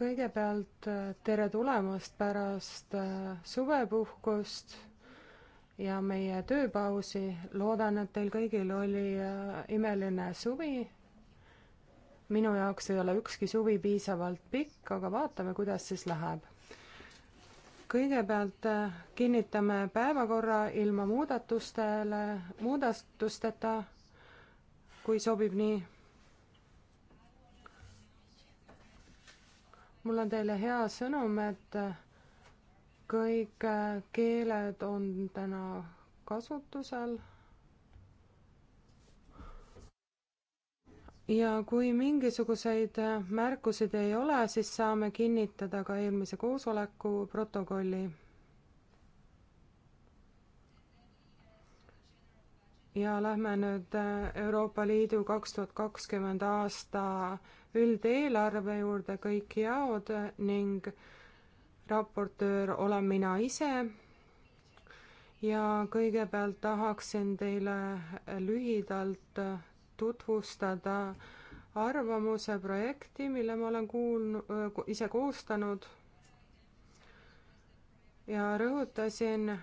kõigepealt äh, tere tulemast pärast äh, suvepuhkust ja meie tööpausi. loodan, et teil kõigil oli äh, imeline suvi. minu jaoks ei ole ükski suvi piisavalt pikk, aga vaatame, kuidas siis läheb. kõigepealt kinnitame päevakorra ilma muudatustele, muudatusteta, kui sobib nii mul on teile hea sõnum, et kõik keeled on täna kasutusel. ja kui mingisuguseid märkusi ei ole, siis saame kinnitada ka eelmise koosoleku protokolli ja lähme nüüd äh, Euroopa Liidu kaks tuhat kakskümmend aasta üldeelarve juurde, kõik jaod ning raportöör olen mina ise. ja kõigepealt tahaksin teile lühidalt äh, tutvustada arvamuse projekti, mille ma olen kuulnud, äh, ise koostanud ja rõhutasin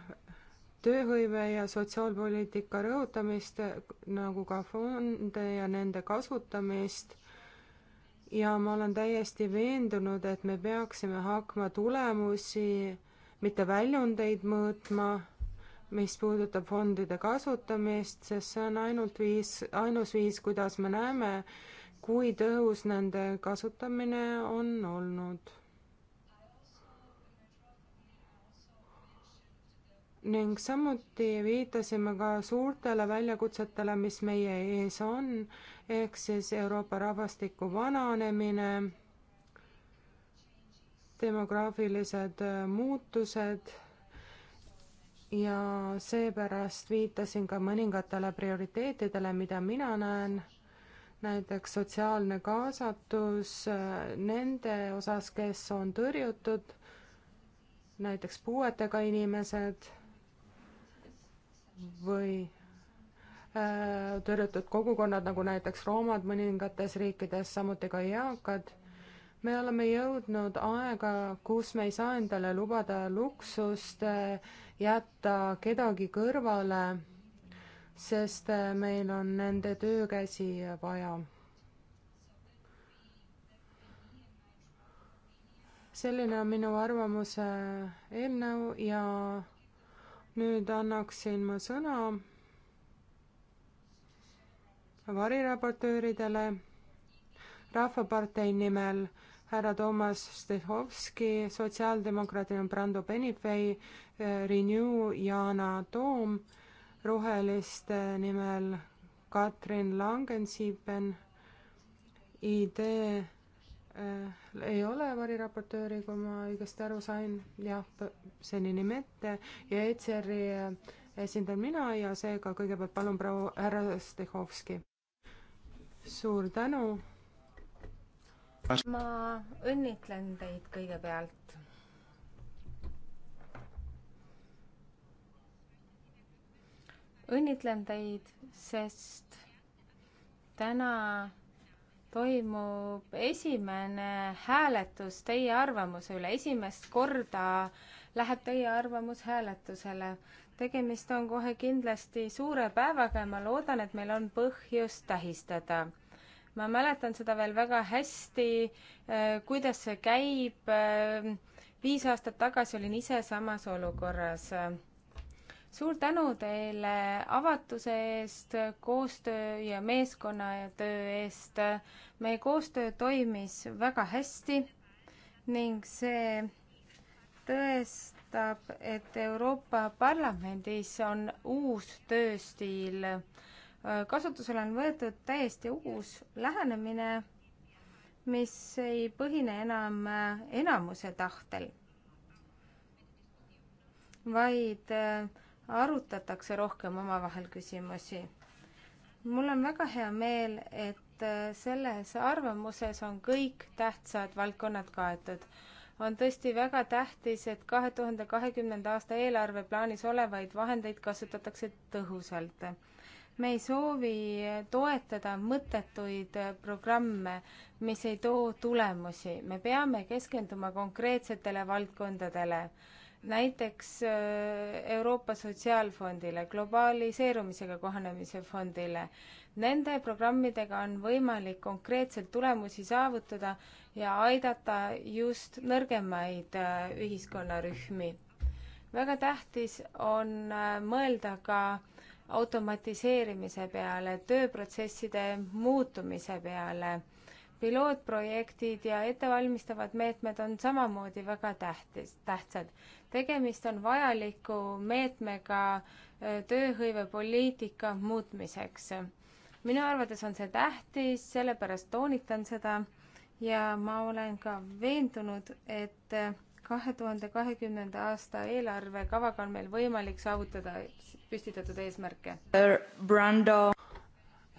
tööhõive ja sotsiaalpoliitika rõhutamist, nagu ka fonde ja nende kasutamist. ja ma olen täiesti veendunud, et me peaksime hakkama tulemusi, mitte väljundeid mõõtma, mis puudutab fondide kasutamist, sest see on ainult viis, ainus viis, kuidas me näeme, kui tõhus nende kasutamine on olnud ning samuti viitasime ka suurtele väljakutsetele, mis meie ees on, ehk siis Euroopa rahvastiku vananemine, demograafilised äh, muutused ja seepärast viitasin ka mõningatele prioriteetidele, mida mina näen, näiteks sotsiaalne kaasatus äh, nende osas, kes on tõrjutud, näiteks puuetega inimesed või äh, tõrjutud kogukonnad, nagu näiteks roomad mõningates riikides, samuti ka eakad, me oleme jõudnud aega, kus me ei saa endale lubada luksust äh, jätta kedagi kõrvale, sest äh, meil on nende töökäsi vaja. selline on minu arvamuse eelnõu ja nüüd annaksin ma sõna variraportööridele Rahvapartei nimel härra Toomas Stehovski, sotsiaaldemokraadina Brando Benifei, Renew Yana Toom, roheliste nimel Katrin Langensiipen, idee Äh, ei ole variraportööri, kui ma õigesti aru sain, jah, senini mitte ja ECR-i äh, esindan mina ja seega kõigepealt palun proua härra Stihovski. suur tänu. ma õnnitlen teid kõigepealt. õnnitlen teid, sest täna toimub esimene hääletus teie arvamuse üle, esimest korda läheb teie arvamus hääletusele. tegemist on kohe kindlasti suure päevaga ja ma loodan, et meil on põhjust tähistada. ma mäletan seda veel väga hästi, äh, kuidas see käib. Äh, viis aastat tagasi olin ise samas olukorras suur tänu teile avatuse eest, koostöö ja meeskonnatöö eest. meie koostöö toimis väga hästi ning see tõestab, et Euroopa Parlamendis on uus tööstiil. kasutusele on võetud täiesti uus lähenemine, mis ei põhine enam enamuse tahtel, vaid äh, arutatakse rohkem omavahel küsimusi. mul on väga hea meel, et äh, selles arvamuses on kõik tähtsad valdkonnad kaetud. on tõesti väga tähtis, et kahe tuhande kahekümnenda aasta eelarveplaanis olevaid vahendeid kasutatakse tõhusalt me ei soovi toetada mõttetuid programme, mis ei too tulemusi. me peame keskenduma konkreetsetele valdkondadele näiteks äh, Euroopa Sotsiaalfondile, globaliseerumisega kohanemise fondile. Nende programmidega on võimalik konkreetselt tulemusi saavutada ja aidata just nõrgemaid äh, ühiskonnarühmi. väga tähtis on äh, mõelda ka automatiseerimise peale, tööprotsesside muutumise peale. pilootprojektid ja ettevalmistavad meetmed on samamoodi väga tähtis, tähtsad tegemist on vajaliku meetmega äh, tööhõivepoliitika muutmiseks. minu arvates on see tähtis, sellepärast toonitan seda ja ma olen ka veendunud, et äh, kahe tuhande kahekümnenda aasta eelarvekavaga on meil võimalik saavutada püstitatud eesmärke. Brando.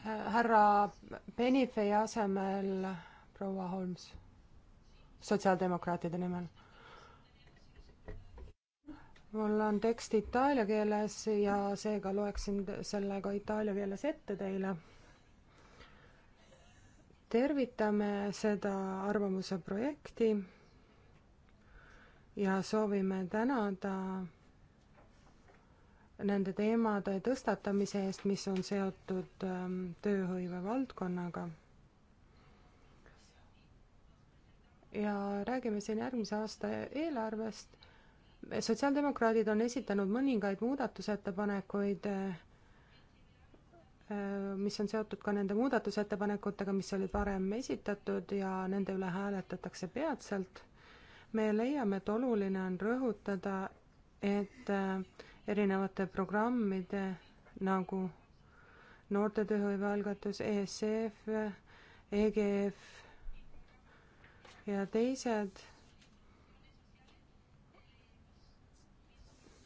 härra Benifei asemel proua Holmes, sotsiaaldemokraatide nimel mul on tekst itaalia keeles ja seega loeksin selle ka itaalia keeles ette teile. tervitame seda arvamuse projekti ja soovime tänada nende teemade tõstatamise eest, mis on seotud ähm, tööhõive valdkonnaga. ja räägime siin järgmise aasta eelarvest sotsiaaldemokraadid on esitanud mõningaid muudatusettepanekuid, äh, mis on seotud ka nende muudatusettepanekutega, mis olid varem esitatud ja nende üle hääletatakse peatselt. me leiame, et oluline on rõhutada, et äh, erinevate programmide nagu noorte tööhõivealgatus, ESF, EGF ja teised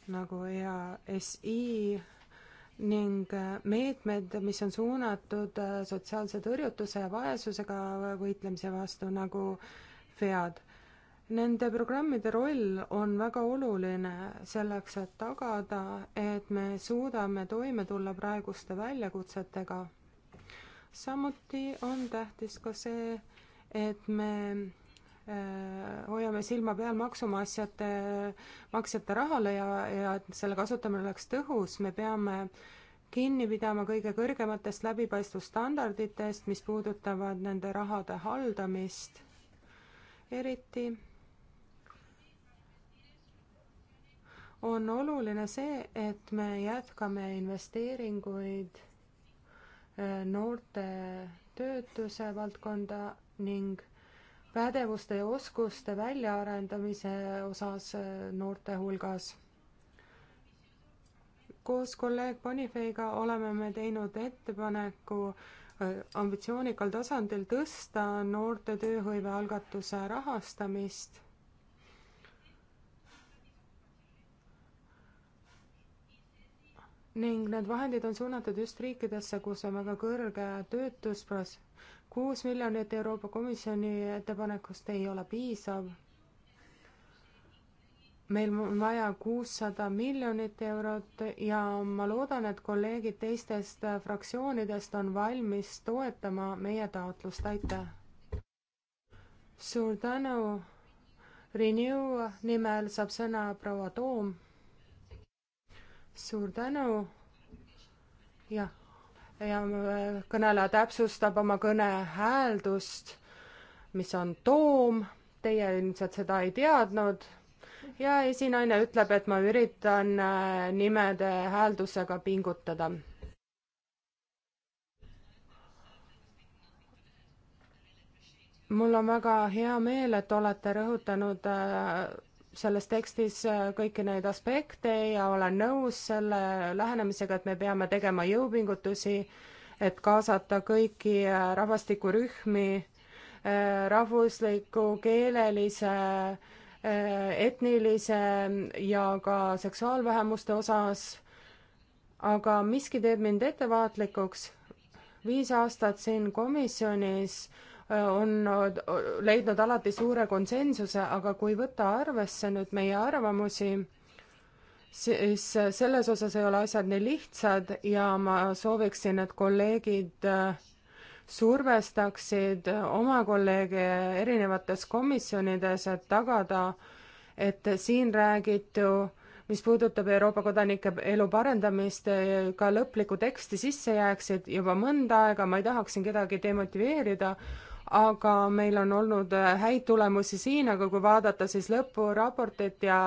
nagu EASI ning meetmed, mis on suunatud sotsiaalse tõrjutuse ja vaesusega võitlemise vastu, nagu FEAD. Nende programmide roll on väga oluline selleks, et tagada, et me suudame toime tulla praeguste väljakutsetega. samuti on tähtis ka see, et me Äh, hoiame silma peal maksumaksjate, maksjate rahale ja, ja et selle kasutamine oleks tõhus, me peame kinni pidama kõige kõrgematest läbipaistvusstandarditest, mis puudutavad nende rahade haldamist, eriti on oluline see, et me jätkame investeeringuid äh, noorte töötuse valdkonda ning pädevuste ja oskuste väljaarendamise osas äh, noorte hulgas. koos kolleeg Bonifeiga oleme me teinud ettepaneku äh, ambitsioonikal tasandil tõsta noorte tööhõive algatuse rahastamist. ning need vahendid on suunatud just riikidesse, kus on väga kõrge töötus, kuus miljonit Euroopa Komisjoni ettepanekust ei ole piisav. meil on vaja kuussada miljonit eurot ja ma loodan, et kolleegid teistest fraktsioonidest on valmis toetama meie taotlust, aitäh! suur tänu! Renew nimel saab sõna proua Toom. suur tänu! jah ja äh, kõneleja täpsustab oma kõne hääldust, mis on toom, teie ilmselt seda ei teadnud, ja esinaine ütleb, et ma üritan äh, nimede hääldusega pingutada. mul on väga hea meel, et olete rõhutanud äh, selles tekstis äh, kõiki neid aspekte ja olen nõus selle lähenemisega, et me peame tegema jõupingutusi, et kaasata kõiki äh, rahvastikurühmi äh, rahvusliku, keelelise, etnilise ja ka seksuaalvähemuste osas. aga miski teeb mind ettevaatlikuks. viis aastat siin komisjonis äh, on leidnud alati suure konsensuse, aga kui võtta arvesse nüüd meie arvamusi, siis selles osas ei ole asjad nii lihtsad ja ma sooviksin, et kolleegid äh, survestaksid oma kolleege erinevates komisjonides, et tagada, et siin räägitu mis puudutab Euroopa kodanike elu parendamist, ka lõplikku teksti sisse jääksid juba mõnda aega, ma ei tahaks siin kedagi demotiveerida, aga meil on olnud äh, häid tulemusi siin, aga kui vaadata siis lõpuraportit ja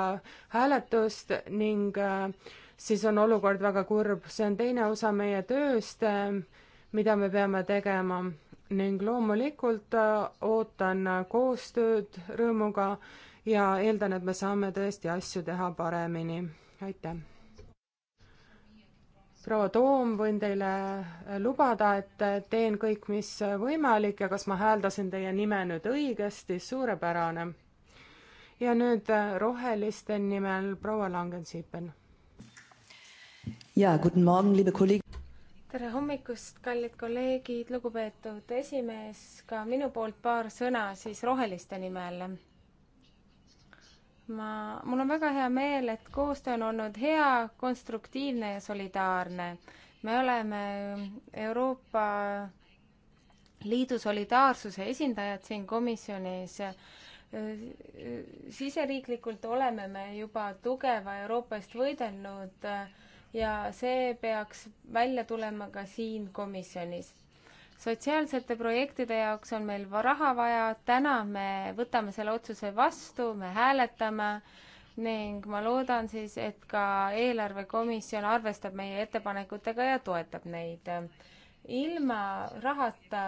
hääletust ning äh, siis on olukord väga kurb, see on teine osa meie tööst, äh, mida me peame tegema ning loomulikult ootan koostööd rõõmuga ja eeldan, et me saame tõesti asju teha paremini. aitäh! proua Toom, võin teile äh, lubada, et äh, teen kõik, mis võimalik ja kas ma hääldasin teie nime nüüd õigesti, suurepärane. ja nüüd äh, roheliste nimel proua Langensiipen. jaa, guten morgen, liebe kolleeg-. tere hommikust, kallid kolleegid, lugupeetud esimees, ka minu poolt paar sõna siis roheliste nimel ma, mul on väga hea meel, et koostöö on olnud hea, konstruktiivne ja solidaarne. me oleme Euroopa Liidu solidaarsuse esindajad siin komisjonis. siseriiklikult oleme me juba tugeva Euroopa eest võidelnud ja see peaks välja tulema ka siin komisjonis sotsiaalsete projektide jaoks on meil raha vaja, täna me võtame selle otsuse vastu, me hääletame ning ma loodan siis, et ka eelarvekomisjon arvestab meie ettepanekutega ja toetab neid. ilma rahata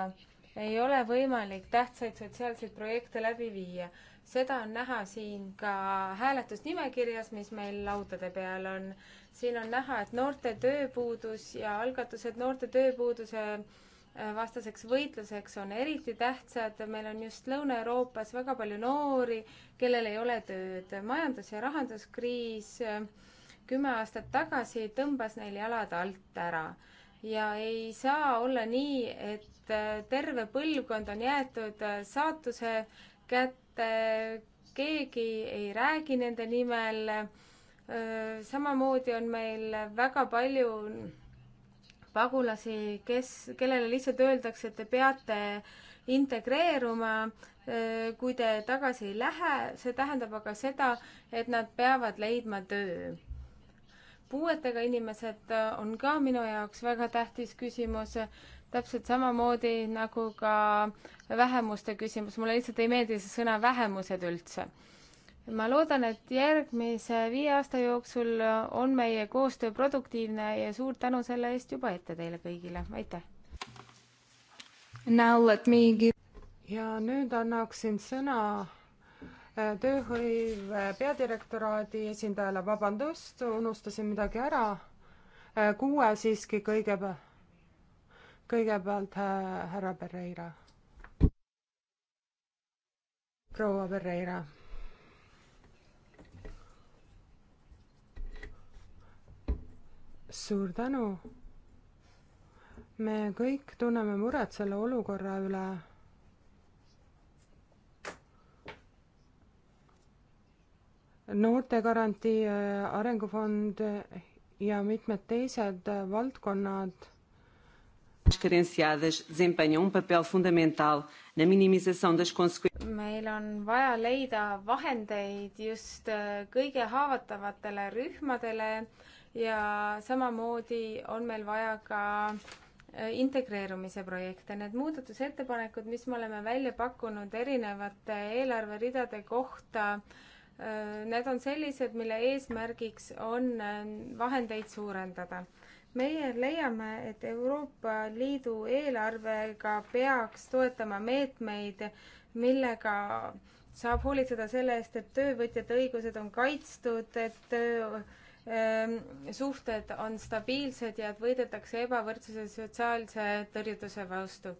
ei ole võimalik tähtsaid sotsiaalseid projekte läbi viia. seda on näha siin ka hääletusnimekirjas, mis meil laudade peal on. siin on näha, et noorte tööpuudus ja algatused noorte tööpuuduse vastaseks võitluseks on eriti tähtsad, meil on just Lõuna-Euroopas väga palju noori, kellel ei ole tööd majandus. majandus- ja rahanduskriis äh, kümme aastat tagasi tõmbas neil jalad alt ära ja ei saa olla nii, et äh, terve põlvkond on jäetud äh, saatuse kätte, keegi ei räägi nende nimel. samamoodi on meil väga palju pagulasi, kes, kellele lihtsalt öeldakse, et te peate integreeruma, eh, kui te tagasi ei lähe, see tähendab aga seda, et nad peavad leidma töö. puuetega inimesed eh, on ka minu jaoks väga tähtis küsimus, täpselt samamoodi nagu ka vähemuste küsimus, mulle lihtsalt ei meeldi see sõna vähemused üldse ma loodan, et järgmise viie aasta jooksul on meie koostöö produktiivne ja suur tänu selle eest juba ette teile kõigile, aitäh! Give... ja nüüd annaksin sõna äh, tööhõive peadirektoraadi esindajale, vabandust, unustasin midagi ära. Äh, kuue siiski kõigepealt, kõigepealt äh, härra Pereira. proua Pereira suur tänu. me kõik tunneme muret selle olukorra üle. noortegarantii, äh, arengufond ja mitmed teised äh, valdkonnad carenciadas desempenham um papel fundamental na minimização das consequências. meil on vaja leida vahendeid just äh, kõige haavatavatele rühmadele ja samamoodi on meil vaja ka äh, integreerumise projekte. Need muudatusettepanekud, mis me oleme välja pakkunud erinevate eelarveridade kohta, äh, need on sellised, mille eesmärgiks on äh, vahendeid suurendada. meie leiame, et Euroopa Liidu eelarvega peaks toetama meetmeid, millega saab hoolitseda selle eest, et töövõtjate õigused on kaitstud, et töö Ehm, suhted on stabiilsed ja et võidetakse ebavõrdsuse sotsiaalse tõrjutuse vastu.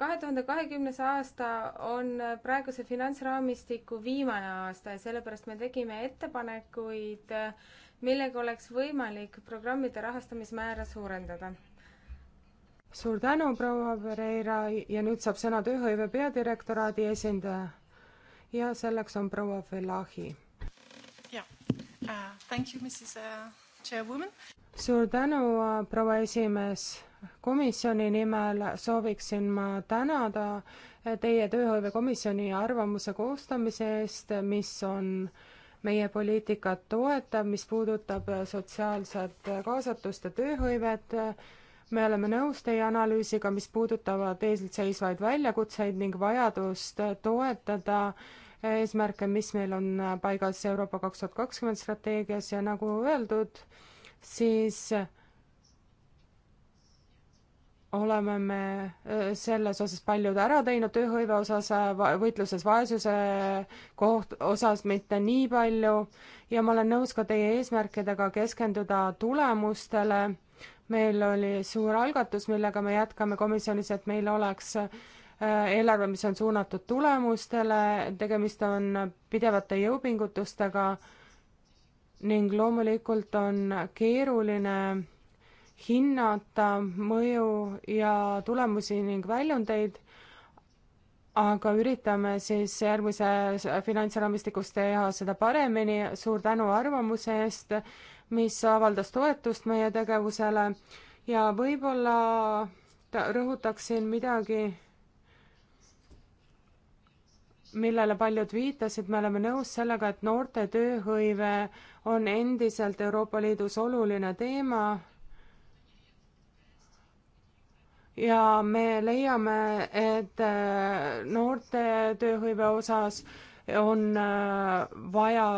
kahe tuhande kahekümnes aasta on praeguse finantsraamistiku viimane aasta ja sellepärast me tegime ettepanekuid, millega oleks võimalik programmide rahastamismäära suurendada. suur tänu, proua Pereira ja nüüd saab sõna tööhõive peadirektoraadi esindaja. ja selleks on proua Velahi Uh, uh, suur tänu, uh, proua esimees. komisjoni nimel sooviksin ma tänada teie tööhõivekomisjoni arvamuse koostamise eest, mis on meie poliitikat toetab, mis puudutab sotsiaalset kaasatust ja tööhõivet. me oleme nõus teie analüüsiga, mis puudutavad eesseisvaid väljakutseid ning vajadust toetada äh, eesmärke, mis meil on äh, paigas Euroopa kaks tuhat kakskümmend strateegias ja nagu öeldud, siis äh, oleme me äh, selles osas paljud ära teinud, tööhõive osas, võitluses vaesuse koht-, osas mitte nii palju ja ma olen nõus ka teie eesmärkidega keskenduda tulemustele. meil oli suur algatus, millega me jätkame komisjonis, et meil oleks äh, Äh, eelarve, mis on suunatud tulemustele, tegemist on pidevate jõupingutustega ning loomulikult on keeruline hinnata mõju ja tulemusi ning väljundeid, aga üritame siis järgmises finantsraamistikus teha seda paremini, suur tänu arvamuse eest, mis avaldas toetust meie tegevusele ja võib-olla rõhutaksin midagi millele paljud viitasid, me oleme nõus sellega, et noorte tööhõive on endiselt Euroopa Liidus oluline teema. ja me leiame, et äh, noorte tööhõive osas on äh, vaja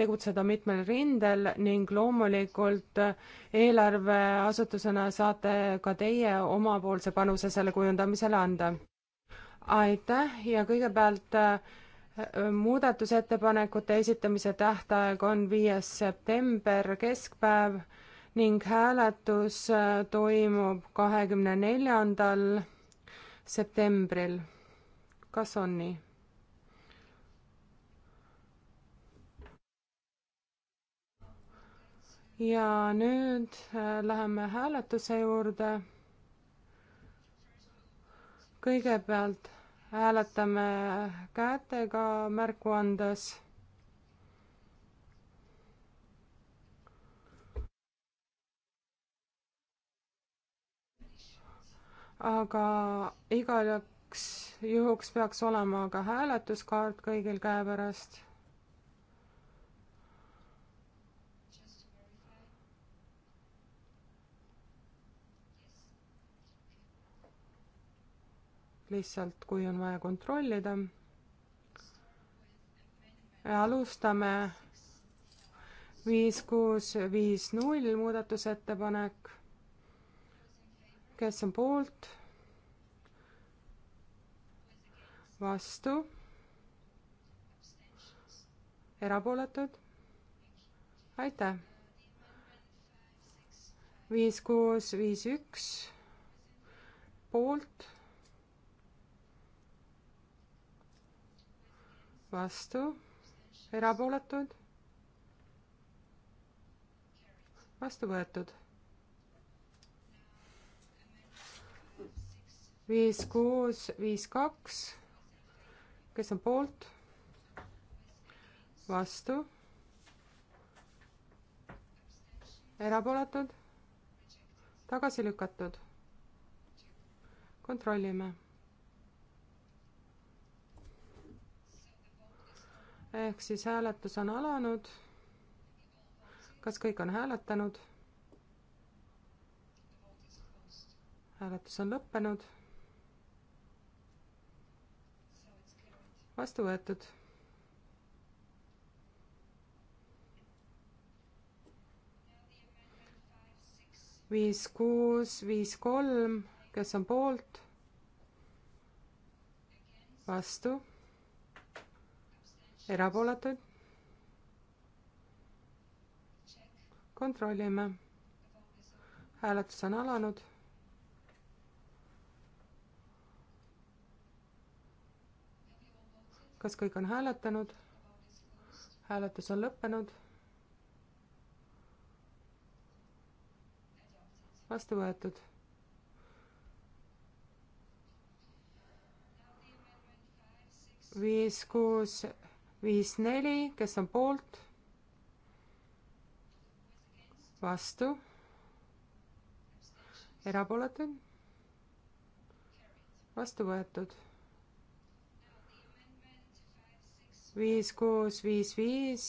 tegutseda mitmel rindel ning loomulikult äh, eelarveasutusena saate ka teie omapoolse panuse selle kujundamisele anda aitäh ja kõigepealt äh, muudatusettepanekute esitamise tähtaeg on viies september, keskpäev ning hääletus äh, toimub kahekümne neljandal septembril. kas on nii? ja nüüd äh, läheme hääletuse juurde kõigepealt hääletame kätega märku andes aga igaks juhuks peaks olema ka hääletuskaart kõigil käepärast lihtsalt, kui on vaja kontrollida. alustame viis, kuus, viis, null muudatusettepanek. kes on poolt? vastu? erapooletud? aitäh! viis, kuus, viis, üks poolt, vastu, erapooletud, vastu võetud. viis, kuus, viis, kaks, kes on poolt, vastu, erapooletud, tagasi lükatud. kontrollime ehk siis hääletus on alanud. kas kõik on hääletanud? hääletus on lõppenud. vastu võetud. viis, kuus, viis, kolm, kes on poolt? vastu erapooletuid. kontrollime. hääletus on alanud. kas kõik on hääletanud? hääletus on lõppenud. vastu võetud. viis, kuus viis, neli, kes on poolt? vastu? erapooletud? vastu võetud. viis, kuus, viis, viis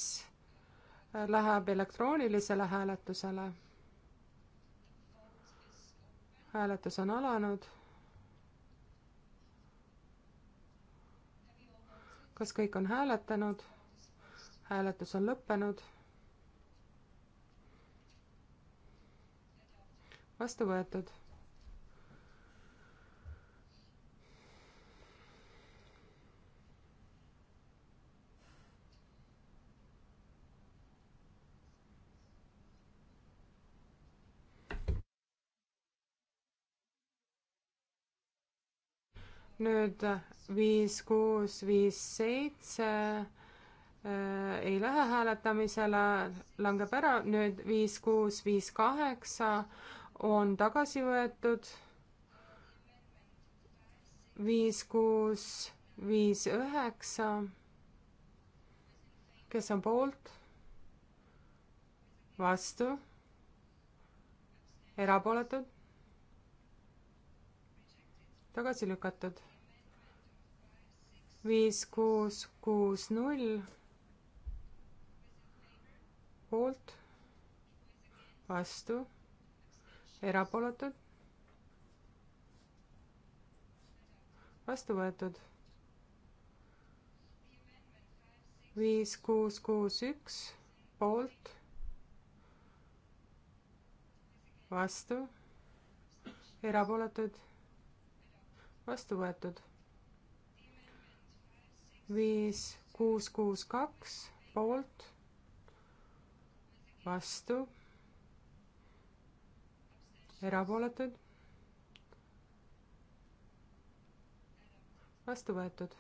äh, läheb elektroonilisele hääletusele. hääletus on alanud kas kõik on hääletanud? hääletus on lõppenud. vastu võetud nüüd viis, kuus, viis, seitse äh, ei lähe hääletamisele, langeb ära, nüüd viis, kuus, viis, kaheksa on tagasi võetud. viis, kuus, viis, üheksa. kes on poolt? vastu? erapooletud? tagasi lükatud viis, kuus, kuus, null. poolt, vastu, erapooletud, vastu võetud. viis, kuus, kuus, üks, poolt, vastu, erapooletud, vastu võetud viis, kuus, kuus, kaks poolt, vastu, erapooletud, vastu võetud.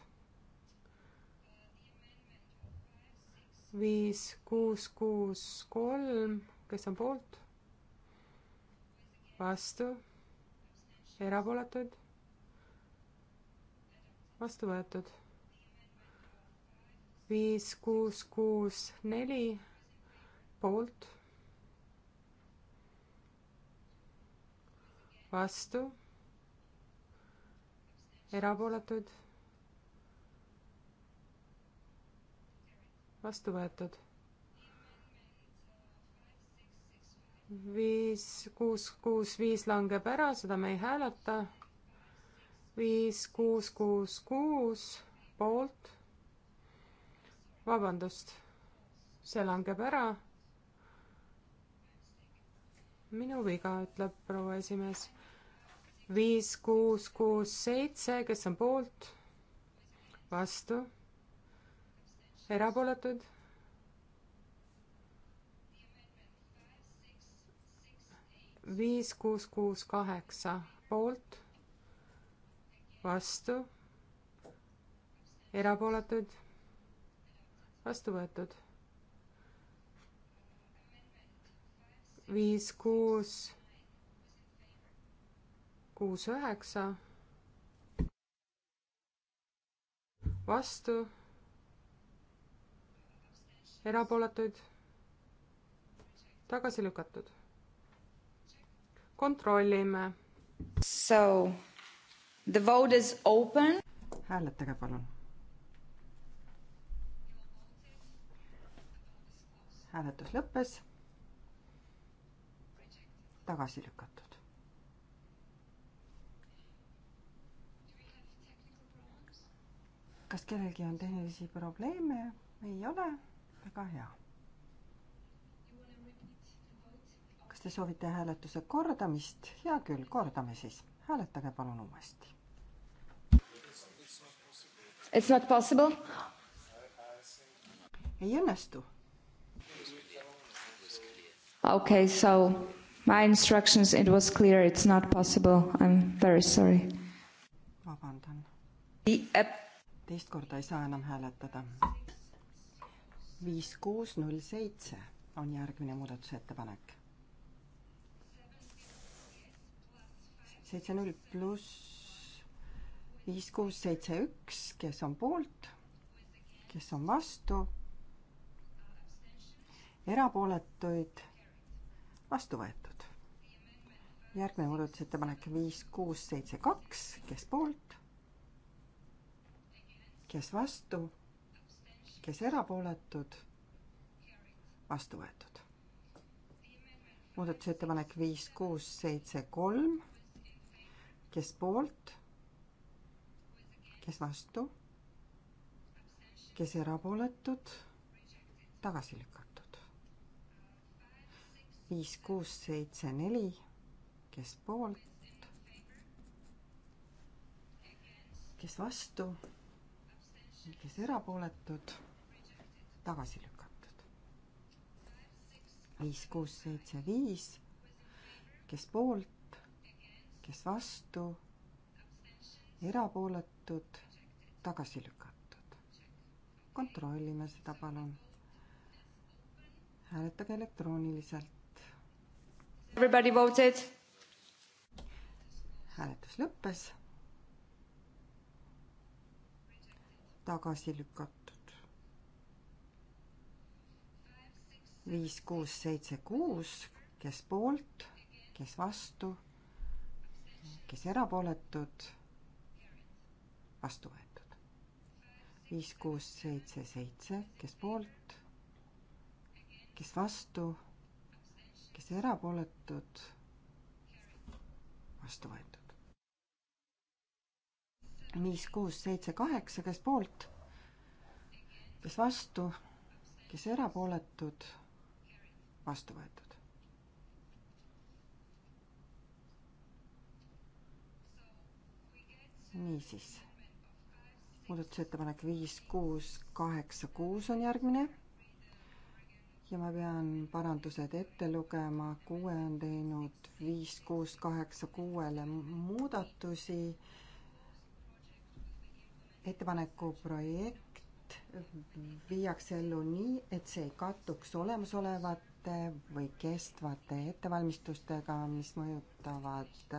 viis, kuus, kuus, kolm, kes on poolt, vastu, erapooletud, vastu võetud viis, kuus, kuus, neli poolt, vastu, erapooletud, vastu võetud. viis, kuus, kuus, viis langeb ära, seda me ei hääleta. viis, kuus, kuus, kuus poolt vabandust, see langeb ära. minu viga, ütleb proua esimees. viis, kuus, kuus, seitse, kes on poolt? vastu? erapooletud? viis, kuus, kuus, kaheksa poolt, vastu, erapooletud vastu võetud. viis, kuus, kuus, üheksa. vastu. erapooletuid. tagasi lükatud. kontrollime. So the vote is open. hääletage palun hääletus lõppes. tagasi lükatud. kas kellelgi on tehnilisi probleeme? ei ole, väga hea. kas te soovite hääletuse kordamist? hea küll, kordame siis. hääletage palun uuesti. It's not possible? ei õnnestu Okay, so my instructions, it was clear, it's not possible, I am very sorry. vabandan. teist korda ei saa enam hääletada. viis, kuus, null, seitse on järgmine muudatusettepanek. seitse, null pluss viis, kuus, seitse, üks, kes on poolt, kes on vastu, erapooletuid vastu võetud. järgmine muudatusettepanek viis, kuus, seitse, kaks, kes poolt, kes vastu, kes erapooletud, vastu võetud. muudatusettepanek viis, kuus, seitse, kolm, kes poolt, kes vastu, kes erapooletud, tagasi lükatud viis, kuus, seitse, neli, kes poolt, kes vastu, kes erapooletud, tagasi lükatud. viis, kuus, seitse, viis, kes poolt, kes vastu, erapooletud, tagasi lükatud. kontrollime seda, palun hääletage elektrooniliselt hääletus lõppes. tagasi lükatud. viis, kuus, seitse, kuus, kes poolt, kes vastu, kes erapooletud, vastu võetud. viis, kuus, seitse, seitse, kes poolt, kes vastu kes erapooletud, vastu võetud. viis, kuus, seitse, kaheksa, kes poolt, kes vastu, kes erapooletud, vastu võetud. niisiis muudatusettepanek viis, kuus, kaheksa, kuus on järgmine ja ma pean parandused ette lugema. kuue on teinud viis, kuus, kaheksa, kuuele muudatusi. ettepaneku projekt viiakse ellu nii, et see ei kattuks olemasolevate või kestvate ettevalmistustega, mis mõjutavad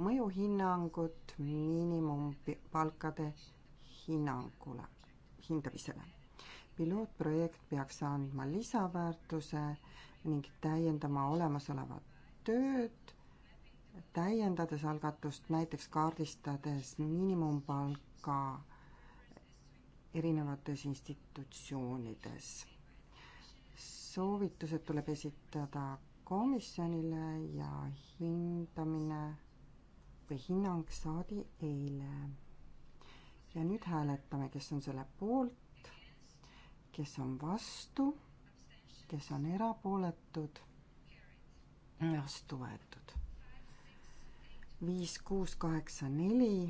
mõjuhinnangut miinimumpalkade hinnangule, hindamisele pilootprojekt peaks andma lisaväärtuse ning täiendama olemasolevat tööd, täiendades algatust näiteks kaardistades miinimumpalka erinevates institutsioonides. soovitused tuleb esitada komisjonile ja hindamine või hinnang saadi eile. ja nüüd hääletame, kes on selle poolt, kes on vastu, kes on erapooletud, vastu võetud. viis, kuus, kaheksa, neli,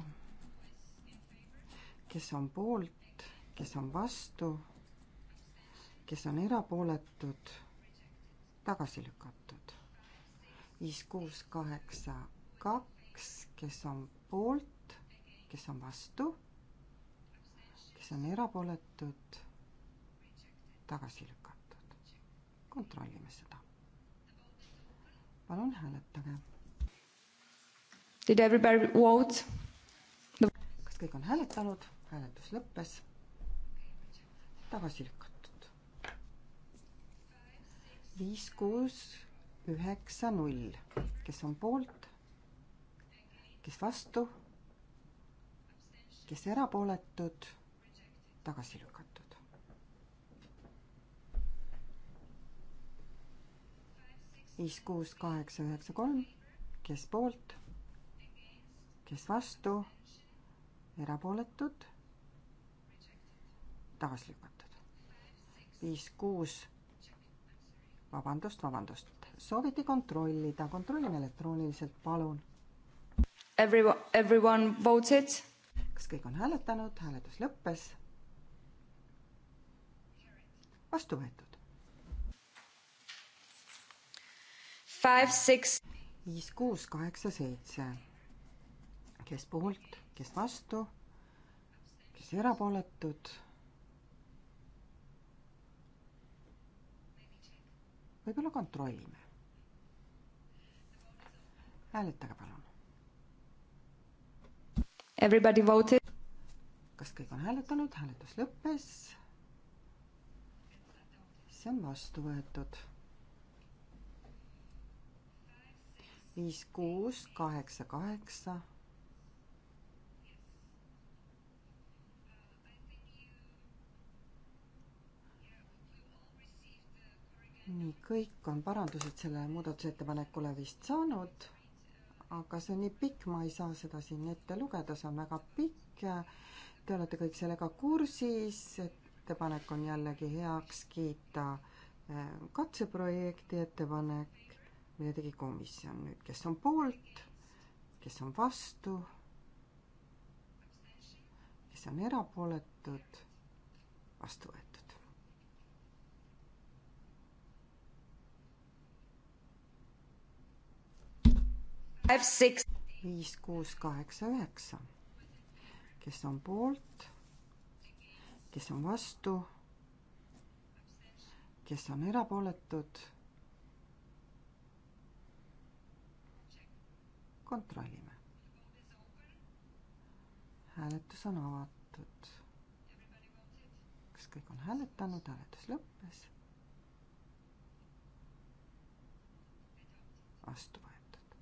kes on poolt, kes on vastu, kes on erapooletud, tagasi lükatud. viis, kuus, kaheksa, kaks, kes on poolt, kes on vastu, kes on erapooletud tagasi lükatud. kontrollime seda. palun hääletage. Did everybody vote? kas kõik on hääletanud? hääletus lõppes. tagasi lükatud. viis, kuus, üheksa, null. kes on poolt? kes vastu? kes erapooletud? tagasi lükatud viis, kuus, kaheksa, üheksa, kolm, kes poolt, kes vastu, erapooletud, tagasi lükatud. viis, kuus, vabandust, vabandust, sooviti kontrollida, kontrollime elektrooniliselt, palun. Everyone, everyone voted. kas kõik on hääletanud, hääletus lõppes? vastu võetud viis, kuus, kaheksa, seitse. kes poolt, kes vastu, kes erapooletud? võib-olla kontrollime. hääletage palun. Everybody voted. kas kõik on hääletanud, hääletus lõppes. see on vastu võetud viis, kuus, kaheksa, kaheksa. nii, kõik on parandused selle muudatusettepanekule vist saanud, aga see on nii pikk, ma ei saa seda siin ette lugeda, see on väga pikk ja te olete kõik sellega kursis, ettepanek on jällegi heaks kiita eh, katseprojekti ettepanek mida tegi komisjon nüüd, kes on poolt, kes on vastu, kes on erapooletud, vastu võetud. viis, kuus, kaheksa, üheksa. kes on poolt, kes on vastu, kes on erapooletud kontrollime. hääletus on avatud. kas kõik on hääletanud, hääletus lõppes? vastu võetud.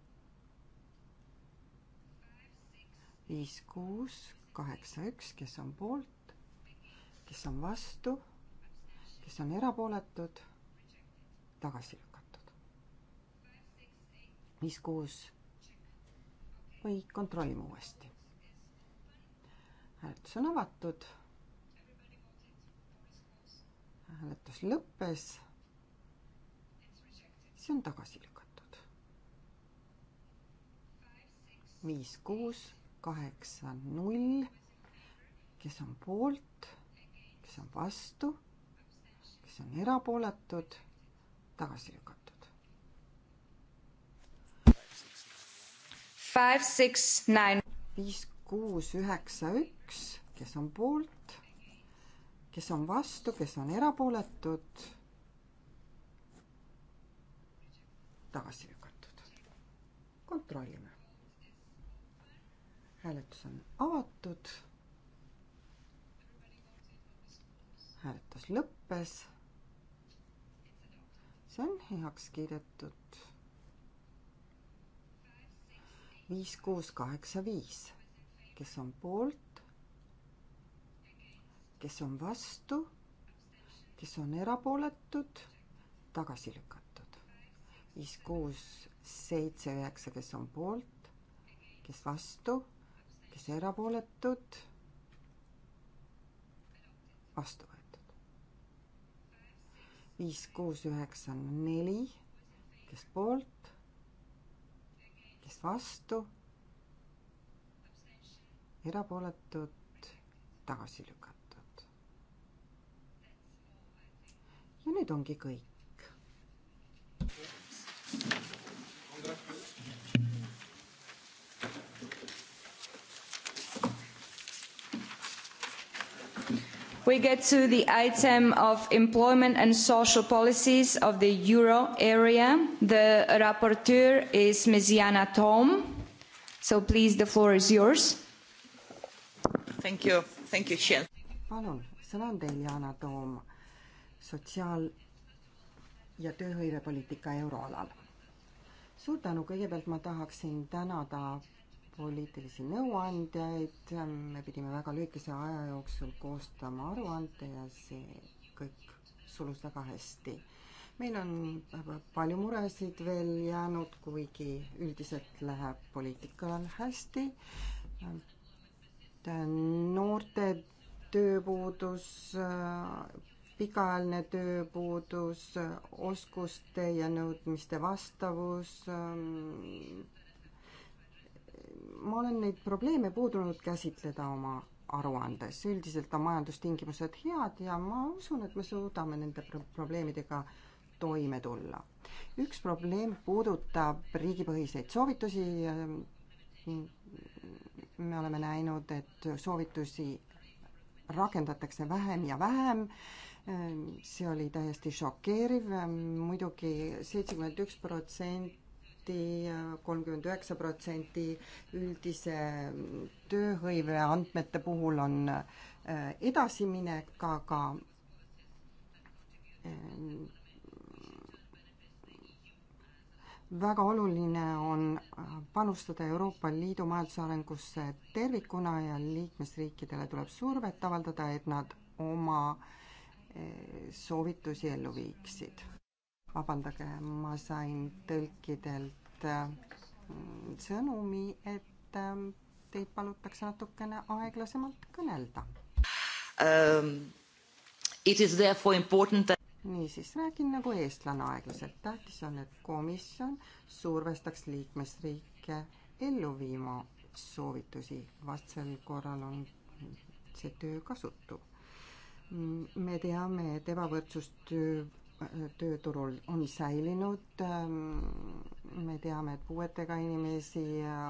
viis, kuus, kaheksa, üks, kes on poolt, kes on vastu, kes on erapooletud, tagasi lükatud. viis, kuus või kontrollime uuesti. hääletus on avatud. hääletus lõppes. see on tagasi lükatud. viis, kuus, kaheksa, null. kes on poolt, kes on vastu, kes on erapooletud, tagasi lükatud. viis, kuus, üheksa, üks, kes on poolt, kes on vastu, kes on erapooletud, tagasi lükatud. kontrollime. hääletus on avatud. hääletus lõppes. see on heaks kiidetud viis, kuus, kaheksa, viis. kes on poolt? kes on vastu? kes on erapooletud? tagasi lükatud. viis, kuus, seitse, üheksa, kes on poolt? kes vastu? kes erapooletud? vastu võetud. viis, kuus, üheksa, neli, kes poolt? üksteist vastu, erapooletud, tagasi lükatud. ja nüüd ongi kõik. we get to the item of employment and social policies of the euro area. The rapporteur is Ms. Jana Tom. So please, the floor is yours. Thank you. Thank you, Chair. Palun, sõna on teil, Jana Toom, sotsiaal- ja tööhõivepoliitika euroalal. suur tänu, kõigepealt ma tahaksin tänada poliitilisi nõuandeid, me pidime väga lühikese aja jooksul koostama aruande ja see kõik sulus väga hästi. meil on palju muresid veel jäänud, kuigi üldiselt läheb poliitikal hästi. noorte tööpuudus, pikaajaline tööpuudus, oskuste ja nõudmiste vastavus, ma olen neid probleeme puudunud käsitleda oma aruandes, üldiselt on majandustingimused head ja ma usun, et me suudame nende probleemidega toime tulla. üks probleem puudutab riigipõhiseid soovitusi. me oleme näinud, et soovitusi rakendatakse vähem ja vähem. see oli täiesti šokeeriv muidugi, muidugi seitsekümmend üks protsenti protsenti, kolmkümmend üheksa protsenti üldise tööhõive andmete puhul on äh, edasiminek, aga äh, väga oluline on äh, panustada Euroopa Liidu majandusarengusse tervikuna ja liikmesriikidele tuleb survet avaldada, et nad oma soovitusi ellu viiksid vabandage, ma sain tõlkidelt äh, sõnumi, et ähm, teid palutakse natukene aeglasemalt kõnelda um,. That... niisiis, räägin nagu eestlane aeglaselt. tähtis on, et komisjon survestaks liikmesriike ellu viima soovitusi, vastasel korral on see töö kasutu me teame, et ebavõrdsust tööturul on säilinud. Ähm, me teame, et puuetega inimesi ja,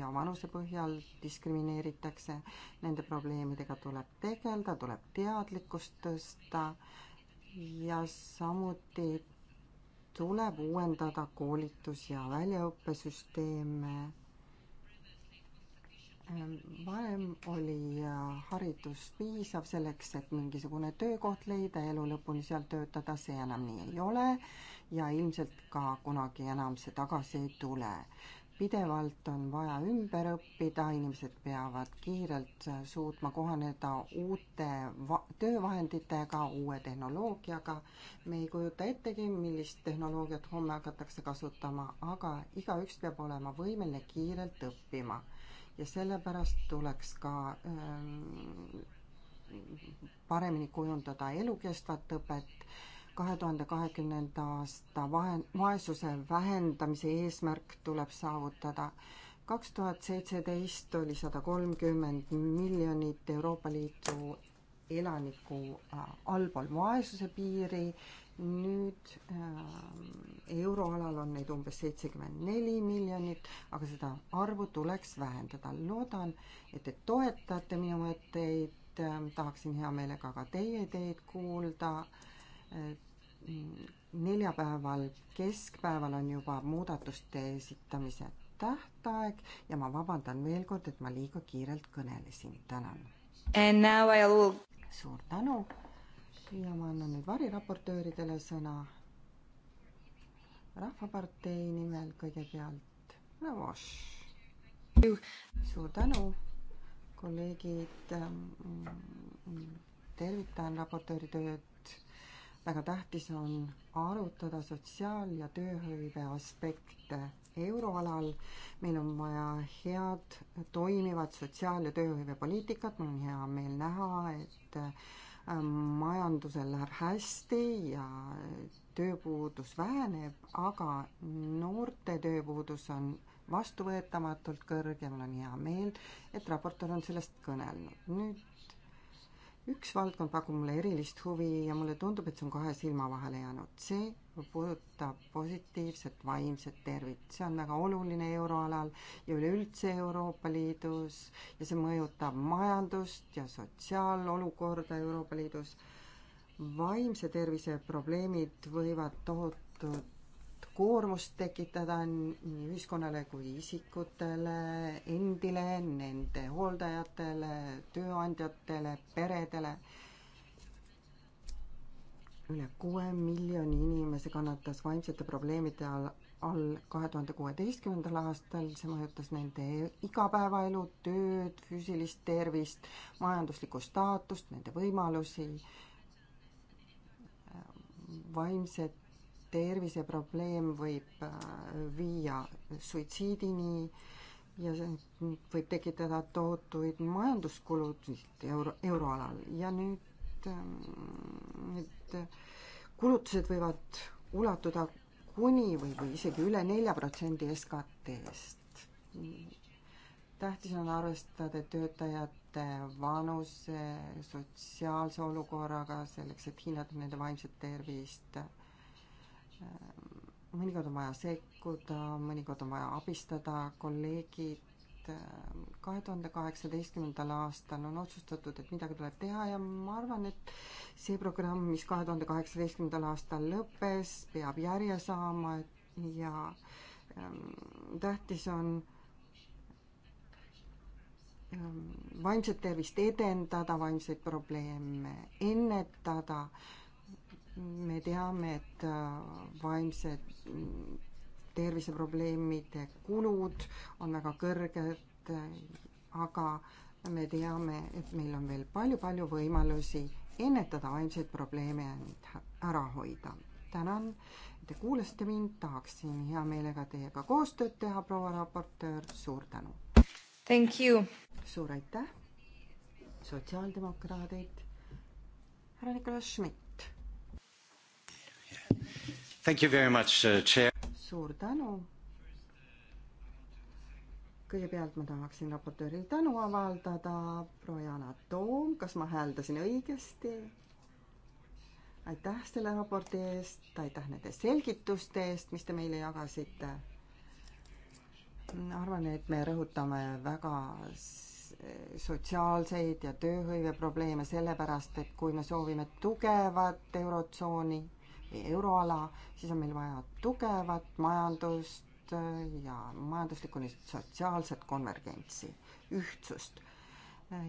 ja vanuse põhjal diskrimineeritakse. Nende probleemidega tuleb tegeleda, tuleb teadlikkust tõsta ja samuti tuleb uuendada koolitus- ja väljaõppesüsteeme Ehm, varem oli äh, haridus piisav selleks, et mingisugune töökoht leida, elu lõpuni seal töötada, see enam nii ei ole ja ilmselt ka kunagi enam see tagasi ei tule. pidevalt on vaja ümber õppida, inimesed peavad kiirelt äh, suutma kohaneda uute va-, töövahenditega, uue tehnoloogiaga. me ei kujuta ettegi, millist tehnoloogiat homme hakatakse kasutama, aga igaüks peab olema võimeline kiirelt õppima ja sellepärast tuleks ka ähm, paremini kujundada elukestvat õpet, kahe tuhande kahekümnenda aasta vahe, vaesuse vähendamise eesmärk tuleb saavutada. kaks tuhat seitseteist oli sada kolmkümmend miljonit Euroopa Liidu elaniku äh, allpool vaesuse piiri nüüd äh, euroalal on neid umbes seitsekümmend neli miljonit, aga seda arvu tuleks vähendada. loodan, et te toetate minu mõtteid äh,, tahaksin hea meelega ka teie ideid kuulda äh,. neljapäeval keskpäeval on juba muudatuste esitamise tähtaeg ja ma vabandan veel kord, et ma liiga kiirelt kõnelesin. tänan. Will... suur tänu ja ma annan nüüd variraportööridele sõna. rahvapartei nimel kõigepealt Navoš. suur tänu, kolleegid. tervitan raportööri tööd. väga tähtis on arutada sotsiaal- ja tööhõive aspekte euroalal. meil on vaja head toimivat sotsiaal- ja tööhõivepoliitikat. mul on hea meel näha, et Äh, majandusel läheb hästi ja tööpuudus väheneb, aga noorte tööpuudus on vastuvõetamatult kõrge, mul on hea meel, et raportöör on sellest kõnelnud. nüüd üks valdkond pakub mulle erilist huvi ja mulle tundub, et see on kahe silma vahele jäänud, see puudutab positiivset vaimset tervit, see on väga oluline euroalal ja üleüldse Euroopa Liidus ja see mõjutab majandust ja sotsiaalolukorda Euroopa Liidus. vaimse tervise probleemid võivad tohutut koormust tekitada nii ühiskonnale kui isikutele endile, nende hooldajatele, tööandjatele, peredele üle kuue miljoni inimese kannatas vaimsete probleemide all, all kahe tuhande kuueteistkümnendal aastal, see mõjutas nende e-, igapäevaelu, tööd, füüsilist tervist, majanduslikku staatust, nende võimalusi, vaimse tervise probleem võib äh, viia suitsiidini ja see võib tekitada tohutuid majanduskulud euro, euroalal ja nüüd et, et kulutused võivad ulatuda kuni või, või isegi üle nelja protsendi SKT-st. tähtis on arvestada töötajate vanuse, sotsiaalse olukorraga, selleks et hinnata nende vaimset tervist. mõnikord on vaja sekkuda, mõnikord on vaja abistada, kolleegid et äh, kahe tuhande kaheksateistkümnendal aastal on otsustatud, et midagi tuleb teha ja ma arvan, et see programm, mis kahe tuhande kaheksateistkümnendal aastal lõppes, peab järje saama ja ähm, tähtis on ähm, vaimset tervist edendada, vaimseid probleeme ennetada. me teame, et äh, vaimsed terviseprobleemide kulud on väga kõrged, aga me teame, et meil on veel palju-palju võimalusi ennetada vaimseid probleeme ja neid ära hoida. tänan, et te kuulasite mind, tahaksin hea meelega teiega koostööd teha, proua raportöör, suur tänu! Thank you! suur aitäh, sotsiaaldemokraadid, härra Nicolas Schmidt! Thank you very much, uh, Chair suur tänu. kõigepealt ma tahaksin raportööril tänu avaldada, proua Yana Toom, kas ma hääldasin õigesti? aitäh selle raporti eest, aitäh nende selgituste eest, mis te meile jagasite. arvan, et me rõhutame väga sotsiaalseid ja tööhõive probleeme sellepärast, et kui me soovime tugevat Eurotsooni, euroala, siis on meil vaja tugevat majandust äh, ja majanduslikku ning sotsiaalset konvergentsi, ühtsust. Äh,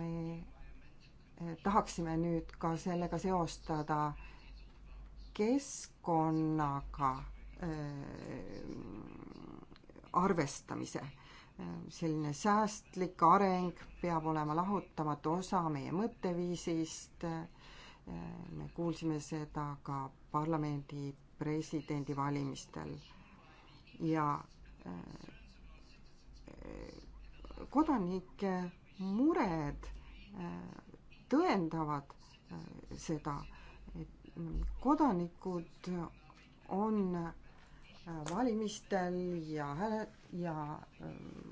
me äh, tahaksime nüüd ka sellega seostada keskkonnaga arvestamise. selline säästlik areng peab olema lahutamatu osa meie mõtteviisist me kuulsime seda ka parlamendi presidendivalimistel ja äh, kodanike mured äh, tõendavad äh, seda, et kodanikud on valimistel ja hääle ja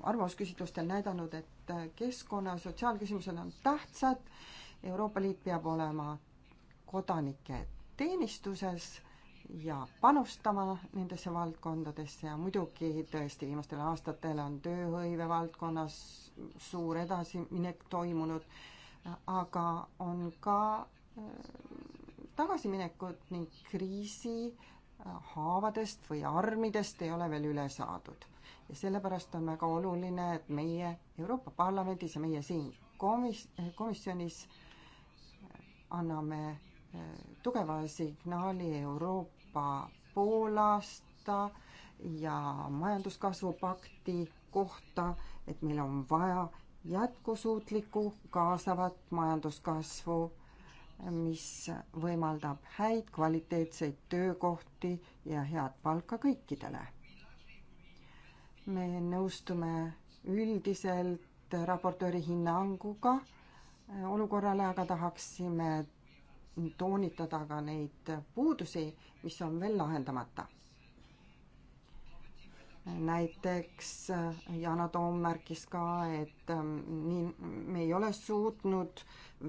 arvamusküsitlustel näidanud, et keskkonna ja sotsiaalküsimused on tähtsad. Euroopa Liit peab olema kodanike teenistuses ja panustama nendesse valdkondadesse ja muidugi tõesti viimastel aastatel on tööhõive valdkonnas suur edasiminek toimunud, aga on ka äh, tagasiminekud ning kriisi äh, haavadest või armidest ei ole veel üle saadud. ja sellepärast on väga oluline, et meie Euroopa Parlamendis ja meie siin komis-, äh, komisjonis anname tugeva signaali Euroopa poolaasta ja majanduskasvupakti kohta, et meil on vaja jätkusuutlikku kaasavat majanduskasvu, mis võimaldab häid kvaliteetseid töökohti ja head palka kõikidele. me nõustume üldiselt raportööri hinnanguga olukorrale, aga tahaksime toonitada ka neid puudusi, mis on veel lahendamata. näiteks Yana Toom märkis ka, et ähm, nii me ei ole suutnud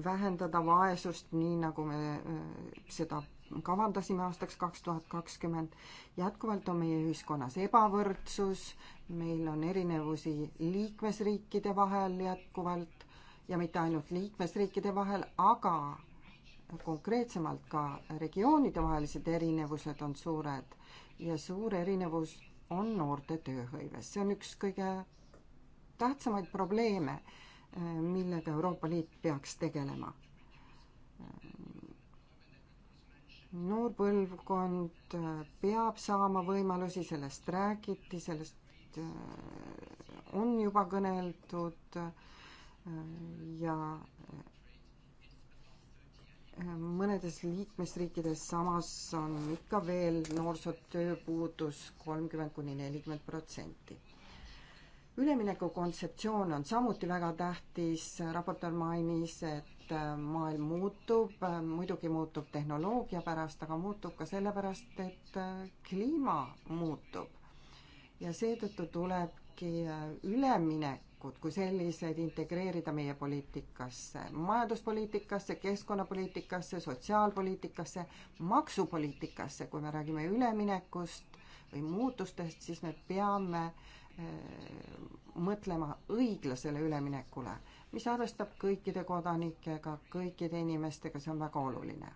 vähendada vaesust nii, nagu me äh, seda kavandasime aastaks kaks tuhat kakskümmend. jätkuvalt on meie ühiskonnas ebavõrdsus, meil on erinevusi liikmesriikide vahel jätkuvalt ja mitte ainult liikmesriikide vahel, aga konkreetsemalt ka regioonidevahelised erinevused on suured ja suur erinevus on noorte tööhõives. see on üks kõige tähtsamaid probleeme, eh, millega Euroopa Liit peaks tegelema. noor põlvkond eh, peab saama võimalusi, sellest räägiti, sellest eh, on juba kõneldud ja mõnedes liikmesriikides samas on ikka veel noorsootööpuudus kolmkümmend kuni nelikümmend protsenti. ülemineku kontseptsioon on samuti väga tähtis, raportöör mainis, et äh, maailm muutub, äh, muidugi muutub tehnoloogia pärast, aga muutub ka sellepärast, et äh, kliima muutub. ja seetõttu tulebki üleminek poliitikud kui sellised integreerida meie poliitikasse, majanduspoliitikasse, keskkonnapoliitikasse, sotsiaalpoliitikasse, maksupoliitikasse, kui me räägime üleminekust või muutustest, siis me peame äh, mõtlema õiglasele üleminekule, mis arvestab kõikide kodanikega, kõikide inimestega, see on väga oluline.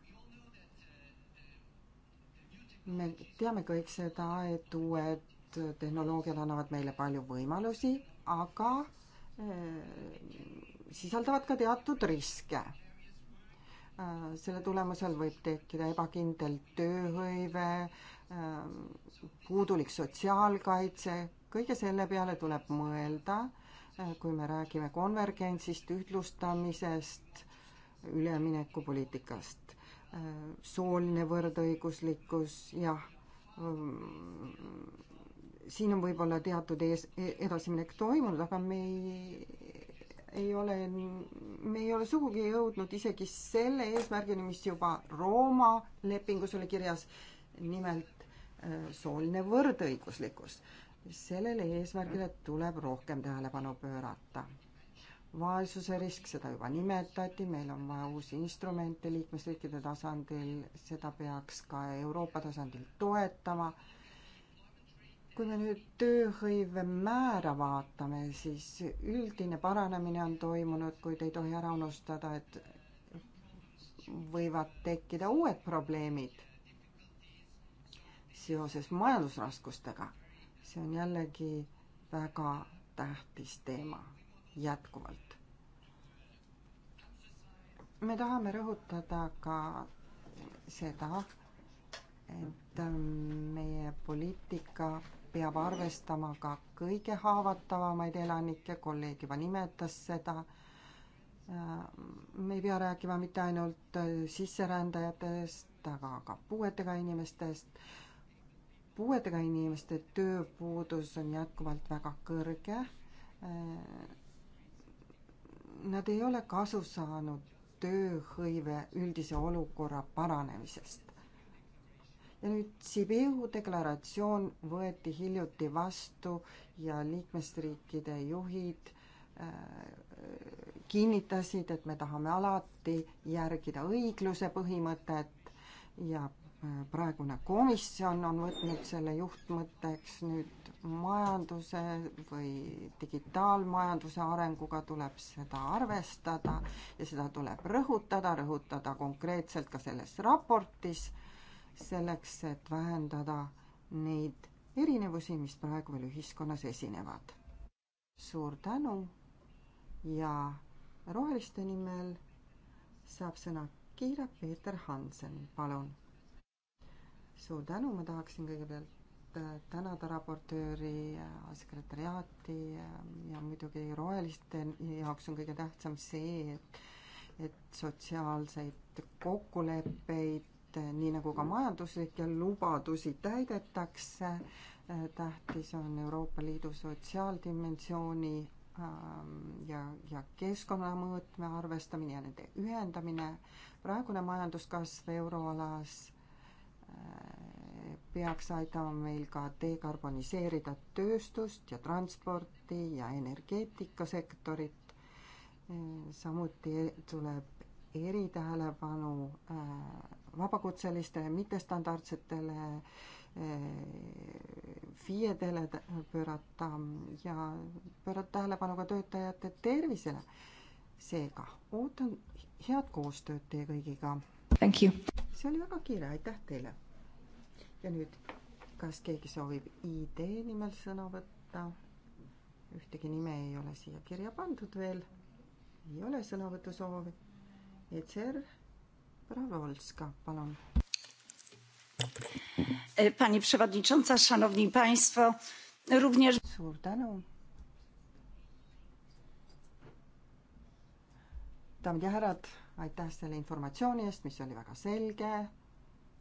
me teame kõik seda, et uued tehnoloogiad annavad meile palju võimalusi aga äh, sisaldavad ka teatud riske. Äh, selle tulemusel võib tekkida ebakindel tööhõive, äh, puudulik sotsiaalkaitse, kõige selle peale tuleb mõelda, kui me räägime konvergentsist, ühtlustamisest, üleminekupoliitikast. sooline võrdõiguslikkus, jah, mm, siin on võib-olla teatud ees, e-, edasiminek toimunud, aga me ei, ei ole, me ei ole sugugi jõudnud isegi selle eesmärgini, mis juba Rooma lepingus oli kirjas, nimelt äh, sooline võrdõiguslikkus. sellele eesmärgile tuleb rohkem tähelepanu pöörata. vaesuse risk, seda juba nimetati, meil on vaja uusi instrumente liikmesriikide tasandil, seda peaks ka Euroopa tasandil toetama kui me nüüd tööhõive määra vaatame, siis üldine paranemine on toimunud, kuid ei tohi ära unustada, et võivad tekkida uued probleemid seoses majandusraskustega. see on jällegi väga tähtis teema jätkuvalt. me tahame rõhutada ka seda, et meie poliitika peab arvestama ka kõige haavatavamaid elanikke, kolleeg juba nimetas seda, me ei pea rääkima mitte ainult sisserändajatest, aga ka puuetega inimestest, puuetega inimeste tööpuudus on jätkuvalt väga kõrge, nad ei ole kasu saanud tööhõive üldise olukorra paranemisest ja nüüd Sibiu deklaratsioon võeti hiljuti vastu ja liikmesriikide juhid äh, kinnitasid, et me tahame alati järgida õigluse põhimõtet ja äh, praegune komisjon on võtnud selle juhtmõtteks nüüd majanduse või digitaalmajanduse arenguga tuleb seda arvestada ja seda tuleb rõhutada, rõhutada konkreetselt ka selles raportis selleks, et vähendada neid erinevusi, mis praegu veel ühiskonnas esinevad. suur tänu ja roheliste nimel saab sõna Kiira Peeter Hansen, palun. suur tänu, ma tahaksin kõigepealt äh, tänada raportööri, äh, sekretäriaati äh, ja muidugi roheliste jaoks on kõige tähtsam see, et et sotsiaalseid kokkuleppeid et eh, nii nagu ka majanduslikke lubadusi täidetakse, eh, tähtis on Euroopa Liidu sotsiaaldimensiooni ähm, ja, ja keskkonnamõõtme arvestamine ja nende ühendamine. praegune majanduskasv euroalas eh, peaks aitama meil ka dekarboniseerida tööstust ja transporti ja energeetikasektorit. samuti e-, tuleb eritähelepanu äh, vabakutselistele, mittestandardsetele eh, FIE-dele pöörata ja pöörata tähelepanu ka töötajate tervisele. seega ootan head koostööd teie kõigiga. see oli väga kiire, aitäh teile. ja nüüd, kas keegi soovib ID nimel sõna võtta? ühtegi nime ei ole siia kirja pandud veel. ei ole sõnavõtusoovi. ECR proua Volska, palun. E, pani przewodnicząca, szanowni państwo, również. suur tänu. daamid ja härrad, aitäh selle informatsiooni eest, mis oli väga selge,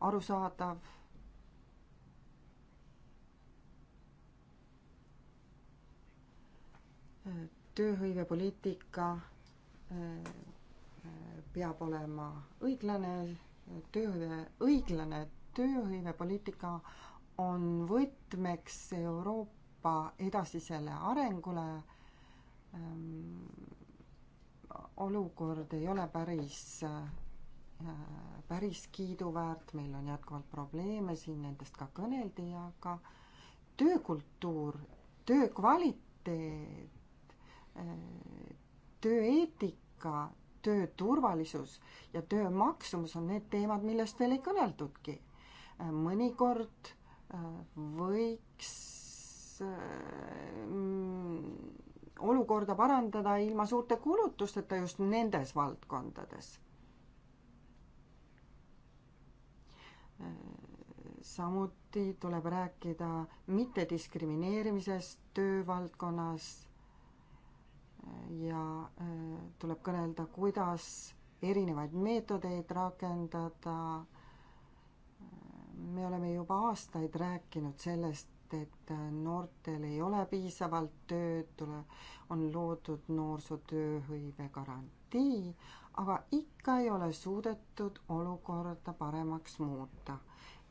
arusaadav tööhõivepoliitika e, peab olema õiglane tööhõive, õiglane tööhõivepoliitika on võtmeks Euroopa edasisele arengule. Ehm, olukord ei ole päris, äh, päris kiiduväärt, meil on jätkuvalt probleeme, siin nendest ka kõneldi, aga töökultuur, töö kvaliteet, äh, tööeetika, töö turvalisus ja töö maksumus on need teemad, millest veel ei kõneldudki. mõnikord äh, võiks äh, olukorda parandada ilma suurte kulutusteta just nendes valdkondades. Äh, samuti tuleb rääkida mittediskrimineerimisest töövaldkonnas ja äh, tuleb kõnelda, kuidas erinevaid meetodeid rakendada. me oleme juba aastaid rääkinud sellest, et noortel ei ole piisavalt tööd, tule, on loodud noorsootööhõive garantii, aga ikka ei ole suudetud olukorda paremaks muuta.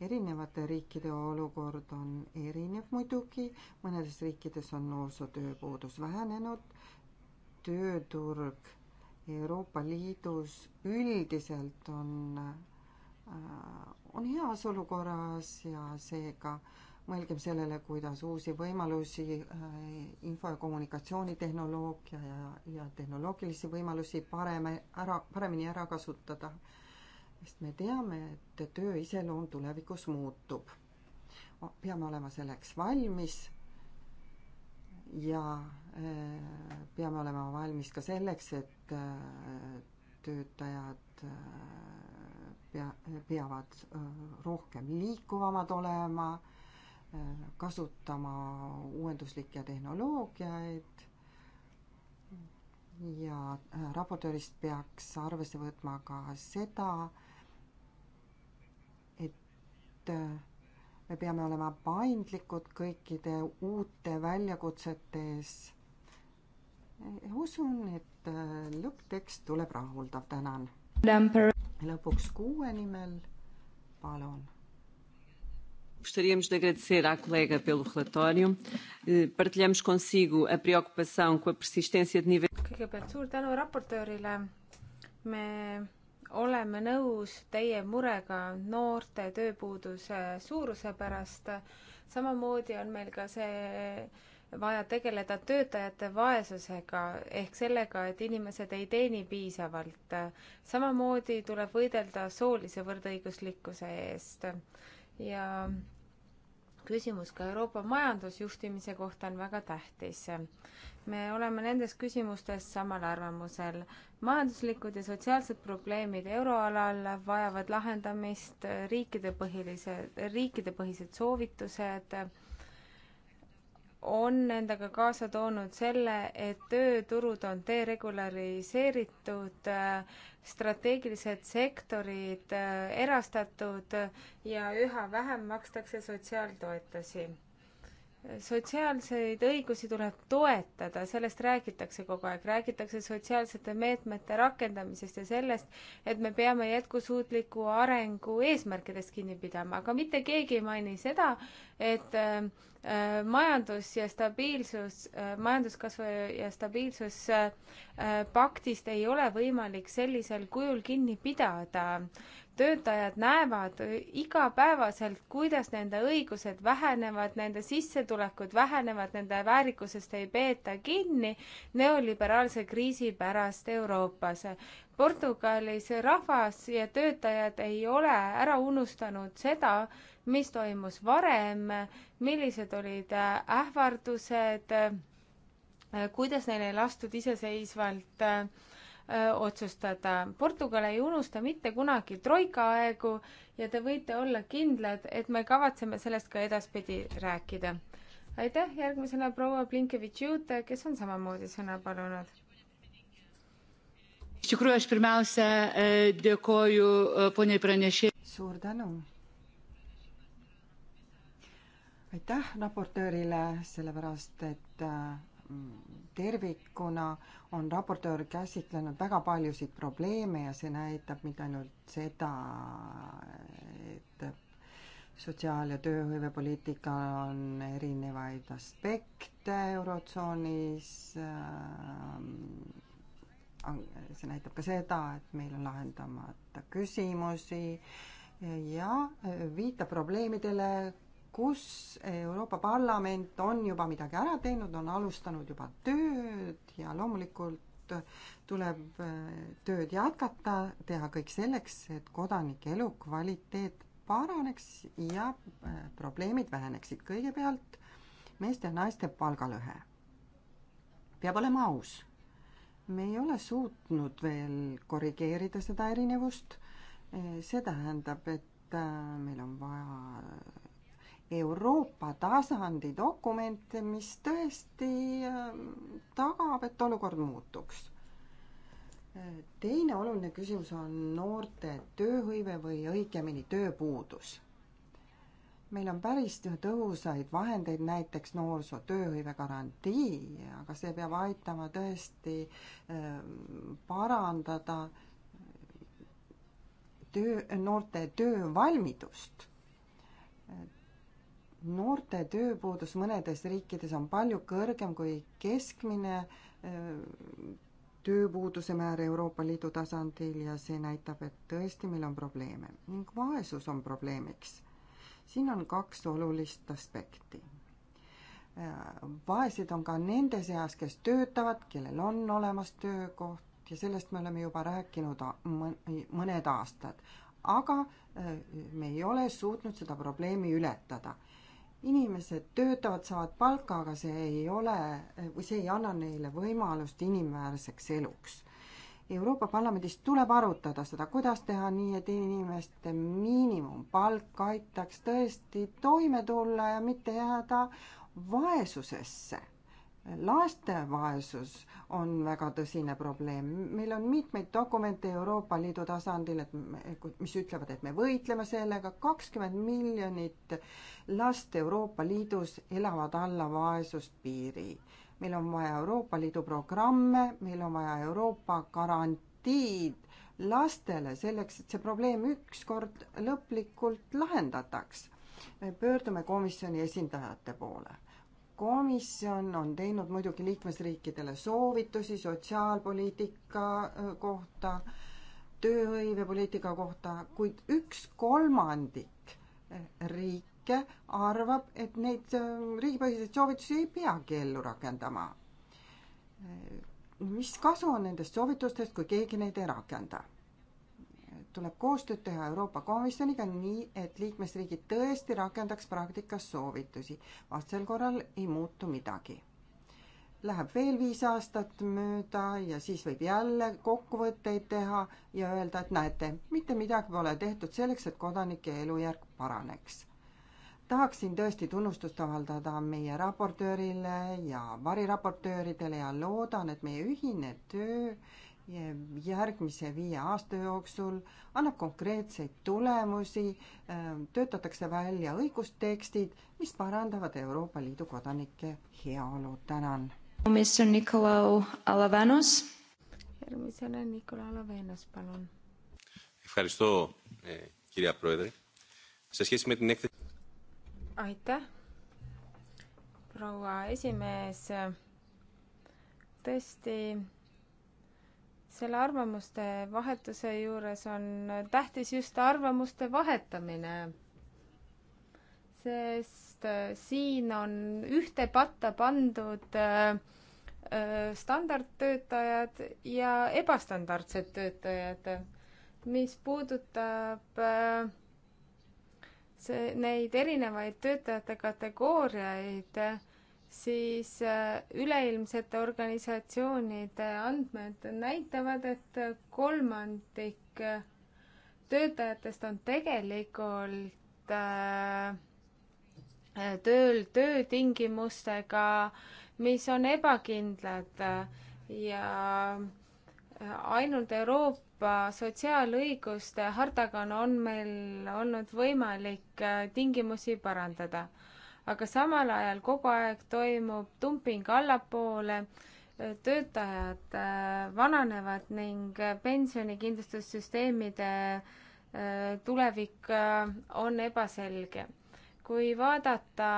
erinevate riikide olukord on erinev muidugi, mõnedes riikides on noorsootööpuudus vähenenud, tööturg Euroopa Liidus üldiselt on, äh, on heas olukorras ja seega mõelgem sellele, kuidas uusi võimalusi, äh, info- ja kommunikatsioonitehnoloogia ja, ja tehnoloogilisi võimalusi parem ära, paremini ära kasutada. sest me teame, et töö iseloom tulevikus muutub. peame olema selleks valmis ja Äh, peame olema valmis ka selleks, et äh, töötajad äh, pea, peavad rohkem liikuvamad olema, kasutama uuenduslikke tehnoloogiaid ja raportöörist peaks arvesse võtma ka seda, et me peame olema paindlikud kõikide uute väljakutsete ees usun, et äh, lõpptekst tuleb rahuldav, tänan. lõpuks kuue nimel, palun. Gostaríamos de agradecer à colega pelo relatório. Eh, partilhamos consigo a preocupação com a persistência de nível. Kõigepealt suur tänu raportöörile. Me oleme nõus teie murega noorte tööpuuduse suuruse pärast. samamoodi on meil ka see vaja tegeleda töötajate vaesusega ehk sellega, et inimesed ei teeni piisavalt. samamoodi tuleb võidelda soolise võrdõiguslikkuse eest ja küsimus ka Euroopa majandusjuhtimise kohta on väga tähtis. me oleme nendes küsimustes samal arvamusel. majanduslikud ja sotsiaalsed probleemid euroalal vajavad lahendamist, riikidepõhilise, riikidepõhised soovitused on endaga kaasa toonud selle, et tööturud on deregulariseeritud, strateegilised sektorid äh, erastatud ja üha vähem makstakse sotsiaaltoetusi. sotsiaalseid õigusi tuleb toetada, sellest räägitakse kogu aeg, räägitakse sotsiaalsete meetmete rakendamisest ja sellest, et me peame jätkusuutliku arengu eesmärkidest kinni pidama, aga mitte keegi ei maini seda, et äh, äh, majandus ja stabiilsus, äh, majanduskasvu ja stabiilsus paktist ei ole võimalik sellisel kujul kinni pidada. töötajad näevad igapäevaselt, kuidas nende õigused vähenevad, nende sissetulekud vähenevad, nende väärikusest ei peeta kinni neoliberaalse kriisi pärast Euroopas. Portugalis rahvas ja töötajad ei ole ära unustanud seda, mis toimus varem, millised olid äh, ähvardused, äh, kuidas neil ei lastud iseseisvalt äh, otsustada. Portugal ei unusta mitte kunagi troika aegu ja te võite olla kindlad, et me kavatseme sellest ka edaspidi rääkida. aitäh, järgmisena proua Blinkevitš-Jute, kes on samamoodi sõna palunud. E, e, suur tänu aitäh raportöörile, sellepärast et äh, tervikuna on raportöör käsitlenud väga paljusid probleeme ja see näitab mitte ainult seda, et sotsiaal- ja tööhõivepoliitikal on erinevaid aspekte Eurotsoonis, äh, see näitab ka seda, et meil on lahendamata küsimusi ja äh, viitab probleemidele, kus Euroopa Parlament on juba midagi ära teinud, on alustanud juba tööd ja loomulikult tuleb äh, tööd jätkata, teha kõik selleks, et kodanike elukvaliteet paraneks ja äh, probleemid väheneksid. kõigepealt meeste ja naiste palgalõhe. peab olema aus. me ei ole suutnud veel korrigeerida seda erinevust. Äh, see tähendab, et meil on vaja Euroopa tasandi dokument, mis tõesti ähm, tagab, et olukord muutuks. teine oluline küsimus on noorte tööhõive või õigemini tööpuudus meil on päris tõhusaid vahendeid, näiteks noorsoo tööhõive garantii, aga see peab aitama tõesti ähm, parandada töö, noorte töövalmidust noorte tööpuudus mõnedes riikides on palju kõrgem kui keskmine äh, tööpuuduse määr Euroopa Liidu tasandil ja see näitab, et tõesti meil on probleeme ning vaesus on probleemiks. siin on kaks olulist aspekti. Äh, vaesed on ka nende seas, kes töötavad, kellel on olemas töökoht ja sellest me oleme juba rääkinud mõned aastad, aga äh, me ei ole suutnud seda probleemi ületada inimesed töötavad, saavad palka, aga see ei ole või see ei anna neile võimalust inimväärseks eluks. Euroopa Parlamendis tuleb arutada seda, kuidas teha nii, et inimeste miinimumpalk aitaks tõesti toime tulla ja mitte jääda vaesusesse laste vaesus on väga tõsine probleem. meil on mitmeid dokumente Euroopa Liidu tasandil, et mis ütlevad, et me võitleme sellega, kakskümmend miljonit last Euroopa Liidus elavad alla vaesuspiiri. meil on vaja Euroopa Liidu programme, meil on vaja Euroopa garantiid lastele selleks, et see probleem ükskord lõplikult lahendataks. me pöördume komisjoni esindajate poole komisjon on teinud muidugi liikmesriikidele soovitusi sotsiaalpoliitika äh, kohta, tööhõivepoliitika kohta, kuid üks kolmandik äh, riike arvab, et neid äh, riigipõhiseid soovitusi ei peagi ellu rakendama. mis kasu on nendest soovitustest, kui keegi neid ei rakenda? tuleb koostööd teha Euroopa Komisjoniga nii, et liikmesriigid tõesti rakendaks praktikas soovitusi. vastasel korral ei muutu midagi. Läheb veel viis aastat mööda ja siis võib jälle kokkuvõtteid teha ja öelda, et näete, mitte midagi pole tehtud selleks, et kodanike elujärg paraneks. tahaksin tõesti tunnustust avaldada meie raportöörile ja variraportööridele ja loodan, et meie ühine töö järgmise viie aasta jooksul, annab konkreetseid tulemusi, töötatakse välja õigustekstid, mis parandavad Euroopa Liidu kodanike heaolu. tänan. komisjon Nikolau Alavenos. järgmisena Nikolau Alavenos, palun. aitäh, proua esimees. tõesti selle arvamuste vahetuse juures on tähtis just arvamuste vahetamine, sest äh, siin on ühte patta pandud äh, äh, standardtöötajad ja ebastandardsed töötajad, mis puudutab see, neid erinevaid töötajate kategooriaid siis äh, üleilmsete organisatsioonide andmed näitavad, et kolmandik äh, töötajatest on tegelikult äh, tööl töötingimustega, mis on ebakindlad ja ainult Euroopa sotsiaalõiguste hartaga on meil olnud võimalik tingimusi parandada aga samal ajal kogu aeg toimub dumping allapoole, töötajad äh, vananevad ning äh, pensionikindlustussüsteemide äh, tulevik on ebaselge. kui vaadata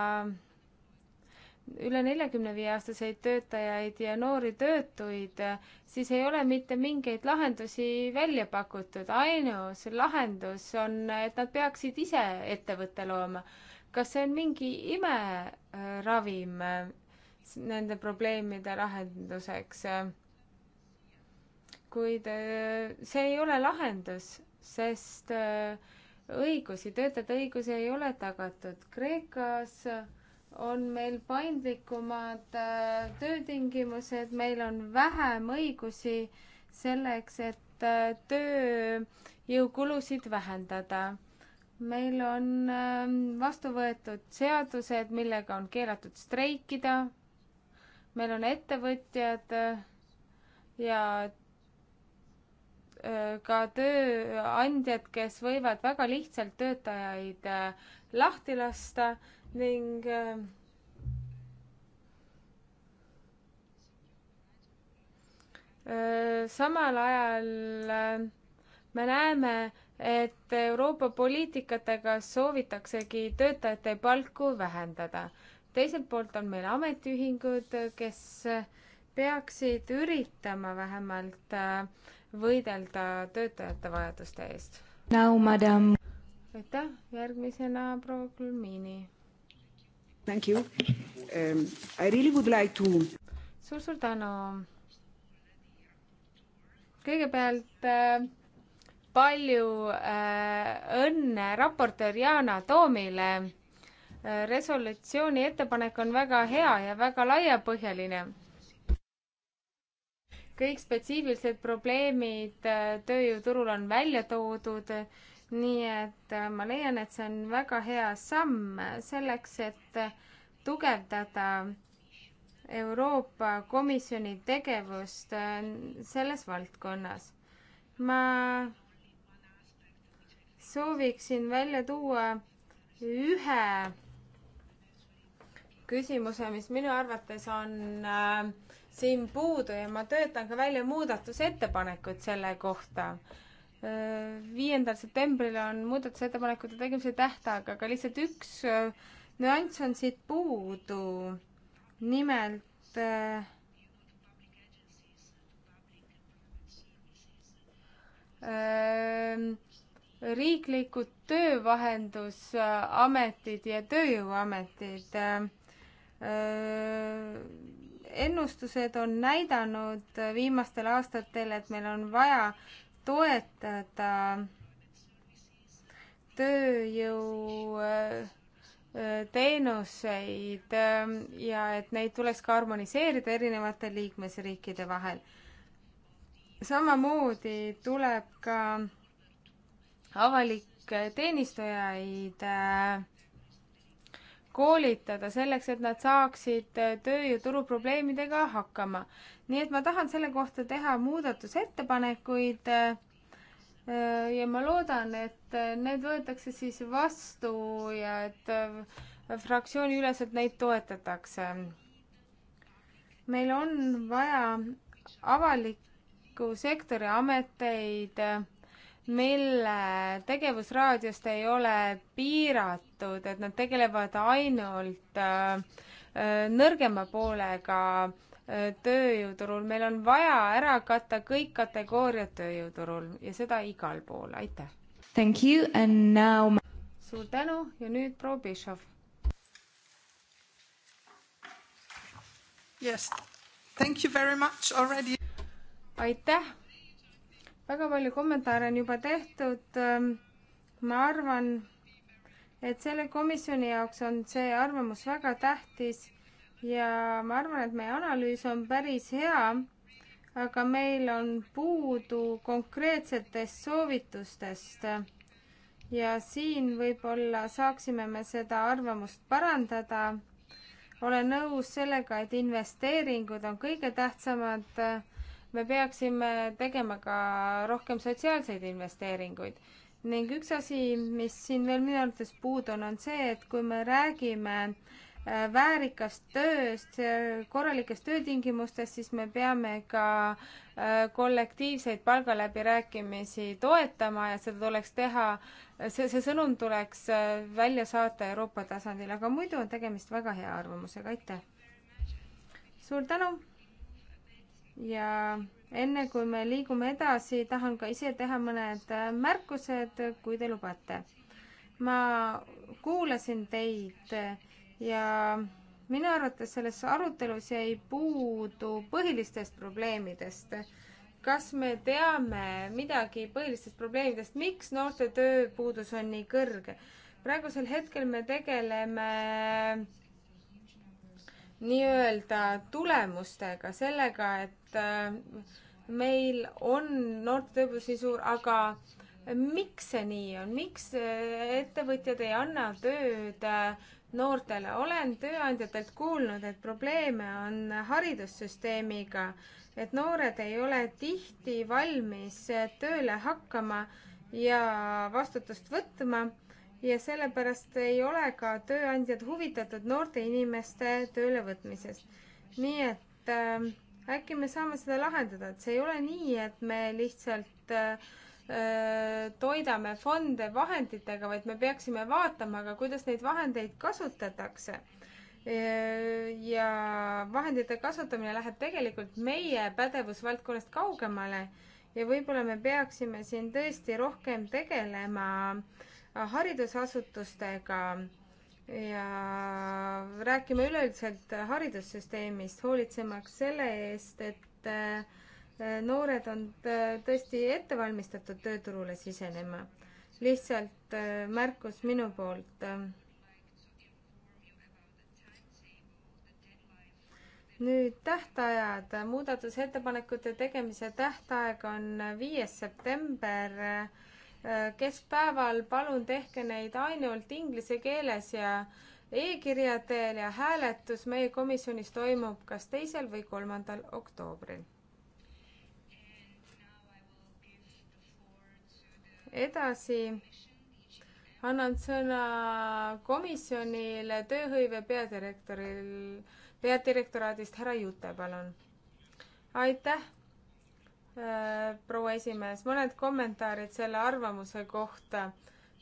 üle neljakümne viie aastaseid töötajaid ja noori töötuid, siis ei ole mitte mingeid lahendusi välja pakutud, ainus lahendus on, et nad peaksid ise ettevõtte looma kas see on mingi imeravim äh, nende probleemide lahenduseks? kuid äh, see ei ole lahendus, sest äh, õigusi, töötajate õigusi ei ole tagatud. Kreekas on meil paindlikumad töötingimused, meil on vähem õigusi selleks, et tööjõukulusid vähendada meil on ähm, vastu võetud seadused, millega on keelatud streikida, meil on ettevõtjad äh, ja äh, ka tööandjad, kes võivad väga lihtsalt töötajaid äh, lahti lasta ning samal ajal me näeme, et Euroopa poliitikatega soovitaksegi töötajate palku vähendada. teiselt poolt on meil ametiühingud, kes peaksid üritama vähemalt äh, võidelda töötajate vajaduste eest. no madam. aitäh, järgmisena proua Kulmini. Thank you um,. I really would like to suur-suur tänu. kõigepealt äh, palju äh, õnne raportöör Yana Toomile äh,. resolutsiooni ettepanek on väga hea ja väga laiapõhjaline. kõik spetsiifilised probleemid äh, tööjõuturul on välja toodud, nii et äh, ma leian, et see on väga hea samm selleks, et äh, tugevdada Euroopa Komisjoni tegevust äh, selles valdkonnas. ma sooviksin välja tuua ühe küsimuse, mis minu arvates on äh, siin puudu ja ma töötan ka välja muudatusettepanekud selle kohta äh,. Viiendal septembril on muudatusettepanekute tegemise tähtaeg, aga lihtsalt üks äh, nüanss on siit puudu. nimelt äh, äh riiklikud töövahendusametid ja tööjõuametid. Äh, ennustused on näidanud viimastel aastatel, et meil on vaja toetada tööjõuteenuseid äh, äh, ja et neid tuleks ka harmoniseerida erinevate liikmesriikide vahel. samamoodi tuleb ka avalikke teenistujaid äh, koolitada selleks, et nad saaksid äh, tööjõuturu probleemidega hakkama. nii et ma tahan selle kohta teha muudatusettepanekuid äh, ja ma loodan, et need võetakse siis vastu ja et fraktsiooniüleselt neid toetatakse. meil on vaja avaliku sektori ameteid mille tegevusraadiost ei ole piiratud, et nad tegelevad ainult äh, äh, nõrgema poolega äh, tööjõuturul, meil on vaja ära katta kõik kategooriad tööjõuturul ja seda igal pool, aitäh! Thank you and now suur tänu ja nüüd proua Pišov. Yes, thank you very much already. aitäh väga palju kommentaare on juba tehtud. Ähm, ma arvan, et selle komisjoni jaoks on see arvamus väga tähtis ja ma arvan, et meie analüüs on päris hea, aga meil on puudu konkreetsetest soovitustest. ja siin võib-olla saaksime me seda arvamust parandada olen nõus sellega, et investeeringud on kõige tähtsamad me peaksime tegema ka rohkem sotsiaalseid investeeringuid ning üks asi, mis siin veel minu arvates puudu on, on see, et kui me räägime äh, väärikast tööst, korralikest töötingimustest, siis me peame ka äh, kollektiivseid palgaläbirääkimisi toetama ja seda tuleks teha, see, see sõnum tuleks äh, välja saata Euroopa tasandil, aga muidu on tegemist väga hea arvamusega, aitäh! suur tänu! ja enne kui me liigume edasi, tahan ka ise teha mõned märkused, kui te lubate. ma kuulasin teid ja minu arvates selles arutelus jäi puudu põhilistest probleemidest. kas me teame midagi põhilistest probleemidest, miks noorte tööpuudus on nii kõrge? praegusel hetkel me tegeleme nii-öelda tulemustega, sellega, et et äh, meil on noorte tööpuudus nii suur, aga miks see nii on, miks äh, ettevõtjad ei anna tööd äh, noortele, olen tööandjatelt kuulnud, et probleeme on haridussüsteemiga, et noored ei ole tihti valmis tööle hakkama ja vastutust võtma ja sellepärast ei ole ka tööandjad huvitatud noorte inimeste töölevõtmisest. nii et äh, äkki me saame seda lahendada, et see ei ole nii, et me lihtsalt äh, äh toidame fonde vahenditega, vaid me peaksime vaatama ka, kuidas neid vahendeid kasutatakse. Äh, ja vahendite kasutamine läheb tegelikult meie pädevusvaldkonnast kaugemale ja võib-olla me peaksime siin tõesti rohkem tegelema haridusasutustega ja rääkima üleüldiselt haridussüsteemist, hoolitsemaks selle eest, et äh, noored on äh, tõesti ettevalmistatud tööturule sisenema. lihtsalt äh, märkus minu poolt. nüüd tähtajad, muudatusettepanekute tegemise tähtaeg on viies september keskpäeval, palun tehke neid ainult inglise keeles ja e-kirja teel ja hääletus meie komisjonis toimub kas teisel või kolmandal oktoobril. edasi annan sõna komisjonile tööhõive peadirektoril, peadirektoraadist härra Jute, palun. aitäh Äh, proua esimees, mõned kommentaarid selle arvamuse kohta.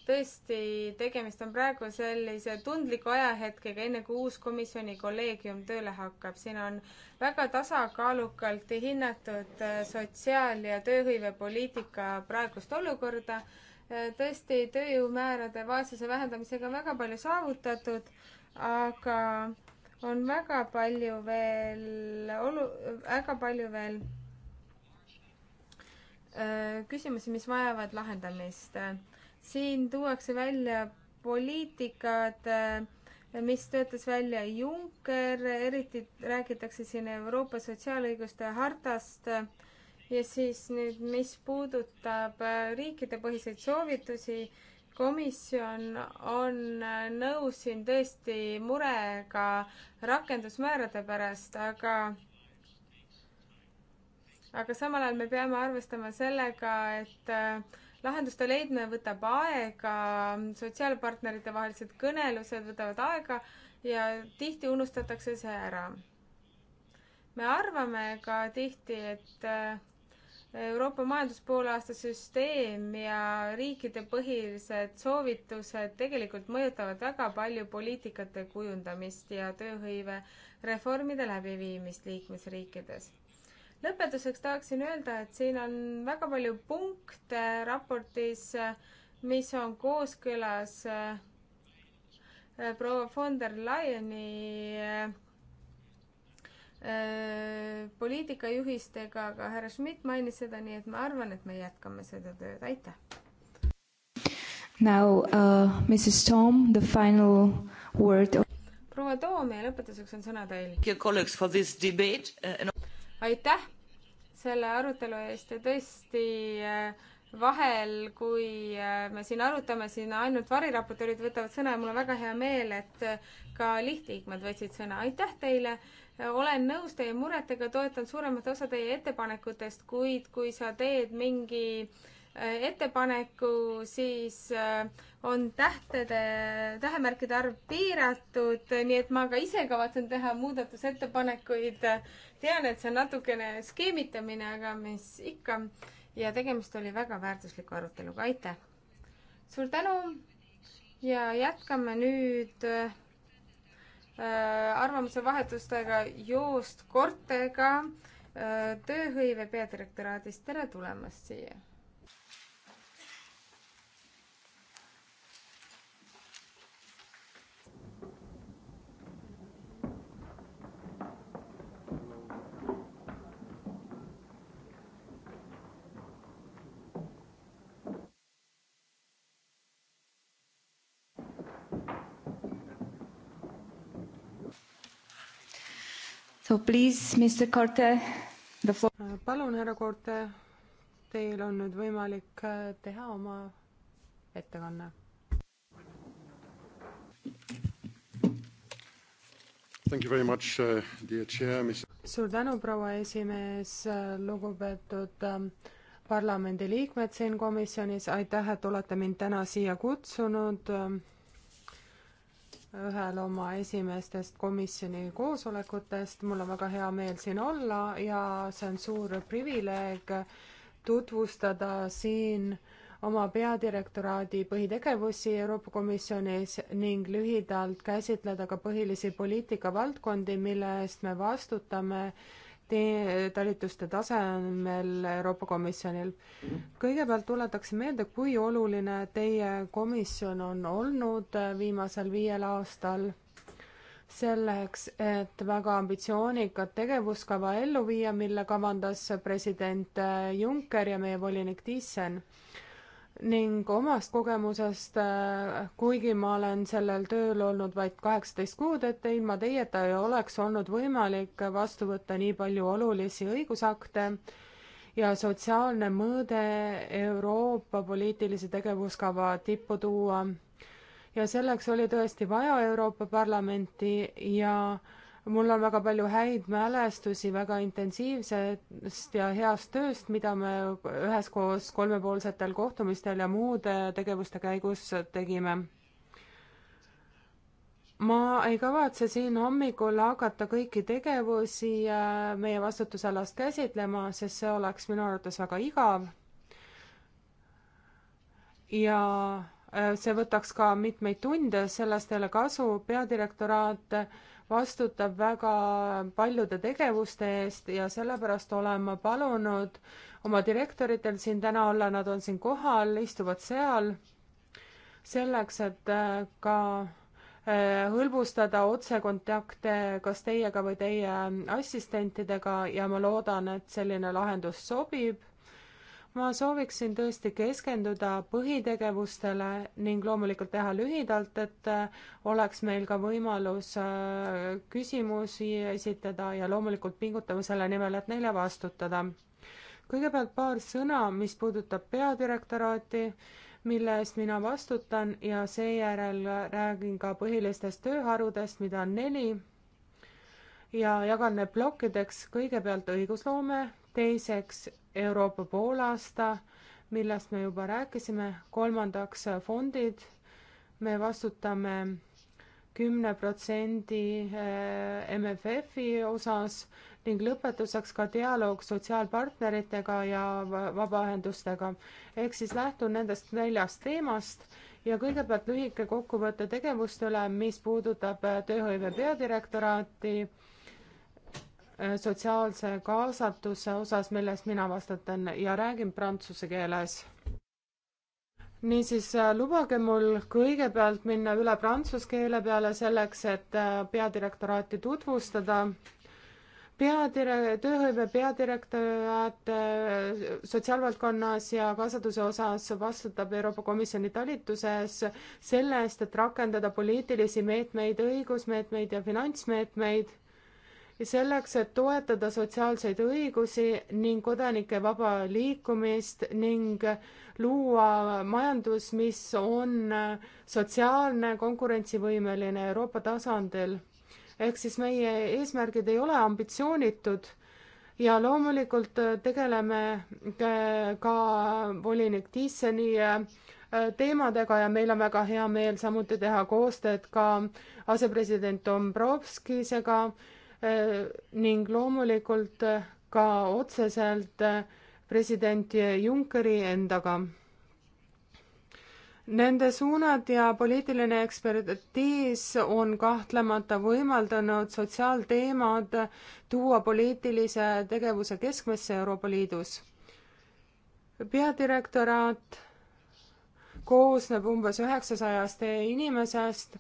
tõesti, tegemist on praegu sellise tundliku ajahetkega, enne kui uus komisjoni kolleegium tööle hakkab. siin on väga tasakaalukalt hinnatud äh, sotsiaal- ja tööhõivepoliitika praegust olukorda. Äh, tõesti, tööjõumäärade vaesuse vähendamisega on väga palju saavutatud, aga on väga palju veel olu-, väga palju veel Äh, küsimusi, mis vajavad lahendamist. Äh, siin tuuakse välja poliitikad, äh, mis töötas välja Juncker, eriti räägitakse siin Euroopa sotsiaalõiguste hartast ja siis nüüd, mis puudutab riikidepõhiseid soovitusi, komisjon on nõus siin tõesti murega rakendusmäärade pärast, aga aga samal ajal me peame arvestama sellega, et äh, lahenduste leidmine võtab aega, sotsiaalpartnerite vahelised kõnelused võtavad aega ja tihti unustatakse see ära. me arvame ka tihti, et äh, Euroopa majanduspoolaasta süsteem ja riikide põhilised soovitused tegelikult mõjutavad väga palju poliitikate kujundamist ja tööhõive reformide läbiviimist liikmesriikides lõpetuseks tahaksin öelda, et siin on väga palju punkte raportis, mis on kooskõlas äh, proua von der Leyeni äh, äh, poliitikajuhistega, aga härra Schmidt mainis seda, nii et ma arvan, et me jätkame seda tööd, aitäh. Now uh, Mrs Tom, the final word. proua Toom ja lõpetuseks on sõna teil aitäh selle arutelu eest ja tõesti äh, vahel, kui äh, me siin arutame, siin ainult variraportöörid võtavad sõna ja mul on väga hea meel, et äh, ka lihtliikmed võtsid sõna. aitäh teile, olen nõus teie muretega, toetan suuremat osa teie ettepanekutest, kuid kui sa teed mingi ettepaneku, siis on tähtede, tähemärkide arv piiratud, nii et ma ka ise kavatsen teha muudatusettepanekuid tean, et see on natukene skeemitamine, aga mis ikka. ja tegemist oli väga väärtusliku aruteluga, aitäh! suur tänu ja jätkame nüüd äh, arvamuse vahetustega Joost Kortega äh, tööhõive peadirektoraadist, tere tulemast siia! So please, Mr Corte, the floor. palun, härra Corte, teil on nüüd võimalik äh, teha oma ettekanne. Thank you very much uh,, dear chair, mis. suur tänu, proua esimees, äh, lugupeetud äh, parlamendiliikmed siin komisjonis, aitäh, et olete mind täna siia kutsunud äh, ühel oma esimestest komisjoni koosolekutest. mul on väga hea meel siin olla ja see on suur privileeg tutvustada siin oma peadirektoraadi põhitegevusi Euroopa Komisjonis ning lühidalt käsitleda ka põhilisi poliitikavaldkondi, mille eest me vastutame talituste tasemel Euroopa Komisjonil. kõigepealt tuletaksin meelde, kui oluline teie komisjon on olnud viimasel viiel aastal selleks, et väga ambitsioonikat tegevuskava ellu viia, mille kavandas president Juncker ja meie volinik Thyssen ning omast kogemusest, äh, kuigi ma olen sellel tööl olnud vaid kaheksateist kuud, et ilma teieta ei oleks olnud võimalik vastu võtta nii palju olulisi õigusakte ja sotsiaalne mõõde Euroopa poliitilise tegevuskava tippu tuua. ja selleks oli tõesti vaja Euroopa Parlamenti ja äh, mul on väga palju häid mälestusi väga intensiivsest ja heast tööst, mida me üheskoos kolmepoolsetel kohtumistel ja muude tegevuste käigus tegime. ma ei kavatse siin hommikul hakata kõiki tegevusi äh, meie vastutusalast käsitlema, sest see oleks minu arvates väga igav. ja äh, see võtaks ka mitmeid tunde, sellest ei ole kasu, peadirektoraat vastutab väga paljude tegevuste eest ja sellepärast olen ma palunud oma direktoritel siin täna olla, nad on siin kohal, istuvad seal, selleks, et äh, ka äh, hõlbustada otsekontakte kas teiega või teie äh, assistentidega ja ma loodan, et selline lahendus sobib ma sooviksin tõesti keskenduda põhitegevustele ning loomulikult teha lühidalt, et äh, oleks meil ka võimalus äh, küsimusi esitada ja loomulikult pingutame selle nimel, et neile vastutada. kõigepealt paar sõna, mis puudutab peadirektoraati, mille eest mina vastutan ja seejärel räägin ka põhilistest tööharudest, mida on neli ja jagan need plokkideks, kõigepealt õigusloome teiseks Euroopa poolaasta, millest me juba rääkisime, kolmandaks fondid, me vastutame kümne protsendi eh, MFF-i osas ning lõpetuseks ka dialoog sotsiaalpartneritega ja vabaühendustega. ehk siis lähtun nendest neljast teemast ja kõigepealt lühike kokkuvõte tegevuste üle, mis puudutab tööhõive peadirektoraati Äh, sotsiaalse kaasatuse osas, millest mina vastutan ja räägin prantsuse keeles. niisiis, äh, lubage mul kõigepealt minna üle prantsuse keele peale selleks, et äh, peadirektoraati tutvustada peadire-, tööhõive peadirektoraat sotsiaalvaldkonnas ja kaasatuse osas vastutab Euroopa Komisjoni talituses selle eest, et rakendada poliitilisi meetmeid, õigusmeetmeid ja finantsmeetmeid selleks, et toetada sotsiaalseid õigusi ning kodanike vaba liikumist ning luua majandus, mis on sotsiaalne, konkurentsivõimeline Euroopa tasandil. ehk siis meie eesmärgid ei ole ambitsioonitud ja loomulikult tegeleme ka volinik Thyssen'i äh, teemadega ja meil on väga hea meel samuti teha koostööd ka asepresident Dombrovskisega Äh, ning loomulikult äh, ka otseselt äh, president Junckeri endaga. Nende suunad ja poliitiline ekspertiis on kahtlemata võimaldanud sotsiaalteemad tuua poliitilise tegevuse keskmesse Euroopa Liidus. peadirektoraat koosneb umbes üheksasajast inimesest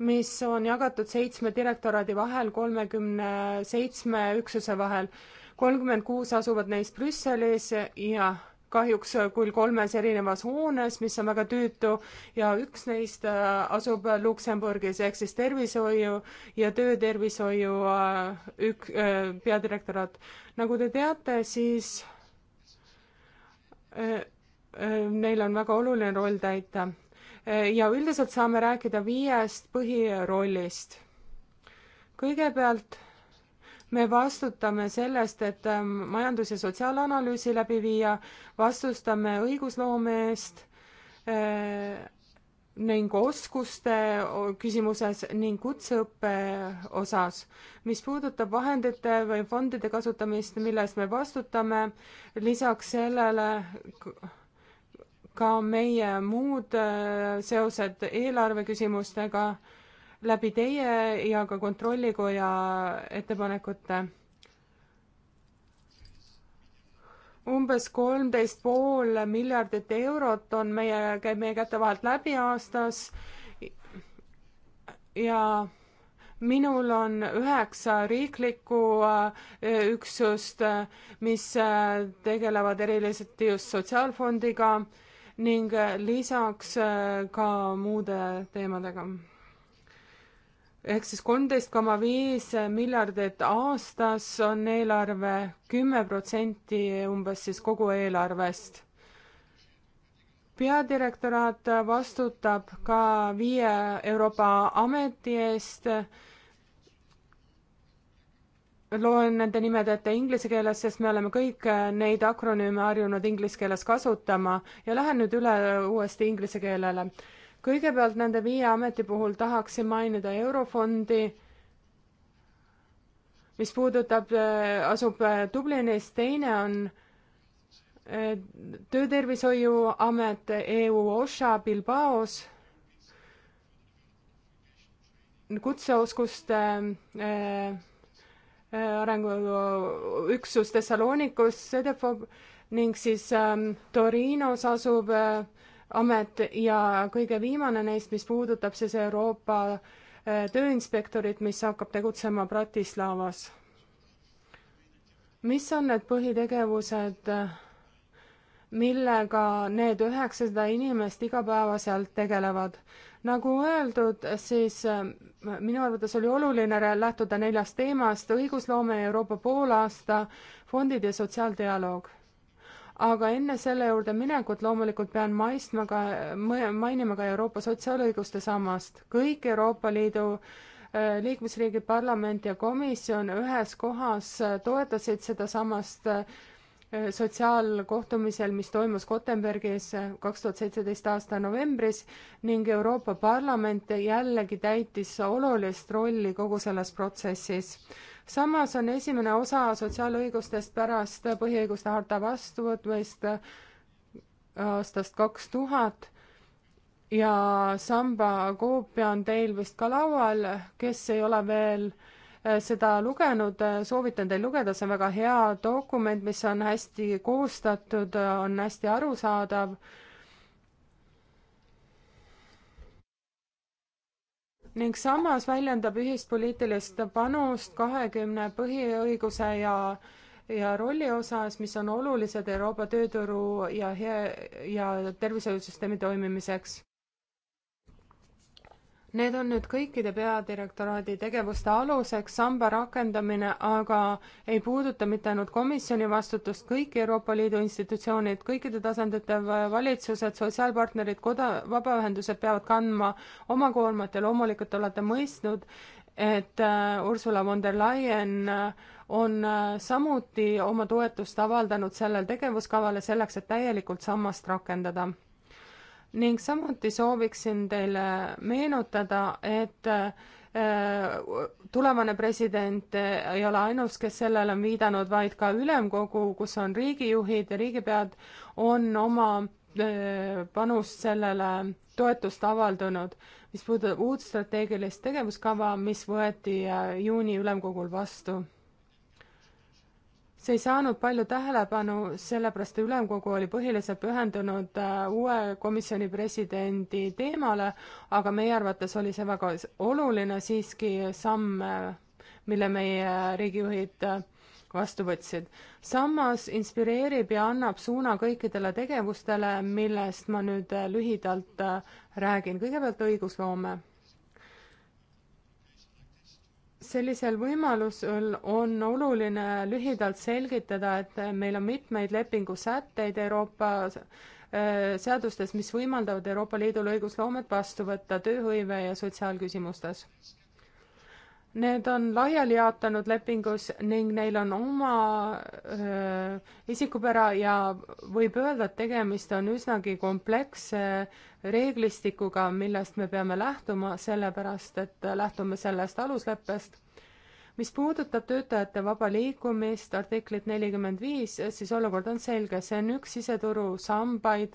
mis on jagatud seitsme direktoraadi vahel, kolmekümne seitsme üksuse vahel. kolmkümmend kuus asuvad neist Brüsselis ja kahjuks küll kolmes erinevas hoones, mis on väga tüütu ja üks neist äh, asub Luksemburgis ehk siis tervishoiu ja töötervishoiu äh, ük-, äh, peadirektoraat. nagu te teate, siis neil on väga oluline roll täita ja üldiselt saame rääkida viiest põhirollist. kõigepealt me vastutame sellest, et ähm, majandus- ja sotsiaalanalüüsi läbi viia, vastustame õigusloome eest äh, ning oskuste küsimuses ning kutseõppe osas. mis puudutab vahendite või fondide kasutamist, mille eest me vastutame, lisaks sellele ka meie muud äh, seosed eelarveküsimustega läbi teie ja ka Kontrollikoja ettepanekute umbes kolmteist pool miljardit eurot on meie, käib meie käte vahelt läbi aastas. ja minul on üheksa riiklikku äh, üksust, äh, mis tegelevad eriliselt just sotsiaalfondiga ning äh, lisaks äh, ka muude teemadega. ehk siis kolmteist koma viis miljardit aastas on eelarve kümme protsenti umbes siis kogu eelarvest peadirektoraat vastutab ka viie Euroopa ameti eest loen nende nimed ette inglise keeles, sest me oleme kõik äh, neid akronüüme harjunud inglise keeles kasutama ja lähen nüüd üle uuesti inglise keelele. kõigepealt nende viie ameti puhul tahaksin mainida Eurofondi, mis puudutab, äh, asub äh, Dublinis, teine on Töötervishoiuamet EU OSHA Bilbaos kutseoskuste äh, arenguüksus Thessalonikos, Sedefob ning siis ähm, Torinos asuv äh, amet ja kõige viimane neist, mis puudutab siis Euroopa äh, tööinspektorit, mis hakkab tegutsema Bratislavas. mis on need põhitegevused äh,, millega need üheksasada inimest igapäevaselt tegelevad? nagu öeldud, siis äh, minu arvates oli oluline lähtuda neljast teemast, õigusloome, Euroopa poolaasta, fondid ja sotsiaaldialoog. aga enne selle juurde minekut loomulikult pean maistma ka, mainima ka Euroopa sotsiaalõiguste sammast. kõik Euroopa Liidu äh, liikmesriigi parlament ja komisjon ühes kohas äh, toetasid seda sammast sotsiaalkohtumisel, mis toimus Gotenbergis kaks tuhat seitseteist aasta novembris ning Euroopa Parlament jällegi täitis olulist rolli kogu selles protsessis. samas on esimene osa sotsiaalõigustest pärast põhiõiguste harta vastuvõtmist aastast kaks tuhat ja samba koopia on teil vist ka laual, kes ei ole veel äh, Äh, seda lugenud, äh, soovitan teil lugeda, see on väga hea dokument, mis on hästi koostatud, äh, on hästi arusaadav. ning samas väljendab ühist poliitilist panust kahekümne põhiõiguse ja ja rolli osas, mis on olulised Euroopa tööturu ja hea ja tervishoiusüsteemi toimimiseks. Need on nüüd kõikide peadirektoraadi tegevuste aluseks, samba rakendamine aga ei puuduta mitte ainult komisjoni vastutust, kõik Euroopa Liidu institutsioonid, kõikide tasandite valitsused, sotsiaalpartnerid, koda-, vabaühendused peavad kandma oma koormat ja loomulikult olete mõistnud, et äh, Ursula von der Leyen äh, on äh, samuti oma toetust avaldanud sellel tegevuskavale selleks, et täielikult sammast rakendada ning samuti sooviksin teile meenutada, et äh, tulevane president ei ole ainus, kes sellele on viidanud, vaid ka ülemkogu, kus on riigijuhid ja riigipead, on oma äh, panust sellele toetust avaldanud, mis puudutab uut strateegilist tegevuskava, mis võeti äh, juuni ülemkogul vastu see ei saanud palju tähelepanu, sellepärast ülemkogu oli põhiliselt pühendunud äh, uue komisjoni presidendi teemale, aga meie arvates oli see väga oluline siiski samm, äh, mille meie riigijuhid äh, vastu võtsid. samas inspireerib ja annab suuna kõikidele tegevustele, millest ma nüüd lühidalt räägin. kõigepealt õigusloome sellisel võimalusel on oluline lühidalt selgitada, et meil on mitmeid lepingusätteid Euroopa äh, seadustes, mis võimaldavad Euroopa Liidul õigusloomet vastu võtta tööhõive ja sotsiaalküsimustes. Need on laiali jaotanud lepingus ning neil on oma öö, isikupära ja võib öelda, et tegemist on üsnagi kompleksse reeglistikuga, millest me peame lähtuma, sellepärast et lähtume sellest alusleppest. mis puudutab töötajate vaba liikumist, artiklit nelikümmend viis, siis olukord on selge, see on üks siseturu sambaid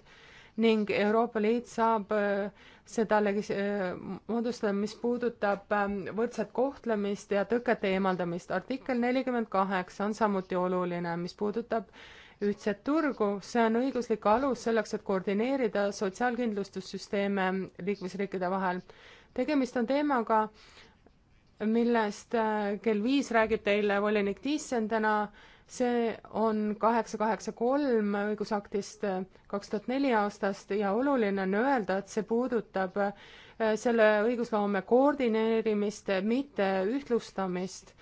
ning Euroopa Liit saab äh, seda legis-, äh, moodustada, mis puudutab ähm, võrdset kohtlemist ja tõkete eemaldamist. artikkel nelikümmend kaheksa on samuti oluline, mis puudutab ühtset turgu, see on õiguslik alus selleks, et koordineerida sotsiaalkindlustussüsteeme liikmesriikide vahel. tegemist on teemaga, millest äh, kell viis räägib teile volinik Thyssen täna see on kaheksa, kaheksa, kolm õigusaktist kaks tuhat neli aastast ja oluline on öelda, et see puudutab äh, selle õigusloome koordineerimist, mitte ühtlustamist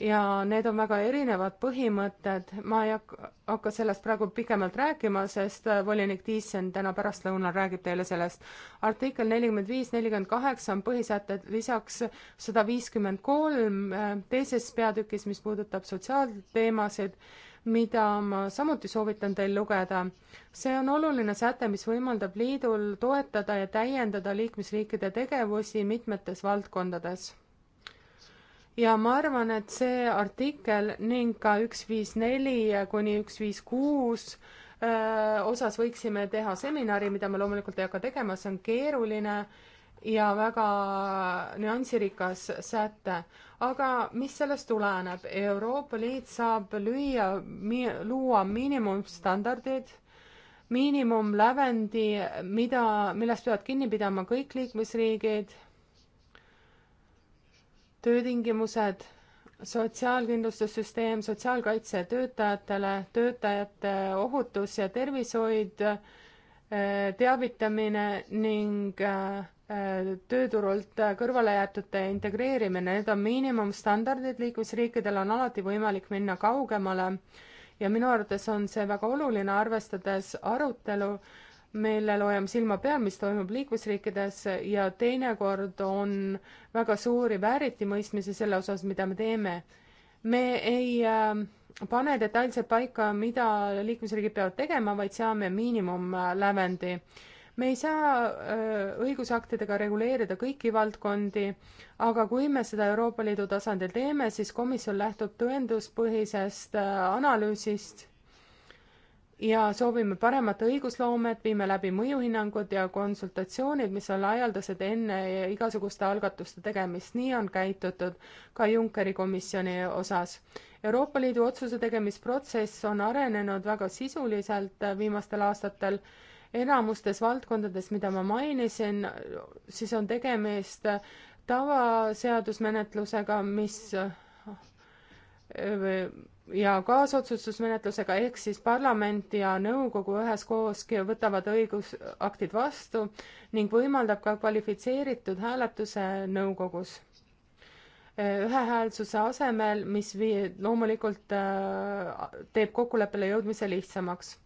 ja need on väga erinevad põhimõtted, ma ei hakka, hakka sellest praegu pikemalt rääkima, sest äh, volinik Thiessen täna pärastlõunal räägib teile sellest. artikkel nelikümmend viis, nelikümmend kaheksa on põhisätted, lisaks sada viiskümmend kolm äh, teises peatükis, mis puudutab sotsiaalteemasid, mida ma samuti soovitan teil lugeda. see on oluline säte, mis võimaldab liidul toetada ja täiendada liikmesriikide tegevusi mitmetes valdkondades ja ma arvan, et see artikkel ning ka üks viis neli kuni üks viis kuus äh, osas võiksime teha seminari, mida me loomulikult ei hakka tegema, see on keeruline ja väga nüansirikas säte. aga mis sellest tuleneb? Euroopa Liit saab lüüa mi,, luua miinimumstandardid, miinimumlävendi, mida, millest peavad kinni pidama kõik liikmesriigid töötingimused, sotsiaalkindlustussüsteem, sotsiaalkaitse töötajatele, töötajate ohutus ja tervishoid, äh, teavitamine ning äh, äh, tööturult kõrvalejäetute integreerimine, need on miinimumstandardid, liikmesriikidel on alati võimalik minna kaugemale ja minu arvates on see väga oluline, arvestades arutelu, millel hoiame silma peal, mis toimub liikmesriikides ja teinekord on väga suuri vääritimõistmisi selle osas, mida me teeme. me ei äh, pane detailselt paika, mida liikmesriigid peavad tegema, vaid seame miinimumlävendi. me ei saa äh, õigusaktidega reguleerida kõiki valdkondi, aga kui me seda Euroopa Liidu tasandil teeme, siis komisjon lähtub tõenduspõhisest äh, analüüsist ja soovime paremat õigusloomet, viime läbi mõjuhinnangud ja konsultatsioonid, mis on laialdased enne igasuguste algatuste tegemist. nii on käitutud ka Junckeri komisjoni osas. Euroopa Liidu otsuse tegemisprotsess on arenenud väga sisuliselt viimastel aastatel enamustes valdkondades, mida ma mainisin, siis on tegemist tavaseadusmenetlusega, mis ja kaasotsustusmenetlusega, ehk siis parlament ja nõukogu üheskoos võtavad õigusaktid vastu ning võimaldab ka kvalifitseeritud hääletuse nõukogus. ühehäälsuse asemel, mis vii-, loomulikult äh, teeb kokkuleppele jõudmise lihtsamaks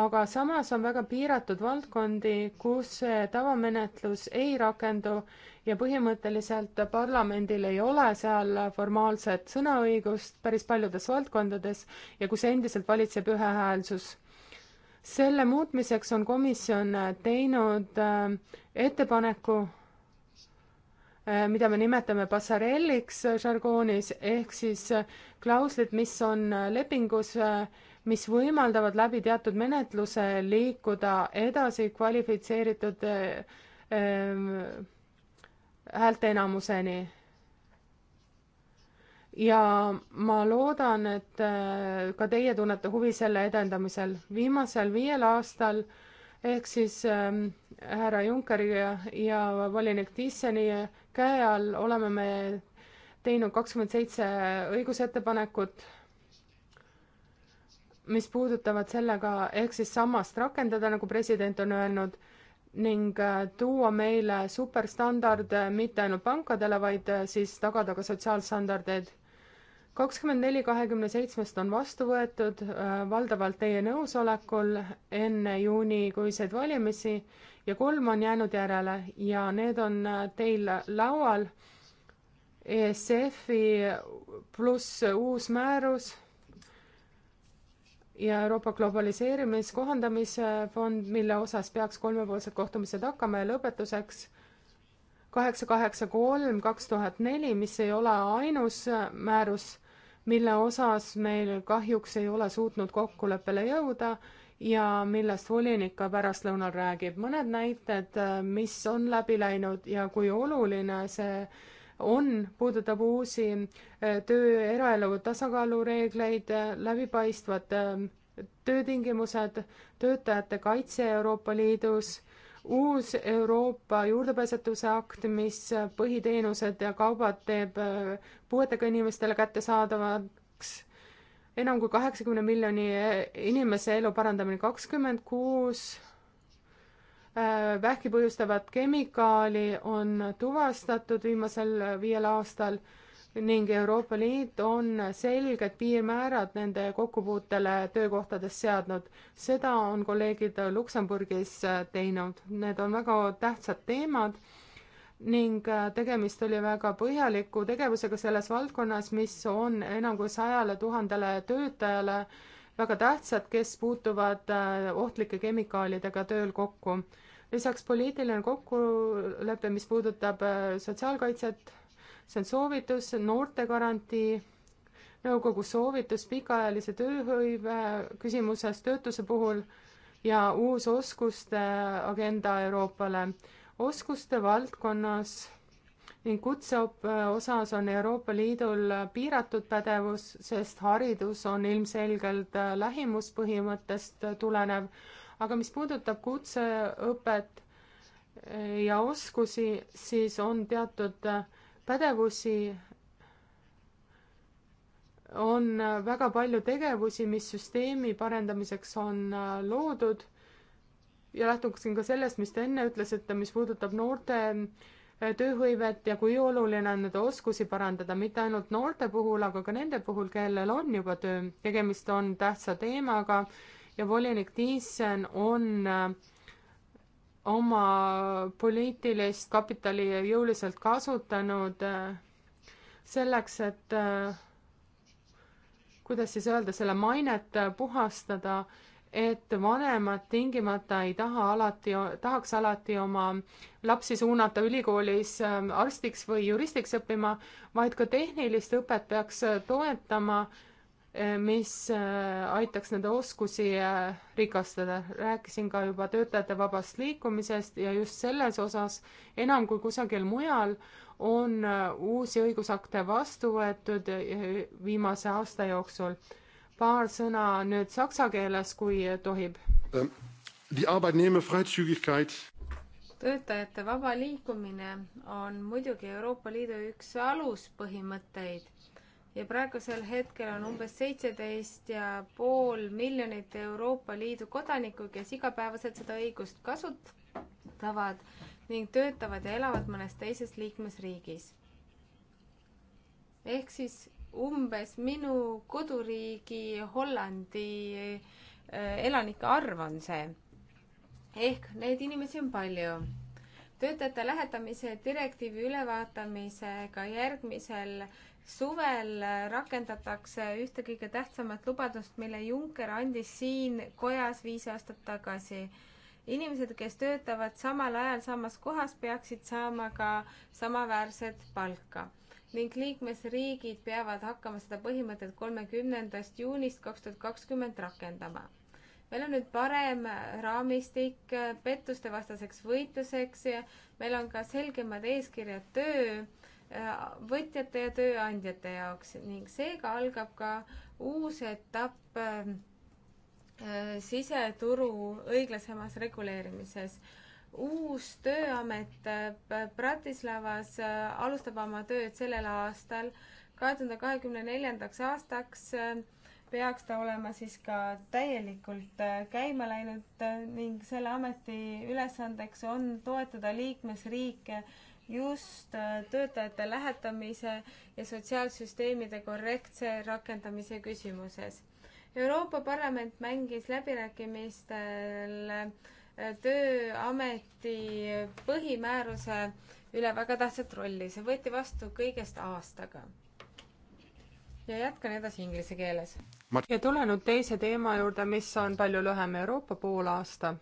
aga samas on väga piiratud valdkondi, kus tavamenetlus ei rakendu ja põhimõtteliselt parlamendil ei ole seal formaalset sõnaõigust päris paljudes valdkondades ja kus endiselt valitseb ühehäälsus. selle muutmiseks on komisjon teinud äh, ettepaneku, äh, mida me nimetame passarelliks äh, žargoonis, ehk siis klauslid, mis on lepingus äh, mis võimaldavad läbi teatud menetluse liikuda edasi kvalifitseeritud eh, häälteenamuseni äh, äh,. ja ma loodan, et äh, ka teie tunnete huvi selle edendamisel. viimasel viiel aastal ehk siis härra Junckeri ja, ja volinik Thyssen'i käe all oleme me teinud kakskümmend seitse õigusettepanekut mis puudutavad sellega, ehk siis sammast rakendada, nagu president on öelnud, ning äh, tuua meile superstandard äh, mitte ainult pankadele, vaid äh, siis tagada ka sotsiaalstandardid. kakskümmend neli kahekümne seitsmest on vastu võetud valdavalt teie nõusolekul enne juunikuiseid valimisi ja kolm on jäänud järele ja need on teil laual. ESF-i pluss uus määrus ja Euroopa globaliseerimiskohandamise fond, mille osas peaks kolmepoolsed kohtumised hakkama ja lõpetuseks kaheksa, kaheksa, kolm, kaks tuhat neli, mis ei ole ainus määrus, mille osas meil kahjuks ei ole suutnud kokkuleppele jõuda ja millest volinik ka pärastlõunal räägib. mõned näited, mis on läbi läinud ja kui oluline see on, puudutab uusi äh, töö, eraelu tasakaalu reegleid, äh, läbipaistvad äh, töötingimused, töötajate kaitse Euroopa Liidus, uus Euroopa juurdepääsetuse akt, mis põhiteenused ja kaubad teeb puuetega inimestele kättesaadavaks, enam kui kaheksakümne miljoni inimese elu parandamine, kakskümmend kuus Äh, vähki põhjustavat kemikaali on tuvastatud viimasel viiel aastal ning Euroopa Liit on selged piirmäärad nende kokkupuutele töökohtades seadnud. seda on kolleegid Luksemburgis äh, teinud. Need on väga tähtsad teemad ning äh, tegemist oli väga põhjaliku tegevusega selles valdkonnas, mis on enam kui sajale tuhandele töötajale äh, väga tähtsad, kes puutuvad äh, ohtlike kemikaalidega tööl kokku. lisaks poliitiline kokkulepe, mis puudutab äh, sotsiaalkaitset, see on soovitus, noortegarantii, nõukogu soovitus pikaajalise tööhõive küsimuses töötuse puhul ja uus oskuste agenda Euroopale. oskuste valdkonnas ning kutseõppe osas on Euroopa Liidul piiratud pädevus, sest haridus on ilmselgelt äh, lähimuspõhimõttest äh, tulenev, aga mis puudutab kutseõpet äh, ja oskusi, siis on teatud pädevusi, on väga palju tegevusi, mis süsteemi parendamiseks on loodud ja lähtuksin ka sellest, mis te enne ütlesite, mis puudutab noorte tööhõivet ja kui oluline on nende oskusi parandada, mitte ainult noorte puhul, aga ka nende puhul, kellel on juba töö. tegemist on tähtsa teemaga ja volinik Thyssen on äh, oma poliitilist kapitali jõuliselt kasutanud äh, selleks, et äh, kuidas siis öelda, selle mainet puhastada et vanemad tingimata ei taha alati, tahaks alati oma lapsi suunata ülikoolis ähm, arstiks või juristiks õppima, vaid ka tehnilist õpet peaks äh, toetama, äh, mis äh, aitaks nende oskusi rikastada. rääkisin ka juba töötajate vabast liikumisest ja just selles osas enam kui kusagil mujal on uusi õigusakte vastu võetud viimase aasta jooksul paar sõna nüüd saksa keeles, kui tohib. Ähm, töötajate vaba liikumine on muidugi Euroopa Liidu üks aluspõhimõtteid ja praegusel hetkel on umbes seitseteist ja pool miljonit Euroopa Liidu kodanikku, kes igapäevaselt seda õigust kasutavad ning töötavad ja elavad mõnes teises liikmesriigis. ehk siis umbes minu koduriigi Hollandi äh, elanike arv on see. ehk neid inimesi on palju. töötajate lähetamise direktiivi ülevaatamisega järgmisel suvel rakendatakse ühte kõige tähtsamat lubadust, mille Juncker andis siin kojas viis aastat tagasi inimesed, kes töötavad samal ajal samas kohas, peaksid saama ka samaväärset palka ning liikmesriigid peavad hakkama seda põhimõtet kolmekümnendast juunist kaks tuhat kakskümmend rakendama. meil on nüüd parem raamistik pettuste vastaseks võitluseks ja meil on ka selgemad eeskirjad töövõtjate ja tööandjate jaoks ning seega algab ka uus etapp äh, siseturu õiglasemas reguleerimises uus tööamet äh, Bratislavas äh, alustab oma tööd sellel aastal. kahe tuhande kahekümne neljandaks aastaks äh, peaks ta olema siis ka täielikult käima läinud ning selle ameti ülesandeks on toetada liikmesriike just töötajate lähetamise ja sotsiaalsüsteemide korrektse rakendamise küsimuses. Euroopa Parlament mängis läbirääkimistel Tööameti põhimääruse üle väga tähtsat rolli, see võeti vastu kõigest aastaga. ja jätkan edasi inglise keeles. ja tulen nüüd teise teema juurde, mis on palju lühem, Euroopa poolaasta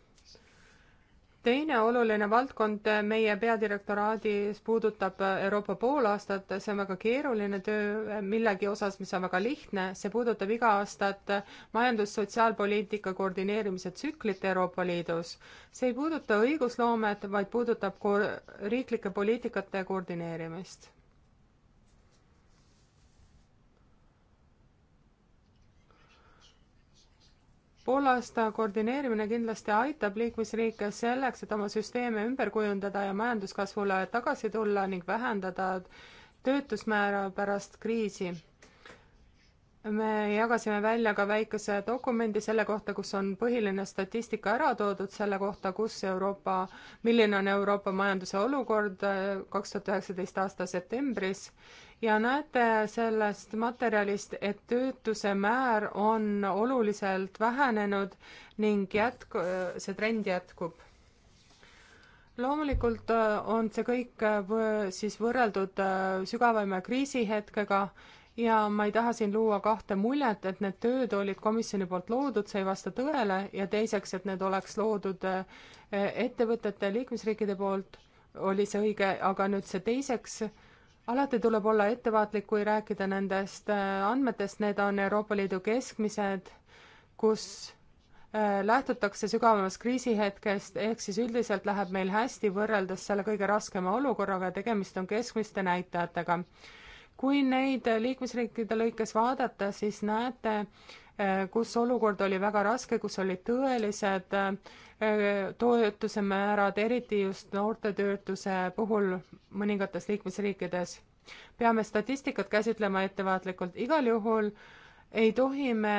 teine oluline valdkond meie peadirektoraadis puudutab Euroopa poolaastat, see on väga keeruline töö millegi osas, mis on väga lihtne, see puudutab iga aastat majandus-sotsiaalpoliitika koordineerimise tsüklit Euroopa Liidus. see ei puuduta õigusloomet, vaid puudutab ko-, riiklike poliitikate koordineerimist Poolast koordineerimine kindlasti aitab liikmesriike selleks, et oma süsteeme ümber kujundada ja majanduskasvule tagasi tulla ning vähendada töötusmäära pärast kriisi. me jagasime välja ka väikese dokumendi selle kohta, kus on põhiline statistika ära toodud selle kohta, kus Euroopa, milline on Euroopa majanduse olukord eh, kaks tuhat üheksateist aasta septembris ja näete sellest materjalist, et töötuse määr on oluliselt vähenenud ning jätku, see trend jätkub loomulikult äh, on see kõik äh, siis võrreldud äh, sügavaima kriisihetkega ja ma ei taha siin luua kahte muljet, et need tööd olid komisjoni poolt loodud, see ei vasta tõele, ja teiseks, et need oleks loodud ettevõtete liikmesriikide poolt, oli see õige, aga nüüd see teiseks alati tuleb olla ettevaatlik, kui rääkida nendest äh, andmetest, need on Euroopa Liidu keskmised, kus äh, lähtutakse sügavamast kriisihetkest, ehk siis üldiselt läheb meil hästi võrreldes selle kõige raskema olukorraga ja tegemist on keskmiste näitajatega. kui neid liikmesriikide lõikes vaadata, siis näete, kus olukord oli väga raske, kus olid tõelised äh, toetuse määrad, eriti just noortetöötuse puhul mõningates liikmesriikides. peame statistikat käsitlema ettevaatlikult, igal juhul ei tohi me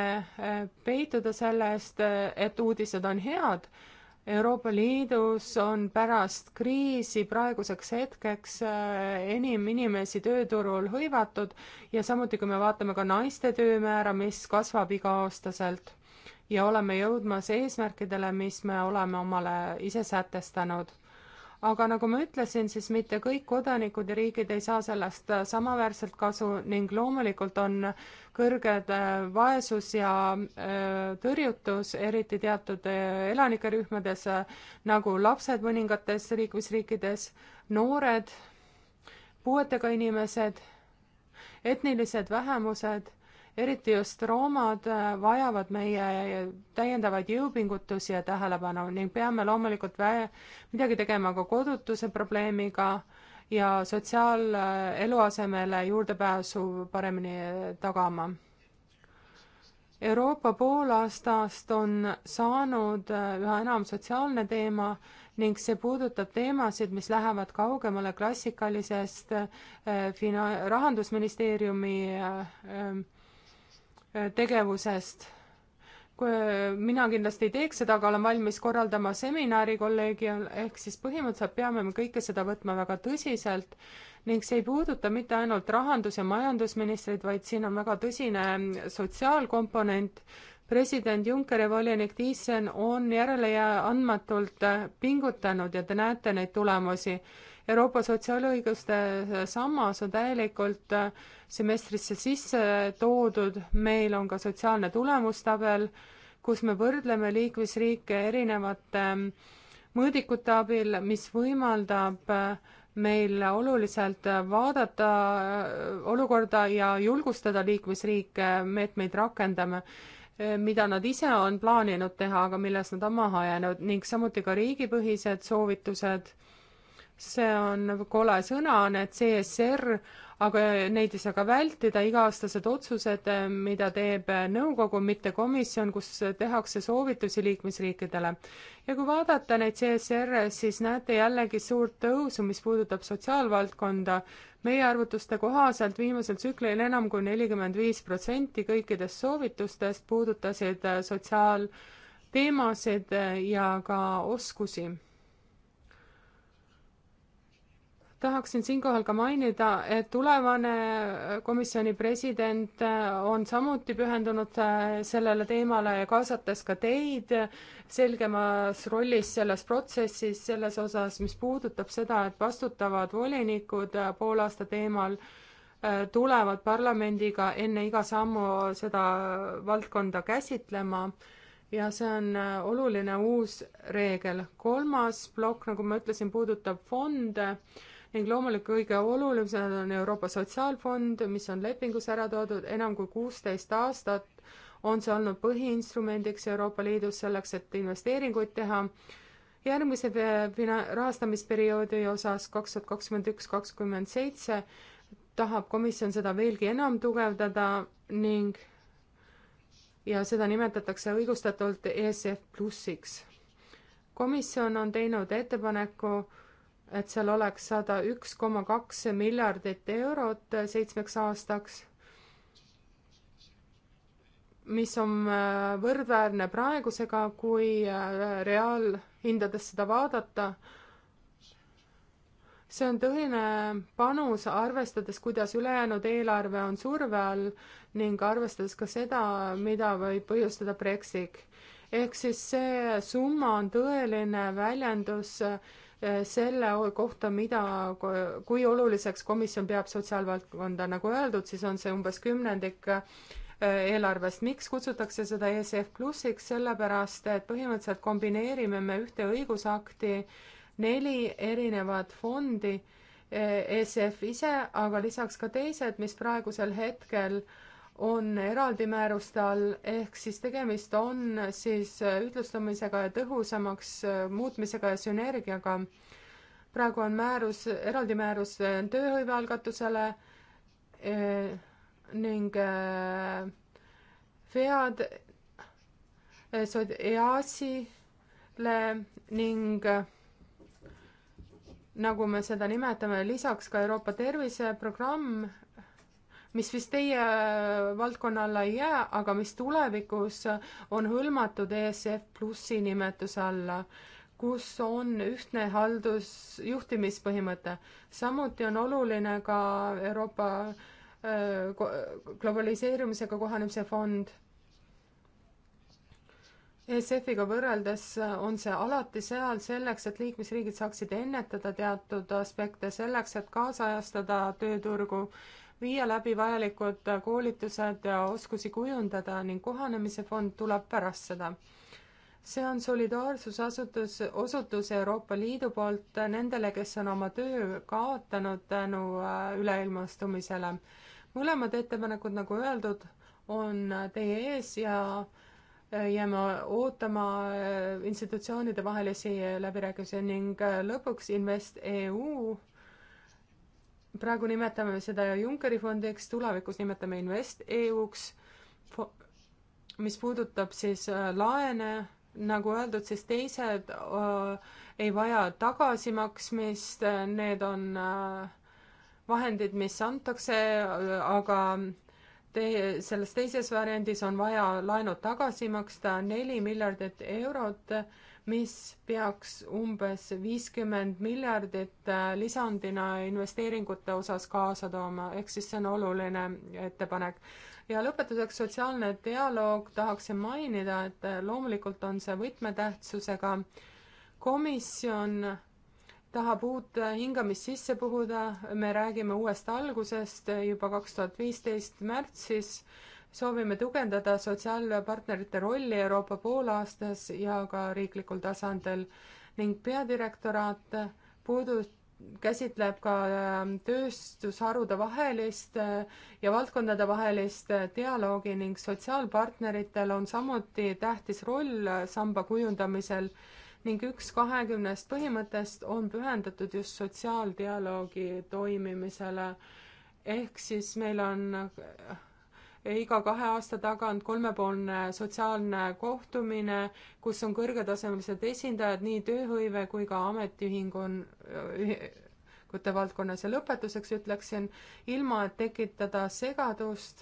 äh, peituda selle eest, äh, et uudised on head Euroopa Liidus on pärast kriisi praeguseks hetkeks äh, enim inimesi tööturul hõivatud ja samuti, kui me vaatame ka naiste töömäära, mis kasvab iga-aastaselt ja oleme jõudmas eesmärkidele, mis me oleme omale ise sätestanud aga nagu ma ütlesin, siis mitte kõik kodanikud ja riigid ei saa sellest äh, samaväärselt kasu ning loomulikult on kõrged äh, vaesus ja äh, tõrjutus, eriti teatud elanikerühmades, nagu lapsed mõningates liikmesriikides, noored, puuetega inimesed, etnilised vähemused eriti just roomad äh, vajavad meie täiendavaid jõupingutusi ja tähelepanu ning peame loomulikult midagi tegema ka kodutuse probleemiga ja sotsiaaleluasemele äh, juurdepääsu paremini äh, tagama. Euroopa poolaastast on saanud üha enam sotsiaalne teema ning see puudutab teemasid, mis lähevad kaugemale klassikalisest fina-, rahandusministeeriumi äh, ähm, tegevusest. Äh, mina kindlasti ei teeks seda, aga olen valmis korraldama seminari kolleegial, ehk siis põhimõtteliselt peame me kõike seda võtma väga tõsiselt ning see ei puuduta mitte ainult rahandus- ja majandusministreid, vaid siin on väga tõsine mm, sotsiaalkomponent. president Juncker ja volinik Thyssen on järeleandmatult äh, pingutanud ja te näete neid tulemusi. Euroopa sotsiaalõiguste sammas on täielikult äh, semestrisse sisse toodud, meil on ka sotsiaalne tulemustabel, kus me võrdleme liikmesriike erinevate ähm, mõõdikute abil, mis võimaldab äh, meil oluliselt äh, vaadata äh, olukorda ja julgustada liikmesriike meetmeid rakendama mida nad ise on plaaninud teha, aga milles nad on maha jäänud ning samuti ka riigipõhised soovitused. see on kole sõna, need CSR, aga neid ei saa ka vältida, iga-aastased otsused, eh, mida teeb eh, nõukogu, mitte komisjon, kus tehakse soovitusi liikmesriikidele. ja kui vaadata neid CSR-e, siis näete jällegi suurt tõusu, mis puudutab sotsiaalvaldkonda. meie arvutuste kohaselt viimasel tsüklil enam kui nelikümmend viis protsenti kõikidest soovitustest puudutasid eh, sotsiaalteemasid ja ka oskusi tahaksin siinkohal ka mainida, et tulevane komisjoni president äh, on samuti pühendunud äh, sellele teemale ja kaasates ka teid selgemas rollis selles protsessis, selles osas, mis puudutab seda, et vastutavad volinikud äh, poolaasta teemal tulevad parlamendiga enne iga sammu seda valdkonda käsitlema ja see on oluline uus reegel. kolmas plokk, nagu ma ütlesin, puudutab fonde ning loomulikult kõige olulisem on Euroopa Sotsiaalfond, mis on lepingus ära toodud enam kui kuusteist aastat, on see olnud põhiinstrumendiks Euroopa Liidus selleks, et investeeringuid teha. järgmise fina-, rahastamisperioodi osas kaks tuhat kakskümmend üks, kakskümmend seitse tahab komisjon seda veelgi enam tugevdada ning ja seda nimetatakse õigustatult ESF plussiks. komisjon on teinud ettepaneku et seal oleks sada üks koma kaks miljardit eurot seitsmeks aastaks, mis on äh, võrdväärne praegusega, kui äh, reaalhindades seda vaadata. see on tõeline panus, arvestades, kuidas ülejäänud eelarve on surve all ning arvestades ka seda, mida võib põhjustada Brexit. ehk siis see summa on tõeline väljendus äh, selle kohta, mida, kui oluliseks komisjon peab sotsiaalvaldkonda, nagu öeldud, siis on see umbes kümnendik äh, eelarvest. miks kutsutakse seda ESF plussiks, sellepärast et põhimõtteliselt kombineerime me ühte õigusakti neli erinevat fondi, äh, ESF ise, aga lisaks ka teised, mis praegusel hetkel äh, on eraldi määruste all, ehk siis tegemist on siis ühtlustamisega ja tõhusamaks muutmisega ja sünergiaga. praegu on määrus, eraldi määrus tööhõive algatusele eh, ning eh, FEAD eh,, EAS-ile ning eh, nagu me seda nimetame, lisaks ka Euroopa terviseprogramm mis vist teie äh, valdkonna alla ei jää, aga mis tulevikus on hõlmatud ESF Plussi nimetuse alla, kus on ühtne haldus, juhtimispõhimõte. samuti on oluline ka Euroopa äh, globaliseerumisega kohanemise fond ESF-iga võrreldes on see alati seal selleks, et liikmesriigid saaksid ennetada teatud aspekte, selleks, et kaasajastada tööturgu viia läbi vajalikud koolitused ja oskusi kujundada ning kohanemise fond tuleb pärast seda. see on solidaarsusasutus, osutus Euroopa Liidu poolt nendele, kes on oma töö kaotanud tänu äh, üleilmastumisele. mõlemad ettepanekud, nagu öeldud, on teie ees ja äh, jääme ootama äh, institutsioonide vahelisi läbirääkimisi ning lõpuks InvestEU praegu nimetame seda Junckeri fondiks, tulevikus nimetame Invest EU-ks, mis puudutab siis äh, laene, nagu öeldud, siis teised äh, ei vaja tagasimaksmist, äh, need on äh, vahendid, mis antakse, äh, aga te-, selles teises variandis on vaja laenud tagasi maksta neli miljardit eurot äh, mis peaks umbes viiskümmend miljardit äh, lisandina investeeringute osas kaasa tooma, ehk siis see on oluline ettepanek. ja lõpetuseks sotsiaalne dialoog, tahaksin mainida, et äh, loomulikult on see võtmetähtsusega. komisjon tahab uut äh, hingamist sisse puhuda, me räägime uuest algusest juba kaks tuhat viisteist märtsis soovime tugevdada sotsiaalpartnerite rolli Euroopa poolaastas ja ka riiklikul tasandil ning peadirektoraat puudu-, käsitleb ka ähm, tööstusharude vahelist äh, ja valdkondade vahelist äh, dialoogi ning sotsiaalpartneritel on samuti tähtis roll äh, samba kujundamisel ning üks kahekümnest põhimõttest on pühendatud just sotsiaaldialoogi toimimisele. ehk siis meil on iga kahe aasta tagant kolmepoolne sotsiaalne kohtumine, kus on kõrgetasemelised esindajad, nii tööhõive kui ka ametiühing on ühingute valdkonnas ja lõpetuseks ütleksin, ilma et tekitada segadust,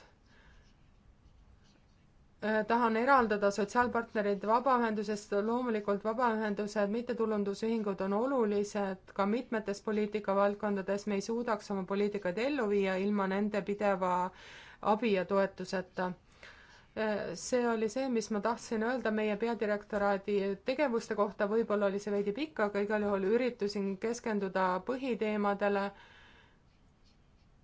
äh, tahan eraldada sotsiaalpartnerid vabaühendusest, loomulikult vabaühendused, mittetulundusühingud on olulised ka mitmetes poliitikavaldkondades, me ei suudaks oma poliitikaid ellu viia ilma nende pideva äh, abi ja toetuseta see oli see, mis ma tahtsin öelda meie peadirektoraadi tegevuste kohta, võib-olla oli see veidi pikk, aga igal juhul üritasin keskenduda põhiteemadele.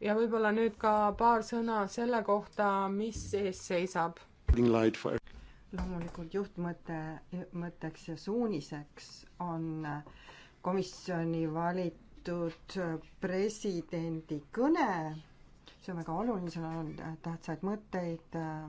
ja võib-olla nüüd ka paar sõna selle kohta, mis ees seisab. loomulikult juhtmõte, mõtteks ja suuniseks on komisjoni valitud presidendi kõne see on väga oluline, seal on tähtsaid mõtteid. Äh,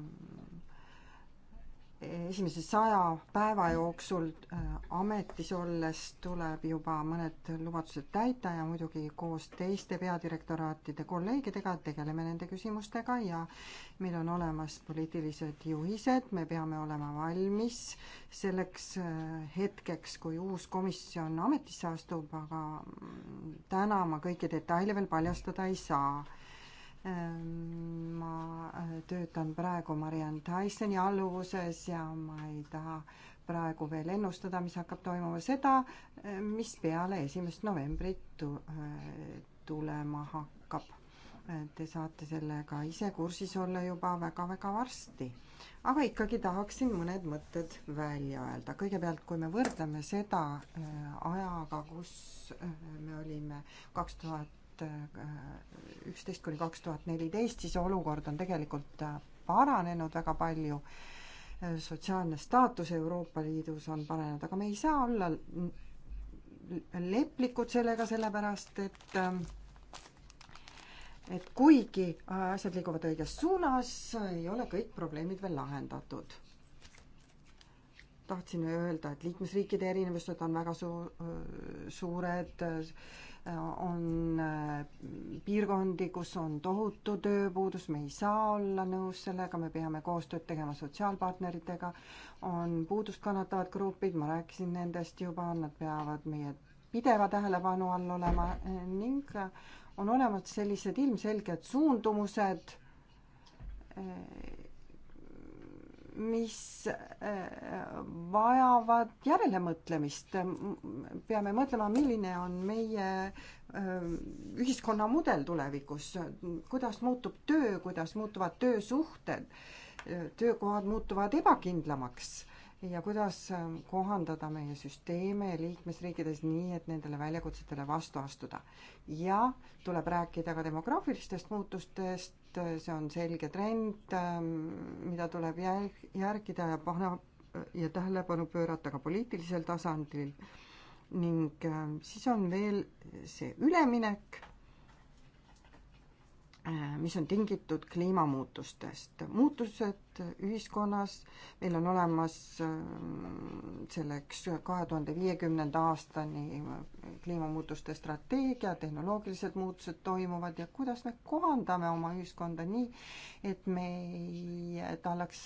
esimese saja päeva jooksul äh, ametis olles tuleb juba mõned lubadused täita ja muidugi koos teiste peadirektoraatide kolleegidega tegeleme nende küsimustega ja meil on olemas poliitilised juhised, me peame olema valmis selleks äh, hetkeks, kui uus komisjon ametisse astub, aga täna ma kõiki detaile veel paljastada ei saa Ehm, ma äh, töötan praegu Marianne Tysoni alluvuses ja ma ei taha praegu veel ennustada, mis hakkab toimuma, seda, äh, mis peale esimest novembrit äh, tulema hakkab. Te saate sellega ise kursis olla juba väga-väga varsti. aga ikkagi tahaksin mõned mõtted välja öelda. kõigepealt, kui me võrdleme seda ajaga, kus me olime kaks tuhat tuhat äh, üksteist kuni kaks tuhat neliteist, siis olukord on tegelikult äh, paranenud väga palju, sotsiaalne staatus Euroopa Liidus on paranenud, aga me ei saa olla leplikud sellega, sellepärast et äh, et kuigi asjad liiguvad õiges suunas, ei ole kõik probleemid veel lahendatud tahtsin öelda, et liikmesriikide erinevused on väga su-, suured, on äh, piirkondi, kus on tohutu tööpuudus, me ei saa olla nõus sellega, me peame koostööd tegema sotsiaalpartneritega, on puudust kannatavad grupid, ma rääkisin nendest juba, nad peavad meie pideva tähelepanu all olema äh, ning äh, on olemas sellised ilmselged suundumused, mis äh, vajavad järelemõtlemist. peame mõtlema, milline on meie äh, ühiskonna mudel tulevikus, kuidas muutub töö, kuidas muutuvad töösuhted, töökohad muutuvad ebakindlamaks ja kuidas äh, kohandada meie süsteeme liikmesriikides nii, et nendele väljakutsetele vastu astuda. ja tuleb rääkida ka demograafilistest muutustest, Äh, see on selge trend, ähm, mida tuleb jälg, järgida ja panna ja tähelepanu pöörata ka poliitilisel tasandil. ning ähm, siis on veel see üleminek, äh, mis on tingitud kliimamuutustest. muutused ühiskonnas, meil on olemas äh, selleks kahe tuhande viiekümnenda aastani kliimamuutuste strateegia, tehnoloogilised muutused toimuvad ja kuidas me kohandame oma ühiskonda nii, et me ei tallaks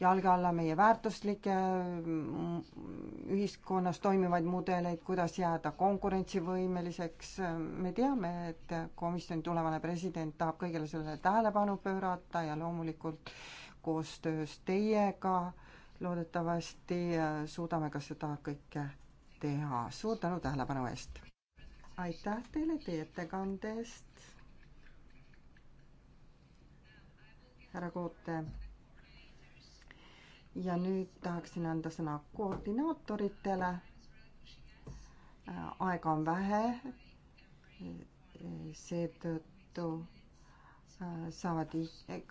jalge alla meie väärtuslikke mm, ühiskonnas toimivaid mudeleid, kuidas jääda konkurentsivõimeliseks. me teame, et komisjoni tulevane president tahab kõigele sellele tähelepanu pöörata ja loomulikult koostöös teiega loodetavasti äh, suudame ka seda kõike teha. suur tänu tähelepanu eest! aitäh teile teie ettekande eest, härra Koote. ja nüüd tahaksin anda sõna koordinaatoritele. Äh, aega on vähe, äh, seetõttu saavad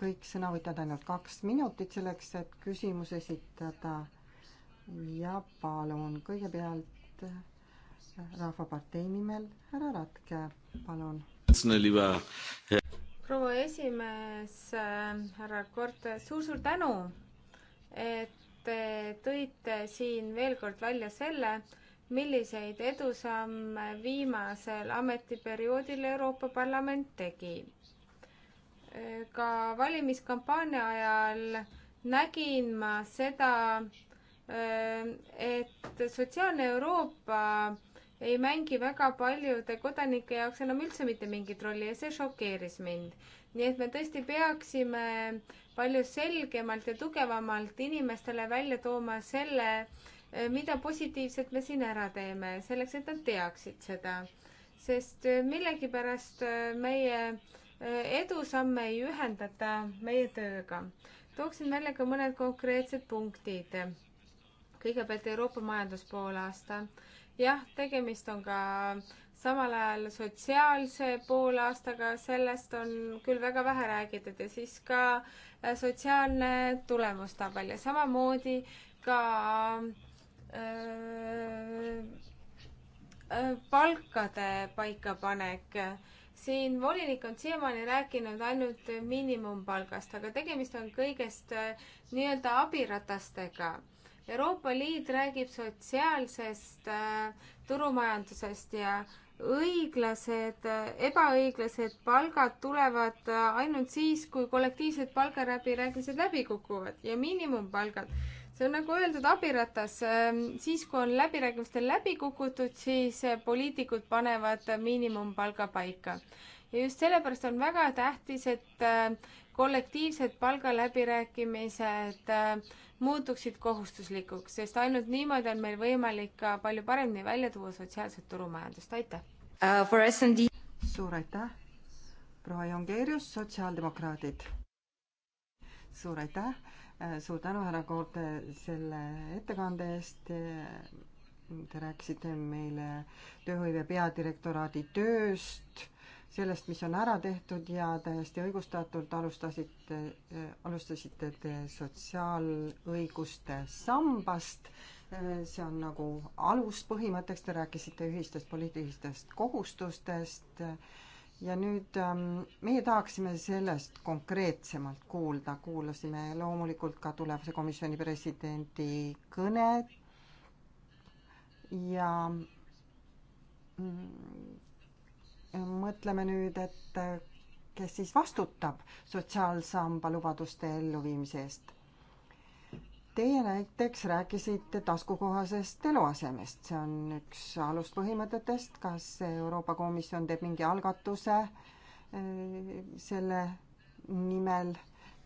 kõik sõnavõtjad ainult kaks minutit selleks, et küsimus esitada. ja palun kõigepealt Rahvapartei nimel härra Ratke, palun. proua esimees, härra Korte suur,, suur-suur tänu, et te tõite siin veel kord välja selle, milliseid edusamme viimasel ametiperioodil Euroopa Parlament tegi ka valimiskampaania ajal nägin ma seda, äh, et sotsiaalne Euroopa ei mängi väga paljude kodanike jaoks enam üldse mitte mingit rolli ja see šokeeris mind. nii et me tõesti peaksime palju selgemalt ja tugevamalt inimestele välja tooma selle, äh, mida positiivset me siin ära teeme, selleks et nad teaksid seda. sest äh, millegipärast meie edusamme ei ühendata meie tööga. tooksin välja ka mõned konkreetsed punktid. kõigepealt Euroopa majandus poolaasta. jah, tegemist on ka samal ajal sotsiaalse poolaastaga, sellest on küll väga vähe räägitud ja siis ka äh, sotsiaalne tulemustabel ja samamoodi ka öö, äh, äh, palkade paikapanek siin volinik on siiamaani rääkinud ainult miinimumpalgast, aga tegemist on kõigest äh, nii-öelda abiratastega. Euroopa Liit räägib sotsiaalsest äh, turumajandusest ja õiglased äh,, ebaõiglased palgad tulevad äh, ainult siis, kui kollektiivsed palgaläbirääkimised läbi kukuvad ja miinimumpalgad see on nagu öeldud abiratas, ehm, siis kui on läbirääkimistel läbi kukutud, siis eh, poliitikud panevad miinimumpalga paika. ja just sellepärast on väga tähtis, et eh, kollektiivsed palgaläbirääkimised eh, muutuksid kohustuslikuks, sest ainult niimoodi on meil võimalik ka palju paremini välja tuua sotsiaalset turumajandust, aitäh uh,! suur aitäh, proua Jongeerius, sotsiaaldemokraadid! suur aitäh! Äh, suur tänu, härra Koorte, selle ettekande eest. Te rääkisite meile tööhõive peadirektoraadi tööst, sellest, mis on ära tehtud ja täiesti õigustatult alustasite, äh, alustasite te sotsiaalõiguste sambast äh, see on nagu aluspõhimõtteks, te rääkisite ühistest poliitilistest kohustustest, ja nüüd ähm, meie tahaksime sellest konkreetsemalt kuulda, kuulasime loomulikult ka tulevase komisjoni presidendi kõne ja mm, mõtleme nüüd, et äh, kes siis vastutab sotsiaalsamba lubaduste elluviimise eest Teie näiteks rääkisite taskukohasest eluasemest, see on üks aluspõhimõtetest, kas Euroopa Komisjon teeb mingi algatuse eh, selle nimel,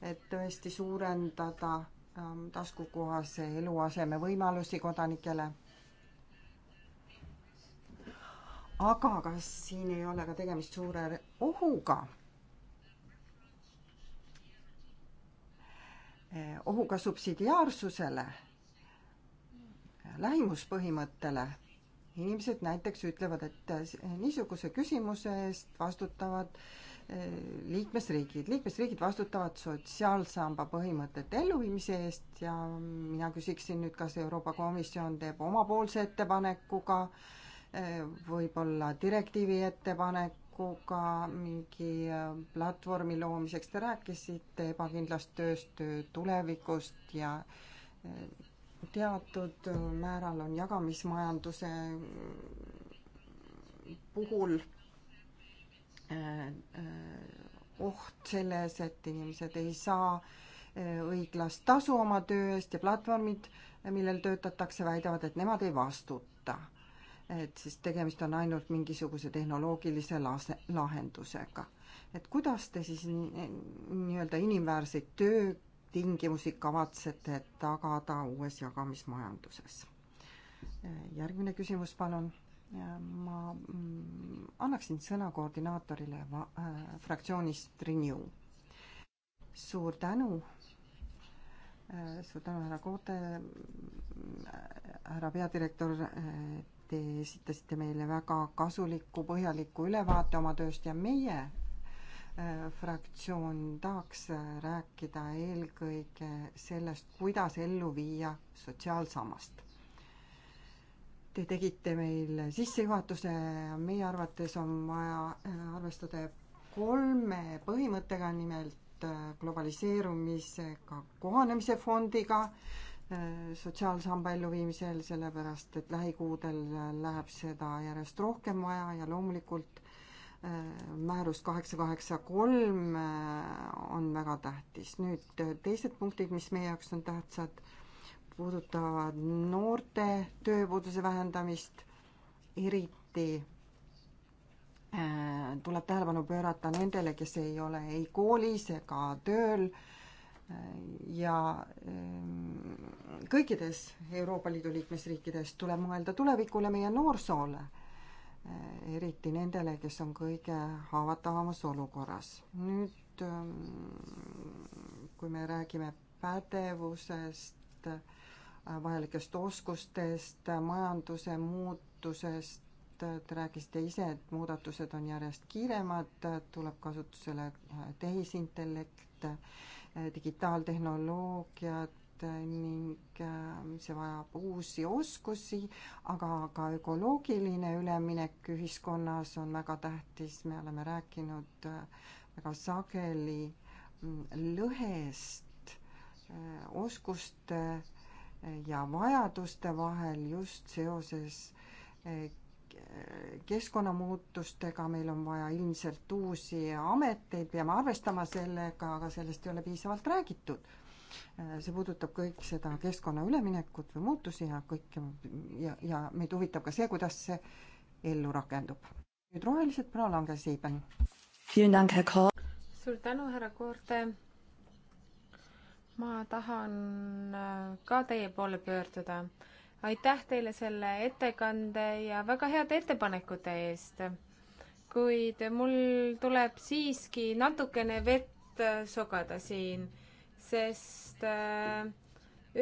et tõesti suurendada ähm, taskukohase eluaseme võimalusi kodanikele. aga kas siin ei ole ka tegemist suure ohuga Eh, ohuga subsidiaarsusele, lähimuspõhimõttele. inimesed näiteks ütlevad, et eh, niisuguse küsimuse eest vastutavad eh, liikmesriigid, liikmesriigid vastutavad sotsiaalsamba põhimõtete elluviimise eest ja mina küsiksin nüüd, kas Euroopa Komisjon teeb omapoolse ettepanekuga võib-olla direktiivi ettepanek, tulevikuga mingi äh, platvormi loomiseks, te rääkisite ebakindlast tööstöö tulevikust ja äh, teatud määral on jagamismajanduse äh, puhul oht selles, et inimesed ei saa õiglast tasu oma töö eest ja platvormid, millel töötatakse, väidavad, et nemad ei vastuta et siis tegemist on ainult mingisuguse tehnoloogilise lase, lahendusega. et kuidas te siis nii-öelda inimväärseid töötingimusi kavatsete tagada uues jagamismajanduses? järgmine küsimus, palun. ma mm, annaksin sõna koordinaatorile va-, äh, fraktsioonist Renew. suur tänu äh, suur tänu, härra Koote, äh, härra peadirektor, äh, Te esitasite meile väga kasuliku põhjaliku ülevaate oma tööst ja meie äh, fraktsioon tahaks äh, rääkida eelkõige sellest, kuidas ellu viia sotsiaalsammast. Te tegite meile sissejuhatuse, meie arvates on vaja äh, arvestada kolme põhimõttega, nimelt globaliseerumisega kohanemise fondiga, Äh, sotsiaalsamba elluviimisel, sellepärast et lähikuudel läheb seda järjest rohkem vaja ja loomulikult äh, määrus kaheksa kaheksa kolm äh, on väga tähtis. nüüd teised punktid, mis meie jaoks on tähtsad, puudutavad noorte tööpuuduse vähendamist, eriti tuleb tähelepanu pöörata nendele, kes ei ole ei koolis ega tööl äh, ja ehm, kõikides Euroopa Liidu liikmesriikides tuleb mõelda tulevikule, meie noorsoole, eh, eriti nendele, kes on kõige haavatavamas olukorras. nüüd ehm, kui me räägime pädevusest, eh, vajalikest oskustest, majanduse muutusest, eh, te rääkisite ise, et muudatused on järjest kiiremad, tuleb kasutusele tehisintellekt, digitaaltehnoloogiat ning äh, see vajab uusi oskusi, aga ka ökoloogiline üleminek ühiskonnas on väga tähtis, me oleme rääkinud äh, väga sageli mm, lõhest äh, oskuste ja vajaduste vahel just seoses keskkonnamuutustega, meil on vaja ilmselt uusi ameteid, peame arvestama sellega, aga sellest ei ole piisavalt räägitud. see puudutab kõik seda keskkonna üleminekut või muutusi ja kõike ja, ja meid huvitab ka see, kuidas see ellu rakendub. nüüd rohelised, proua Lange-Siiben. suur tänu, härra Koorte. ma tahan äh, ka teie poole pöörduda aitäh teile selle ettekande ja väga heade ettepanekute eest. kuid mul tuleb siiski natukene vett sogada siin, sest äh,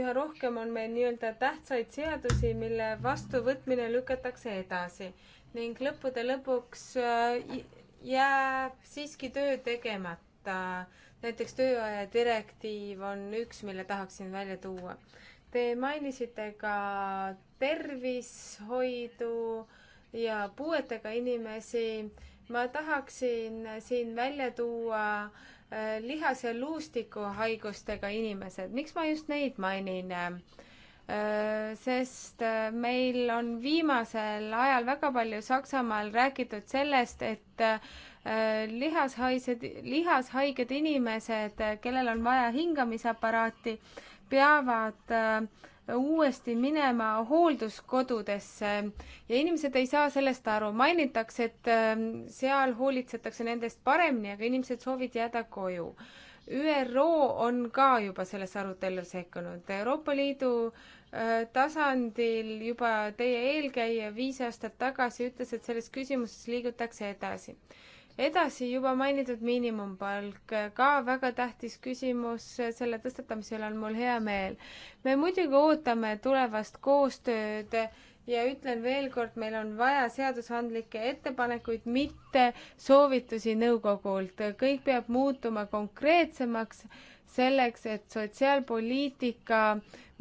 üha rohkem on meil nii-öelda tähtsaid seadusi, mille vastuvõtmine lükatakse edasi ning lõppude lõpuks äh, jääb siiski töö tegemata. näiteks tööaja direktiiv on üks, mille tahaksin välja tuua. Te mainisite ka tervishoidu ja puuetega inimesi. ma tahaksin siin välja tuua äh, lihas- ja luustikuhaigustega inimesed. miks ma just neid mainin? Äh, sest äh, meil on viimasel ajal väga palju Saksamaal räägitud sellest, et lihashaised, lihashaiged inimesed, kellel on vaja hingamisaparaati, peavad äh, uuesti minema hoolduskodudesse ja inimesed ei saa sellest aru. mainitakse, et ähm, seal hoolitsetakse nendest paremini, aga inimesed soovid jääda koju ÜRO on ka juba sellesse arutellu sekkunud. Euroopa Liidu äh, tasandil juba teie eelkäija viis aastat tagasi ütles, et selles küsimuses liigutakse edasi edasi juba mainitud miinimumpalk, ka väga tähtis küsimus, selle tõstatamise üle on mul hea meel. me muidugi ootame tulevast koostööd ja ütlen veel kord, meil on vaja seadusandlikke ettepanekuid, mitte soovitusi nõukogult. kõik peab muutuma konkreetsemaks selleks, et sotsiaalpoliitika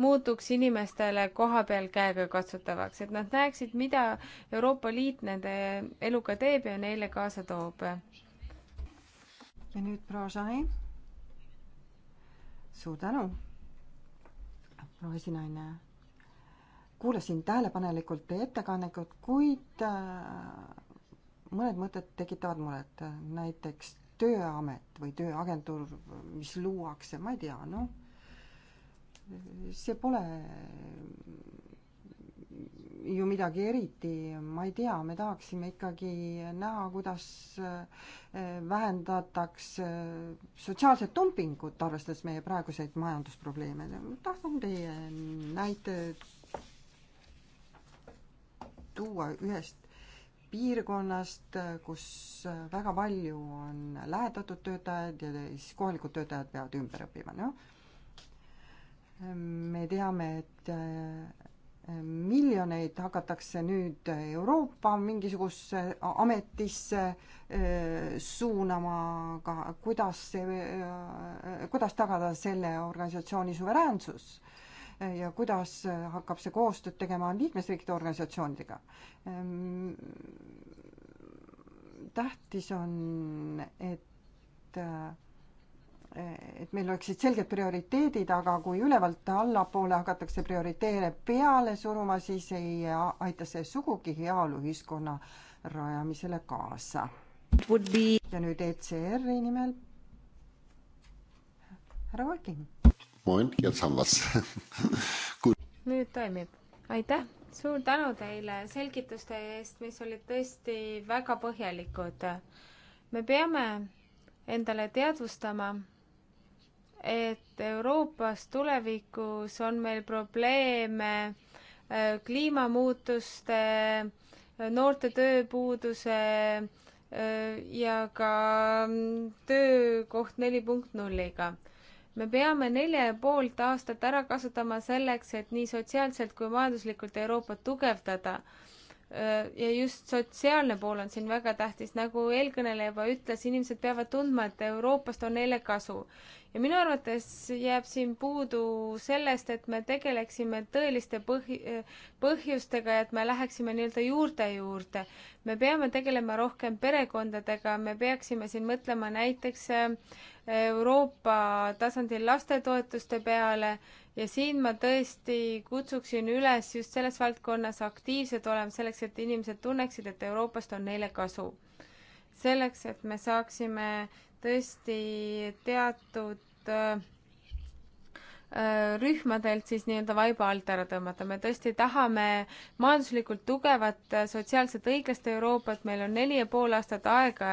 muutuks inimestele kohapeal käegakatsutavaks, et nad näeksid, mida Euroopa Liit nende eluga teeb ja neile kaasa toob. ja nüüd proua Žani. suur tänu, proua esinaine. kuulasin tähelepanelikult teie ettekannet, kuid äh, mõned mõtted tekitavad muret, näiteks tööamet või tööagentuur, mis luuakse, ma ei tea, noh, see pole ju midagi eriti, ma ei tea, me tahaksime ikkagi näha, kuidas eh, vähendatakse sotsiaalset dumpingut, arvestades meie praeguseid majandusprobleeme. tahtsin teie näite tuua ühest piirkonnast, kus väga palju on lähetatud töötajaid ja siis kohalikud töötajad peavad ümber õppima, noh. me teame, et eh, miljoneid hakatakse nüüd Euroopa mingisugusesse ametisse eh, suunama, aga kuidas see, eh, kuidas tagada selle organisatsiooni suveräänsus ja kuidas hakkab see koostööd tegema liikmesriikide organisatsioonidega. tähtis on, et et meil oleksid selged prioriteedid, aga kui ülevalt allapoole hakatakse prioriteere peale suruma, siis ei aita see sugugi heaoluühiskonna rajamisele kaasa. Be... ja nüüd ECR-i nimel härra Volkin Moin, jetzt haben wir's. Gut. nüüd toimib. aitäh, suur tänu teile selgituste eest, mis olid tõesti väga põhjalikud. me peame endale teadvustama, et Euroopas tulevikus on meil probleeme äh, kliimamuutuste, äh, noorte tööpuuduse äh, ja ka mm, töökoht neli punkt nulliga me peame nelja ja poolt aastat ära kasutama selleks, et nii sotsiaalselt kui majanduslikult Euroopat tugevdada. ja just sotsiaalne pool on siin väga tähtis, nagu eelkõneleja juba ütles, inimesed peavad tundma, et Euroopast on neile kasu ja minu arvates jääb siin puudu sellest, et me tegeleksime tõeliste põhi, põhjustega ja et me läheksime nii-öelda juurte juurde. me peame tegelema rohkem perekondadega, me peaksime siin mõtlema näiteks äh, Euroopa tasandil lastetoetuste peale ja siin ma tõesti kutsuksin üles just selles valdkonnas aktiivsed olema, selleks et inimesed tunneksid, et Euroopast on neile kasu selleks, et me saaksime tõesti teatud äh, äh, rühmadelt siis nii-öelda vaiba alt ära tõmmata. me tõesti tahame majanduslikult tugevat, äh, sotsiaalselt õiglast Euroopat, meil on neli ja pool aastat aega,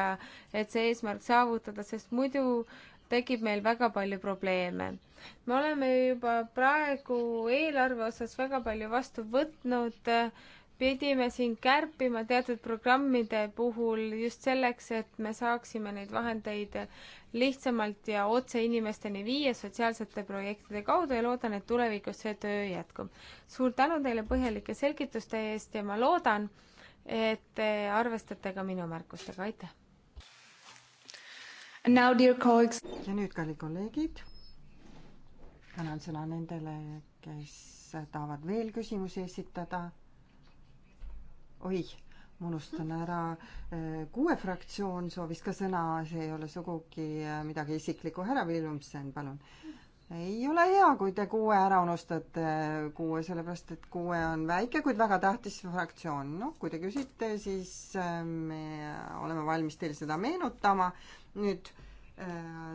et see eesmärk saavutada, sest muidu tekib meil väga palju probleeme. me oleme juba praegu eelarve osas väga palju vastu võtnud äh, pidime siin kärpima teatud programmide puhul just selleks, et me saaksime neid vahendeid lihtsamalt ja otse inimesteni viia sotsiaalsete projektide kaudu ja loodan, et tulevikus see töö jätkub. suur tänu teile põhjalike selgituste eest ja ma loodan, et te arvestate ka minu märkustega, aitäh! ja nüüd, kallid kolleegid, annan sõna nendele, kes tahavad veel küsimusi esitada oih, ma unustan ära, äh, kuue fraktsioon soovis ka sõna, see ei ole sugugi äh, midagi isiklikku, härra Villumsen, palun. ei ole hea, kui te kuue ära unustate, äh, kuue, sellepärast et kuue on väike, kuid väga tähtis fraktsioon. noh, kui te küsite, siis me oleme valmis teil seda meenutama. nüüd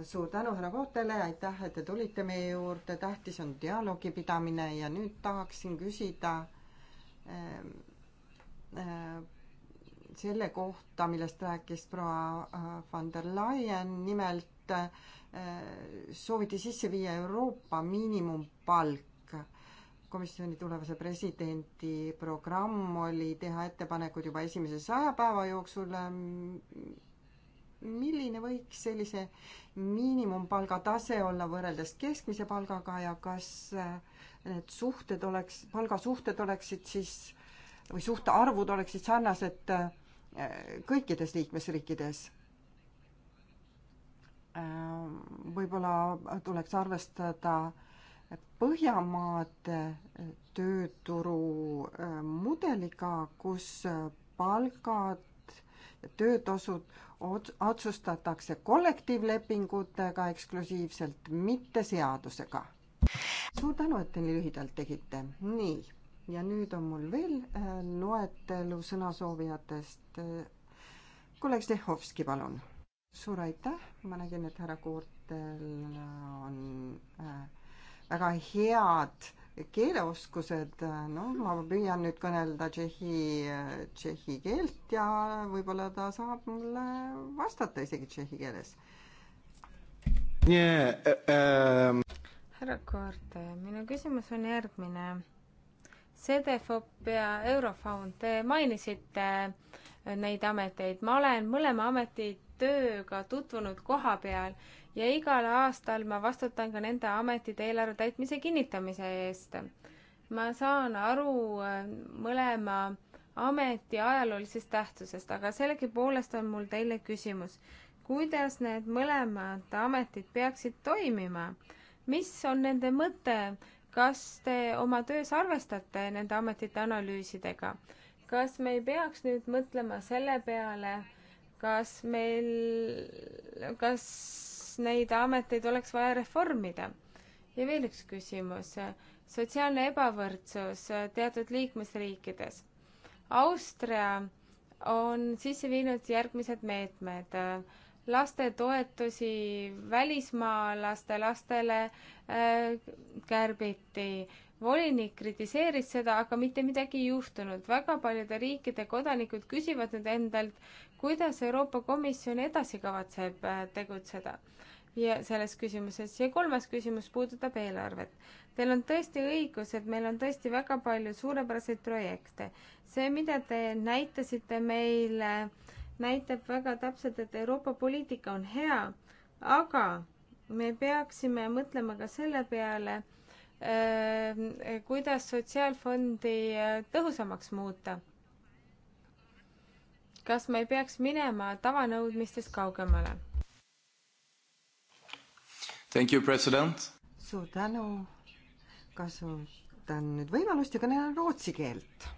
suur tänu härra Kohtele, aitäh, et te tulite meie juurde, tähtis on dialoogi pidamine ja nüüd tahaksin küsida ähm, Äh, selle kohta, millest rääkis proua äh, van der Leyen, nimelt äh, sooviti sisse viia Euroopa miinimumpalk. komisjoni tulevase presidendi programm oli teha ettepanekud juba esimese saja päeva jooksul. milline võiks sellise miinimumpalga tase olla võrreldes keskmise palgaga ja kas need suhted oleks, palgasuhted oleksid siis äh, või suhtarvud oleksid sarnased äh, kõikides liikmesriikides. Äh, võib-olla tuleks arvestada Põhjamaade tööturu äh, mudeliga, kus palgad ja töötasud otsustatakse kollektiivlepingutega eksklusiivselt, mitte seadusega. suur tänu, et te nii lühidalt tegite. nii ja nüüd on mul veel äh, loetelu sõnasoovijatest. Äh, kolleeg Stehhovski, palun. suur aitäh, ma nägin, et härra Kuurtel on äh, väga head keeleoskused, noh, ma püüan nüüd kõnelda tšehhi, tšehhi keelt ja võib-olla ta saab mulle vastata isegi tšehhi keeles yeah,. Uh, um... härra Koort, minu küsimus on järgmine CDFOP ja Eurofound, te mainisite äh, neid ameteid, ma olen mõlema ameti tööga tutvunud koha peal ja igal aastal ma vastutan ka nende ametite eelarve täitmise kinnitamise eest. ma saan aru äh, mõlema ameti ajaloolisest tähtsusest, aga sellegipoolest on mul teile küsimus. kuidas need mõlemad ametid peaksid toimima? mis on nende mõte, kas te oma töös arvestate nende ametite analüüsidega? kas me ei peaks nüüd mõtlema selle peale, kas meil, kas neid ameteid oleks vaja reformida? ja veel üks küsimus. sotsiaalne ebavõrdsus teatud liikmesriikides. Austria on sisse viinud järgmised meetmed lastetoetusi välismaalaste lastele äh, kärbiti. volinik kritiseeris seda, aga mitte midagi ei juhtunud. väga paljude riikide kodanikud küsivad nüüd endalt, kuidas Euroopa Komisjon edasi kavatseb äh, tegutseda ja selles küsimuses. ja kolmas küsimus puudutab eelarvet. Teil on tõesti õigus, et meil on tõesti väga palju suurepäraseid projekte. see, mida te näitasite meile äh, näitab väga täpselt, et Euroopa poliitika on hea, aga me peaksime mõtlema ka selle peale, äh, kuidas sotsiaalfondi äh, tõhusamaks muuta. kas me ei peaks minema tavanõudmistest kaugemale? suur tänu, kasutan nüüd võimalust ja kõnelen rootsi keelt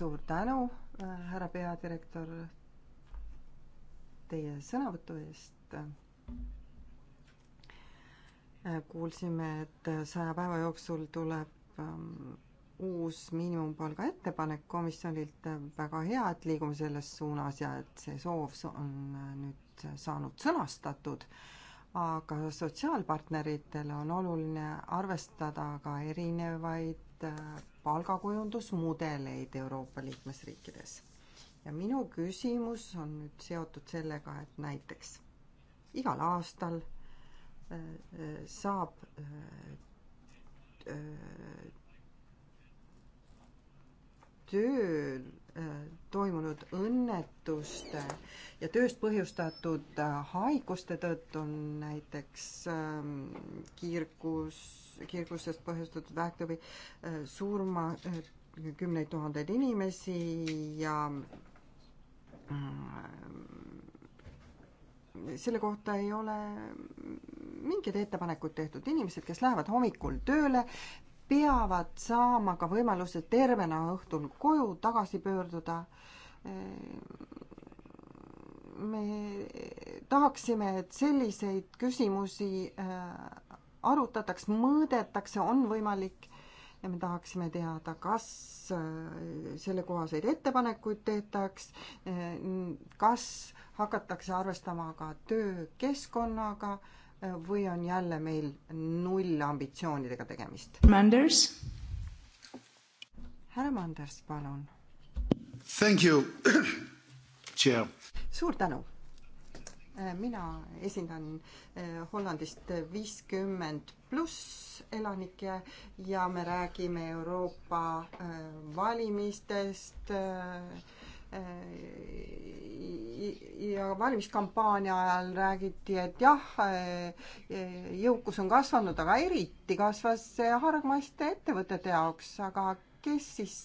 suur tänu, äh, härra peadirektor, teie sõnavõtu eest. Äh, kuulsime, et saja päeva jooksul tuleb ähm, uus miinimumpalga ettepanek komisjonilt, väga hea, et liigume selles suunas ja et see soov on äh, nüüd saanud sõnastatud, aga sotsiaalpartneritel on oluline arvestada ka erinevaid Äh, palgakujundusmudeleid Euroopa liikmesriikides. ja minu küsimus on nüüd seotud sellega, et näiteks igal aastal äh, äh, saab tööl toimunud õnnetuste ja tööst põhjustatud haiguste tõttu on näiteks ähm, kiirgus, kiirgustest põhjustatud vähk tõi äh, surma äh, kümneid tuhandeid inimesi ja äh, selle kohta ei ole mingeid ettepanekuid tehtud. inimesed, kes lähevad hommikul tööle, peavad saama ka võimaluse tervena õhtul koju tagasi pöörduda. me tahaksime, et selliseid küsimusi arutataks, mõõdetakse, on võimalik ja me tahaksime teada, kas äh, sellekohaseid ettepanekuid tehtaks, äh, kas hakatakse arvestama ka töökeskkonnaga äh, või on jälle meil null ambitsioonidega tegemist? Manders. härra Manders, palun. Thank you, chair. suur tänu Äh, mina esindan äh, Hollandist viiskümmend pluss elanikke ja me räägime Euroopa äh, valimistest ja valimiskampaania ajal räägiti, et jah, jõukus on kasvanud, aga eriti kasvas see hargmaiste ettevõtete jaoks, aga kes siis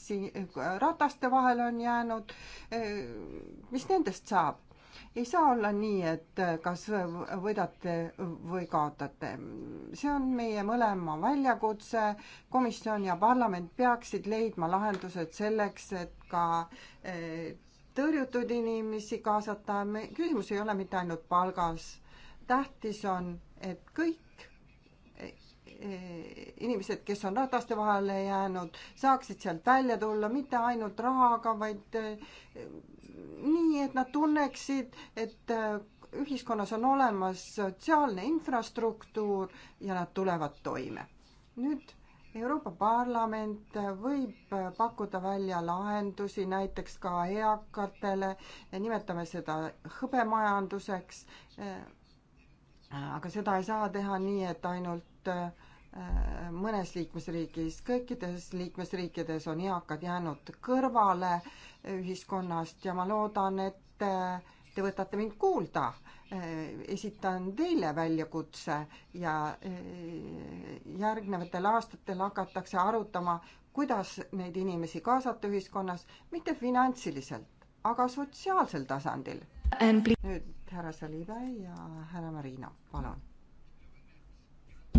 rataste vahele on jäänud, mis nendest saab? ei saa olla nii, et kas võidate või kaotate. see on meie mõlema väljakutse. komisjon ja parlament peaksid leidma lahendused selleks, et ka eh, tõrjutud inimesi kaasata. küsimus ei ole mitte ainult palgas. tähtis on, et kõik Eh, inimesed, kes on rataste vahele jäänud, saaksid sealt välja tulla, mitte ainult rahaga, vaid eh, nii, et nad tunneksid, et eh, ühiskonnas on olemas sotsiaalne infrastruktuur ja nad tulevad toime. nüüd Euroopa Parlament võib pakkuda välja lahendusi näiteks ka eakatele, nimetame seda hõbemajanduseks. aga seda ei saa teha nii, et ainult ainult äh, mõnes liikmesriigis, kõikides liikmesriikides on eakad jäänud kõrvale ühiskonnast ja ma loodan, et äh, te võtate mind kuulda. Äh, esitan teile väljakutse ja järgnevatel aastatel hakatakse arutama, kuidas neid inimesi kaasata ühiskonnas, mitte finantsiliselt, aga sotsiaalsel tasandil. nüüd härra Salive ja härra Marina, palun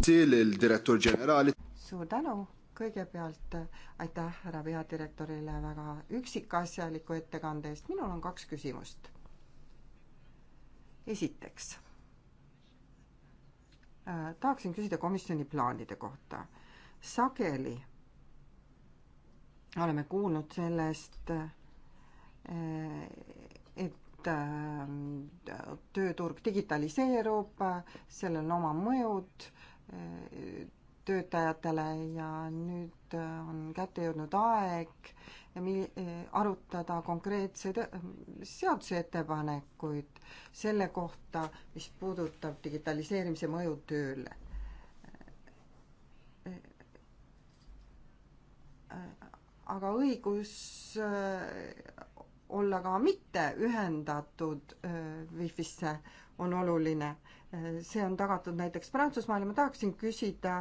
lill-direttur ġenerali. suur tänu, kõigepealt äh, aitäh härra peadirektorile väga üksikasjaliku ettekande eest, minul on kaks küsimust. esiteks äh, tahaksin küsida komisjoni plaanide kohta. sageli oleme kuulnud sellest äh,, et äh, tööturg digitaliseerub, äh, sellel on oma mõjud, töötajatele ja nüüd äh, on kätte jõudnud aeg äh, mi-, äh, arutada konkreetseid seaduseettepanekuid selle kohta, mis puudutab digitaliseerimise mõju tööle. aga õigus olla ka mitte ühendatud Wi-Fi-sse on oluline see on tagatud näiteks Prantsusmaal ja ma tahaksin küsida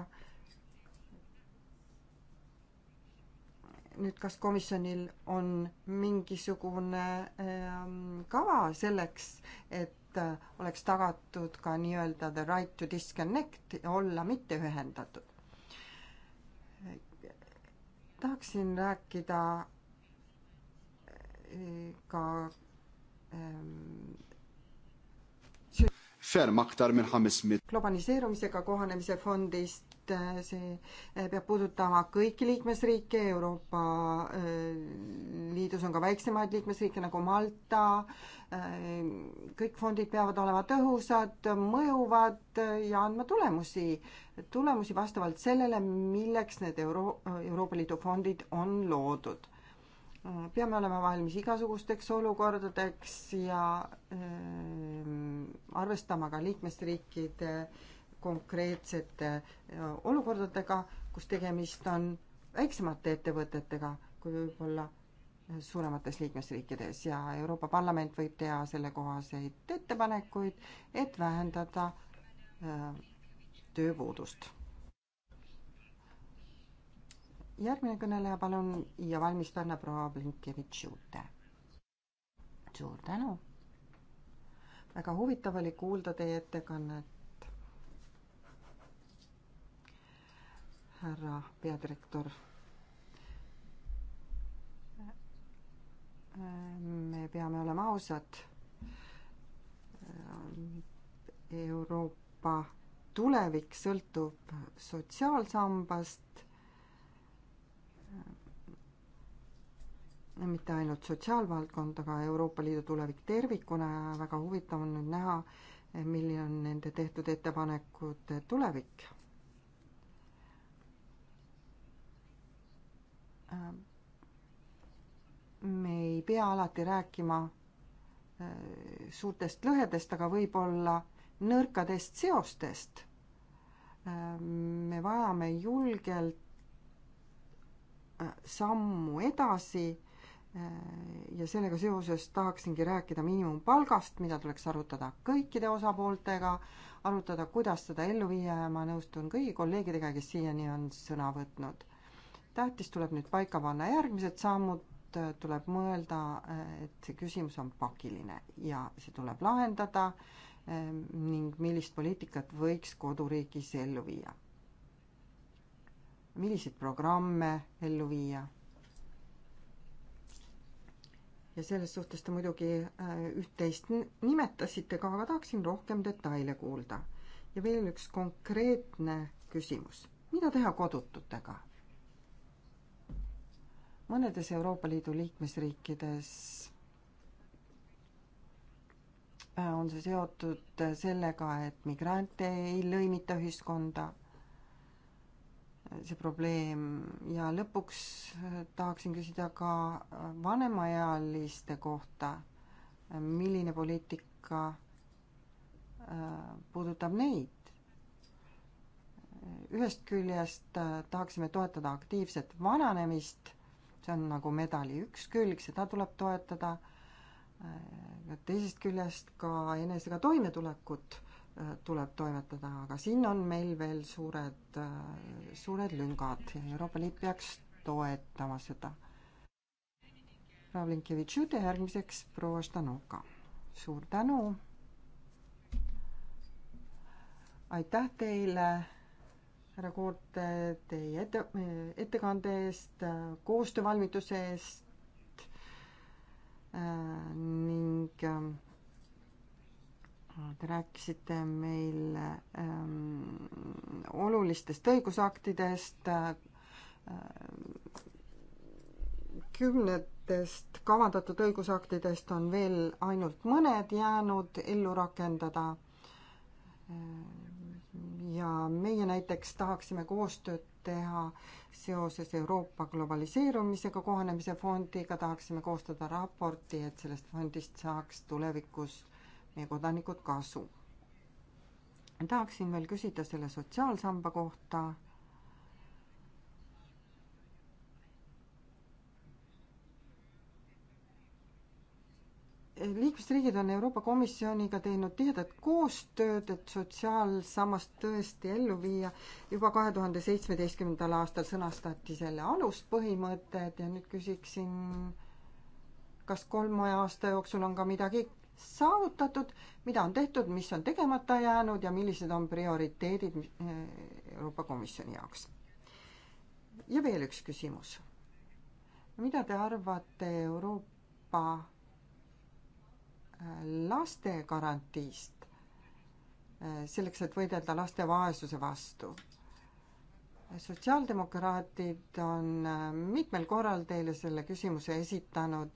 nüüd, kas komisjonil on mingisugune ähm, kava selleks, et äh, oleks tagatud ka nii-öelda the right to disconnect ja olla mitte ühendatud? tahaksin rääkida äh, ka ähm, ferm aktar minn 500. globaliseerumisega kohanemise fondist äh, see äh, peab puudutama kõiki liikmesriike, Euroopa äh, Liidus on ka väiksemaid liikmesriike nagu Malta, kõik fondid peavad olema tõhusad, mõjuvad ja andma tulemusi, tulemusi vastavalt sellele, milleks need Euro-, Euroopa Liidu fondid on loodud peame olema valmis igasugusteks olukordadeks ja ehm, arvestama ka liikmesriikide konkreetsete olukordadega, kus tegemist on väiksemate ettevõtetega kui võib-olla suuremates liikmesriikides ja Euroopa Parlament võib teha sellekohaseid ettepanekuid, et vähendada tööpuudust järgmine kõneleja, palun, ja valmistu anna proua Blinkevitš-Jute. suur tänu. väga huvitav oli kuulda teie ettekannet. härra peadirektor. me peame olema ausad. Euroopa tulevik sõltub sotsiaalsambast mitte ainult sotsiaalvaldkond, aga Euroopa Liidu tulevik tervikuna ja väga huvitav on nüüd näha, milline on nende tehtud ettepanekute tulevik. me ei pea alati rääkima äh, suurtest lõhedest, aga võib-olla nõrkadest seostest. Äh, me vajame julgelt äh, sammu edasi Äh, ja sellega seoses tahaksingi rääkida miinimumpalgast, mida tuleks arutada kõikide osapooltega, arutada, kuidas seda ellu viia ja ma nõustun kõigi kolleegidega, kes siiani on sõna võtnud. tähtis tuleb nüüd paika panna järgmised sammud, äh, tuleb mõelda, äh, et see küsimus on pakiline ja see tuleb lahendada ning millist poliitikat võiks koduriigis ellu viia. milliseid programme ellu viia ja selles suhtes te muidugi äh, üht-teist nimetasite ka, aga tahaksin rohkem detaile kuulda. ja veel üks konkreetne küsimus. mida teha kodututega? mõnedes Euroopa Liidu liikmesriikides äh, on see seotud sellega, et migrante ei lõimita ühiskonda see probleem ja lõpuks äh, tahaksin küsida ka äh, vanemaealiste kohta, äh, milline poliitika puudutab neid. ühest küljest tahaksime toetada aktiivset vananemist, see on nagu medali üks külg, seda tuleb toetada, teisest küljest ka enesega toimetulekut Äh, tuleb toimetada, aga siin on meil veel suured, äh, suured lüngad ja Euroopa Liit peaks toetama seda. Ravlinkevitšute järgmiseks proua Štanuka. suur tänu. aitäh teile, härra Koorte, teie ette, ettekande eest, koostöövalmiduse eest äh, ning äh, Te rääkisite meil ähm, olulistest õigusaktidest äh,, kümnetest kavandatud õigusaktidest on veel ainult mõned jäänud ellu rakendada äh, ja meie näiteks tahaksime koostööd teha seoses Euroopa globaliseerumisega kohanemise fondiga, tahaksime koostada raporti, et sellest fondist saaks tulevikus meie kodanikud kasu. tahaksin veel küsida selle sotsiaalsamba kohta. liikmesriigid on Euroopa Komisjoniga teinud tihedat koostööd, et sotsiaalsammast tõesti ellu viia. juba kahe tuhande seitsmeteistkümnendal aastal sõnastati selle aluspõhimõtted ja nüüd küsiksin kas kolme aasta jooksul on ka midagi saavutatud, mida on tehtud, mis on tegemata jäänud ja millised on prioriteedid eh, Euroopa Komisjoni jaoks. ja veel üks küsimus. mida te arvate Euroopa eh, laste garantiist eh, selleks, et võidelda laste vaesuse vastu? sotsiaaldemokraadid on mitmel korral teile selle küsimuse esitanud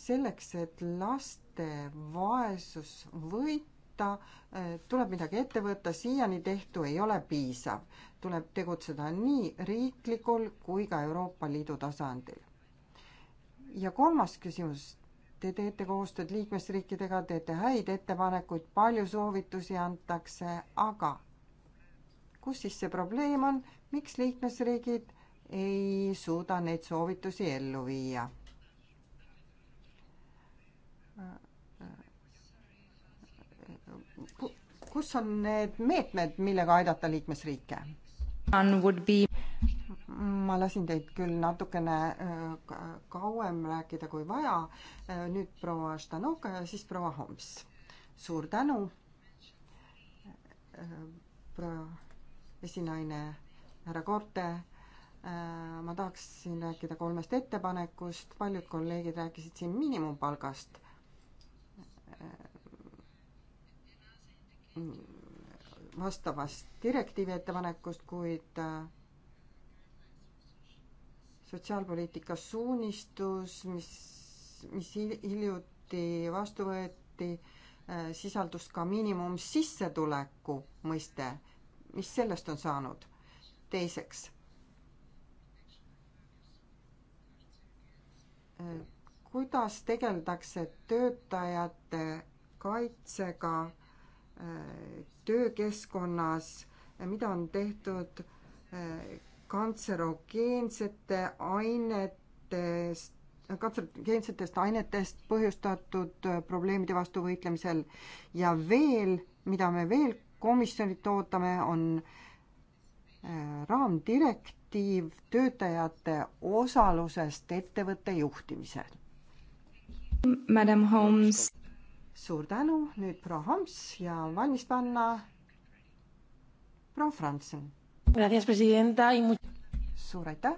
selleks, et laste vaesus võita, eh, tuleb midagi ette võtta, siiani tehtu ei ole piisav. tuleb tegutseda nii riiklikul kui ka Euroopa Liidu tasandil. ja kolmas küsimus. Te teete koostööd liikmesriikidega, teete häid ettepanekuid, palju soovitusi antakse, aga kus siis see probleem on, miks liikmesriigid ei suuda neid soovitusi ellu viia? kus on need meetmed, millega aidata liikmesriike? ma lasin teid küll natukene äh, kauem rääkida kui vaja. Äh, nüüd proua Štanoka ja siis proua Homs. suur tänu. Äh, proua esinaine härra Korte ma tahaksin rääkida kolmest ettepanekust, paljud kolleegid rääkisid siin miinimumpalgast. vastavast direktiivi ettepanekust, kuid äh, sotsiaalpoliitika suunistus, mis, mis hiljuti vastu võeti, äh, sisaldus ka miinimumsissetuleku mõiste. mis sellest on saanud? teiseks, äh, kuidas tegeldakse töötajate kaitsega töökeskkonnas, mida on tehtud äh, kantserogeensete ainetest, kantserogeensetest ainetest põhjustatud äh, probleemide vastu võitlemisel ja veel, mida me veel komisjonilt ootame, on äh, raamdirektiiv töötajate osalusest ettevõtte juhtimisel. Madam Holmes suur tänu, nüüd proua Hams ja valmis panna proua Franzen. suur aitäh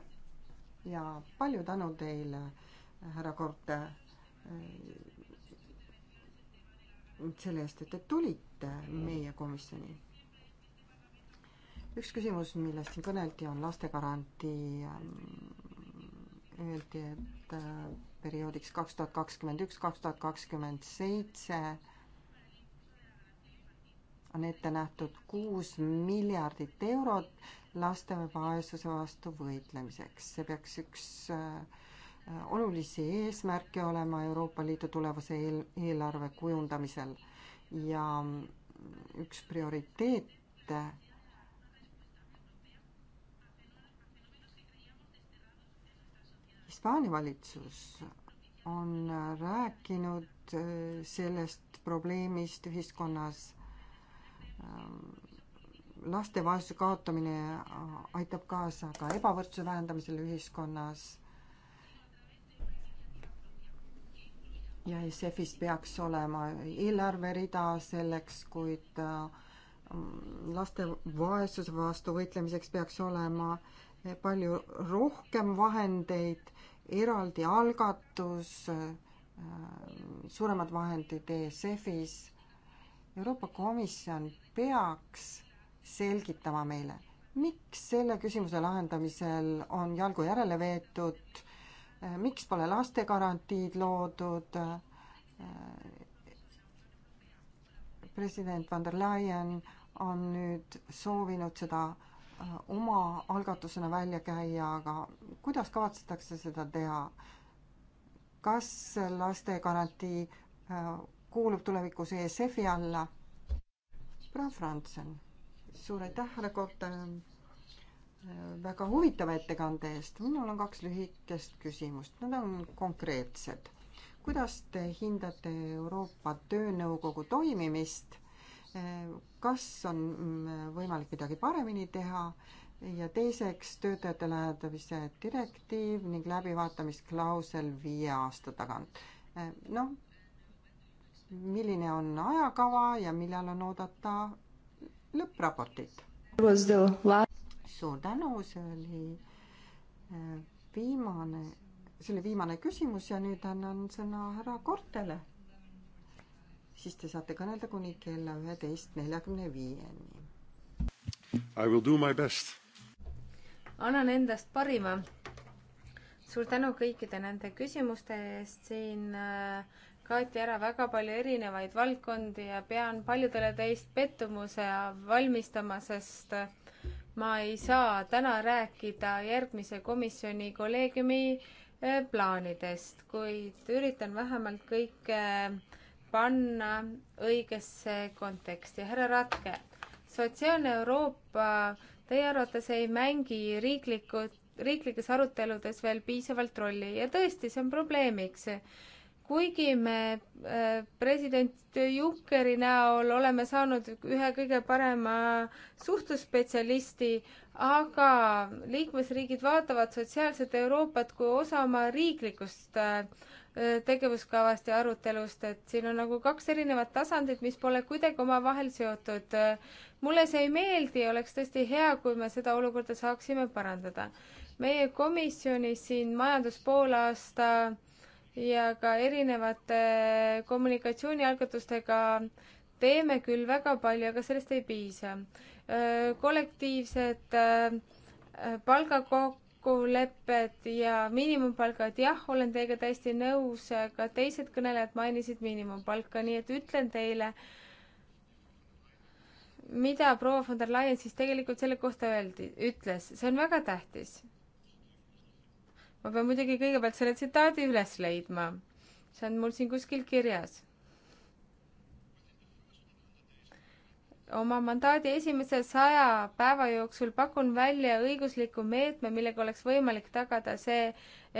ja palju tänu teile, härra Korte, äh, selle eest, et te tulite meie komisjoni. üks küsimus, millest siin kõneldi, on lastegarantii. Öeldi, et äh, perioodiks kaks tuhat kakskümmend üks, kaks tuhat kakskümmend seitse on ette nähtud kuus miljardit eurot laste vaesuse vastu võitlemiseks. see peaks üks äh, olulisi eesmärke olema Euroopa Liidu tulevase eel-, eelarve kujundamisel ja üks prioriteete Hispaania valitsus on rääkinud äh, sellest probleemist ühiskonnas. Ähm, laste vaesuse kaotamine äh, aitab kaasa ka ebavõrdsuse vähendamisele ühiskonnas ja ESF-is peaks olema eelarverida selleks, kuid äh, laste vaesuse vastu võitlemiseks peaks olema palju rohkem vahendeid, eraldi algatus, suuremad vahendid ESF-is. Euroopa Komisjon peaks selgitama meile, miks selle küsimuse lahendamisel on jalgu järele veetud, miks pole lastegarantiid loodud, president von der Leyen on nüüd soovinud seda oma algatusena välja käia, aga kuidas kavatsetakse seda teha? kas lastegarantii äh, kuulub tulevikus ESF-i alla? proua Franzen, suur aitäh, härra Kotter, äh, väga huvitava ettekande eest. minul on kaks lühikest küsimust, nad on konkreetsed. kuidas te hindate Euroopa Töönõukogu toimimist kas on mm, võimalik midagi paremini teha ja teiseks töötajate lähedamise direktiiv ning läbivaatamisklausel viie aasta tagant. Eh, noh, milline on ajakava ja millal on oodata lõppraportit? suur tänu, see oli eh, viimane, see oli viimane küsimus ja nüüd annan sõna härra Kortele siis te saate kõnelda kuni kella üheteist neljakümne viieni. I will do my best. annan endast parima. suur tänu kõikide nende küsimuste eest siin äh, kaeti ära väga palju erinevaid valdkondi ja pean paljudele teist pettumuse valmistama, sest äh, ma ei saa täna rääkida järgmise komisjoni kolleegiumi äh, plaanidest, kuid üritan vähemalt kõike äh, panna õigesse konteksti. härra Ratke, sotsiaalne Euroopa teie arvates ei mängi riiklikud riiklikes aruteludes veel piisavalt rolli ja tõesti, see on probleemiks kuigi me äh, president Junckeri näol oleme saanud ühe kõige parema suhtlusspetsialisti, aga liikmesriigid vaatavad sotsiaalset Euroopat kui osa oma riiklikust äh, tegevuskavast ja arutelust, et siin on nagu kaks erinevat tasandit, mis pole kuidagi omavahel seotud. mulle see ei meeldi, oleks tõesti hea, kui me seda olukorda saaksime parandada. meie komisjonis siin majanduspoolaasta äh, ja ka erinevate kommunikatsioonialgatustega teeme küll väga palju, aga sellest ei piisa. kollektiivsed palgakokkulepped ja miinimumpalgad, jah, olen teiega täiesti nõus, ka teised kõnelejad mainisid miinimumpalka, nii et ütlen teile, mida proua von der Leyen siis tegelikult selle kohta öeldi, ütles, see on väga tähtis ma pean muidugi kõigepealt selle tsitaadi üles leidma. see on mul siin kuskil kirjas. oma mandaadi esimese saja päeva jooksul pakun välja õigusliku meetme, millega oleks võimalik tagada see,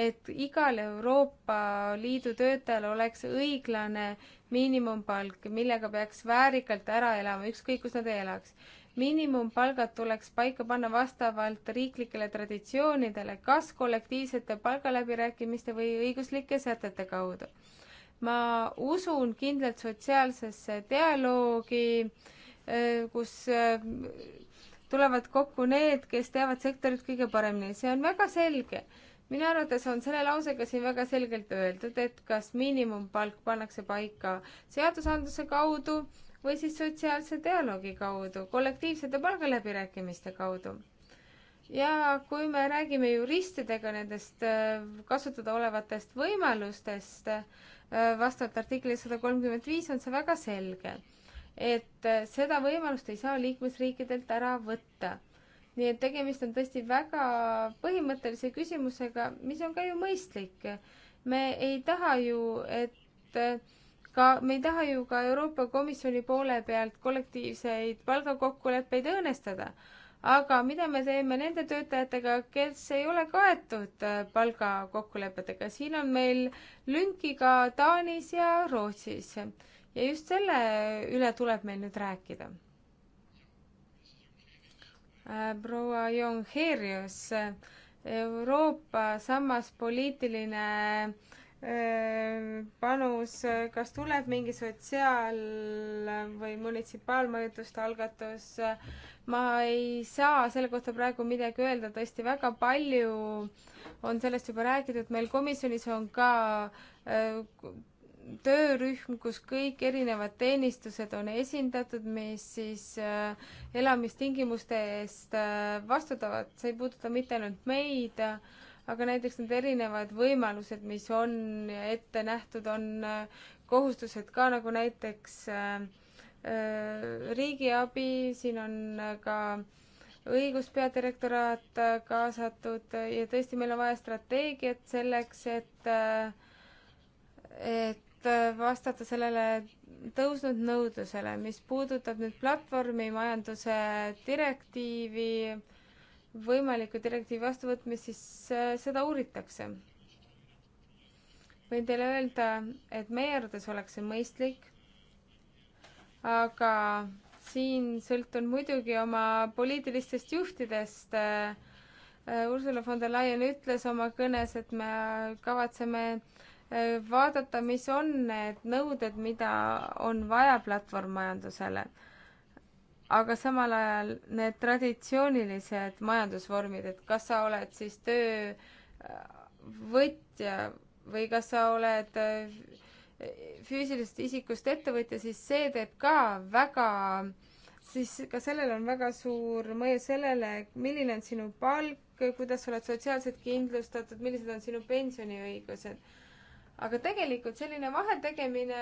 et igal Euroopa Liidu töötajal oleks õiglane miinimumpalk, millega peaks väärikalt ära elama, ükskõik kus nad elaks miinimumpalgad tuleks paika panna vastavalt riiklikele traditsioonidele, kas kollektiivsete palgaläbirääkimiste või õiguslike sätete kaudu. ma usun kindlalt sotsiaalsesse dialoogi, äh, kus äh, tulevad kokku need, kes teavad sektorit kõige paremini, see on väga selge minu arvates on selle lausega siin väga selgelt öeldud, et kas miinimumpalk pannakse paika seadusandluse kaudu või siis sotsiaalse dialoogi kaudu, kollektiivsete palgaläbirääkimiste kaudu. ja kui me räägime juristidega nendest äh, kasutada olevatest võimalustest, äh, vastavalt artiklile sada kolmkümmend viis on see väga selge, et äh, seda võimalust ei saa liikmesriikidelt ära võtta. nii et tegemist on tõesti väga põhimõttelise küsimusega, mis on ka ju mõistlik. me ei taha ju, et ka me ei taha ju ka Euroopa Komisjoni poole pealt kollektiivseid palgakokkuleppeid õõnestada. aga mida me teeme nende töötajatega, kes ei ole kaetud äh, palgakokkulepetega, siin on meil lünki ka Taanis ja Rootsis. ja just selle üle tuleb meil nüüd rääkida. Äh, proua Jong-Herius, äh, Euroopa sammas poliitiline äh, panus, kas tuleb mingi sotsiaal- või munitsipaalmõjutuste algatus? ma ei saa selle kohta praegu midagi öelda, tõesti väga palju on sellest juba räägitud, meil komisjonis on ka töörühm, kus kõik erinevad teenistused on esindatud, mis siis elamistingimuste eest vastutavad, see ei puuduta mitte ainult meid, aga näiteks need erinevad võimalused, mis on ette nähtud, on äh, kohustused ka nagu näiteks äh, äh riigiabi, siin on äh, ka õiguspeadirektoraat kaasatud ja tõesti, meil on vaja strateegiat selleks, et et vastata sellele tõusnud nõudlusele, mis puudutab nüüd platvormimajanduse direktiivi, võimalikku direktiivi vastuvõtmist, siis äh, seda uuritakse. võin teile öelda, et meie arvates oleks see mõistlik, aga siin sõltun muidugi oma poliitilistest juhtidest. Äh, äh, Ursula von der Leyen ütles oma kõnes, et me kavatseme vaadata, mis on need nõuded, mida on vaja platvormmajandusele aga samal ajal need traditsioonilised majandusvormid, et kas sa oled siis töövõtja või kas sa oled äh, füüsilisest isikust ettevõtja, siis see teeb ka väga, siis ka sellel on väga suur mõju sellele, milline on sinu palk, kuidas sa oled sotsiaalselt kindlustatud, millised on sinu pensioniõigused. aga tegelikult selline vahetegemine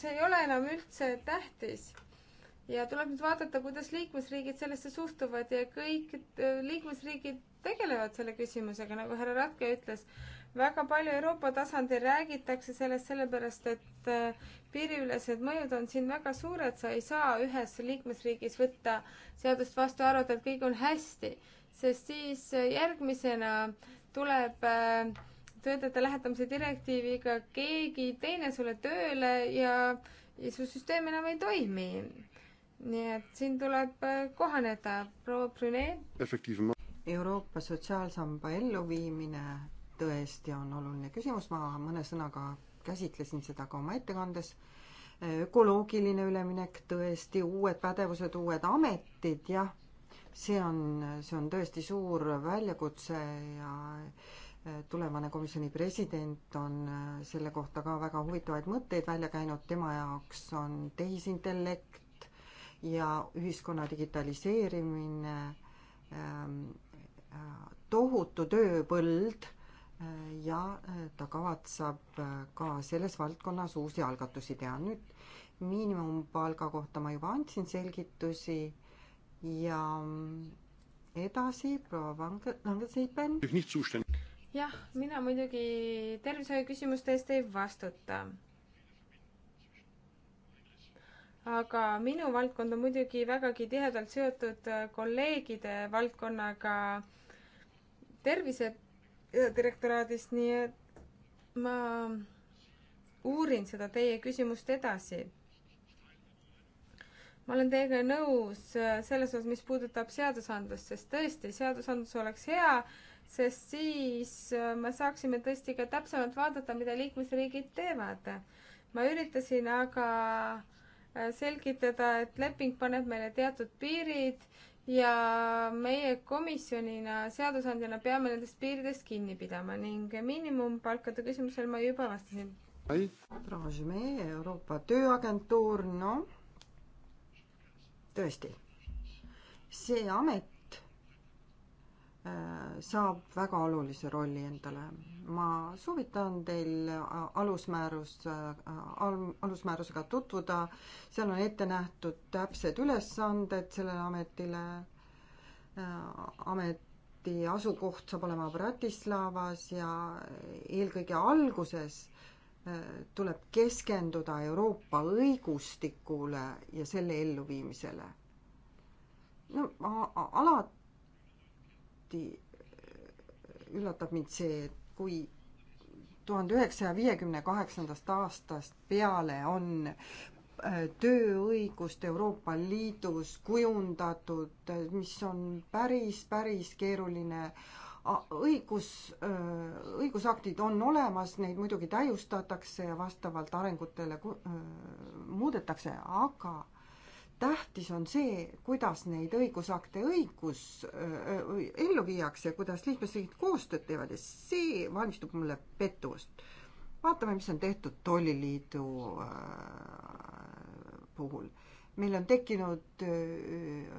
see ei ole enam üldse tähtis. ja tuleb nüüd vaadata, kuidas liikmesriigid sellesse suhtuvad ja kõik äh, liikmesriigid tegelevad selle küsimusega, nagu härra Ratke ütles. väga palju Euroopa tasandil räägitakse sellest sellepärast, et äh, piiriülesed mõjud on siin väga suured, sa ei saa ühes liikmesriigis võtta seadust vastu ja arvata, et kõik on hästi, sest siis äh, järgmisena tuleb äh, töötajate lähetamise direktiiviga keegi teine sulle tööle ja, ja su süsteem enam ei toimi. nii et siin tuleb äh, kohaneda, proua Brüne. Euroopa sotsiaalsamba elluviimine tõesti on oluline küsimus, ma mõne sõnaga käsitlesin seda ka oma ettekandes. ökoloogiline üleminek tõesti, uued pädevused, uued ametid, jah, see on, see on tõesti suur väljakutse ja äh, tulevane komisjoni president on äh, selle kohta ka väga huvitavaid mõtteid välja käinud, tema jaoks on tehisintellekt ja ühiskonna digitaliseerimine ähm, äh, tohutu tööpõld äh, ja ta kavatseb ka selles valdkonnas uusi algatusi teha. nüüd miinimumpalga kohta ma juba andsin selgitusi ja mm, edasi proua Lange-, Lange-Seipen jah, mina muidugi tervishoiuküsimuste eest ei vastuta. aga minu valdkond on muidugi vägagi tihedalt seotud äh, kolleegide valdkonnaga tervise äh, direktoraadist, nii et ma uurin seda teie küsimust edasi. ma olen teiega nõus äh, selles osas, mis puudutab seadusandlust, sest tõesti, seadusandlus oleks hea, sest siis äh, me saaksime tõesti ka täpsemalt vaadata, mida liikmesriigid teevad. ma üritasin aga äh, selgitada, et leping paneb meile teatud piirid ja meie komisjonina, seadusandjana peame nendest piiridest kinni pidama ning miinimumpalkade küsimusel ma juba vastasin. Euroopa Tööagentuur, noh, tõesti, see amet Äh, saab väga olulise rolli endale. ma soovitan teil äh, alusmäärus, äh, alusmäärusega tutvuda, seal on ette nähtud täpsed ülesanded sellele ametile, ameti asukoht saab olema Bratislavas ja eelkõige alguses tuleb keskenduda Euroopa õigustikule ja selle elluviimisele no alati alati äh, üllatab mind see, et kui tuhande üheksasaja viiekümne kaheksandast aastast peale on äh, tööõigust Euroopa Liidus kujundatud, äh, mis on päris, päris keeruline. õigus, õigusaktid on olemas, neid muidugi täiustatakse ja vastavalt arengutele muudetakse, aga tähtis on see, kuidas neid õigusakte õigus äh, ellu viiakse, kuidas liikmesriigid koostööd teevad ja see valmistub mulle pettust. vaatame, mis on tehtud tolliliidu äh, puhul. meil on tekkinud äh,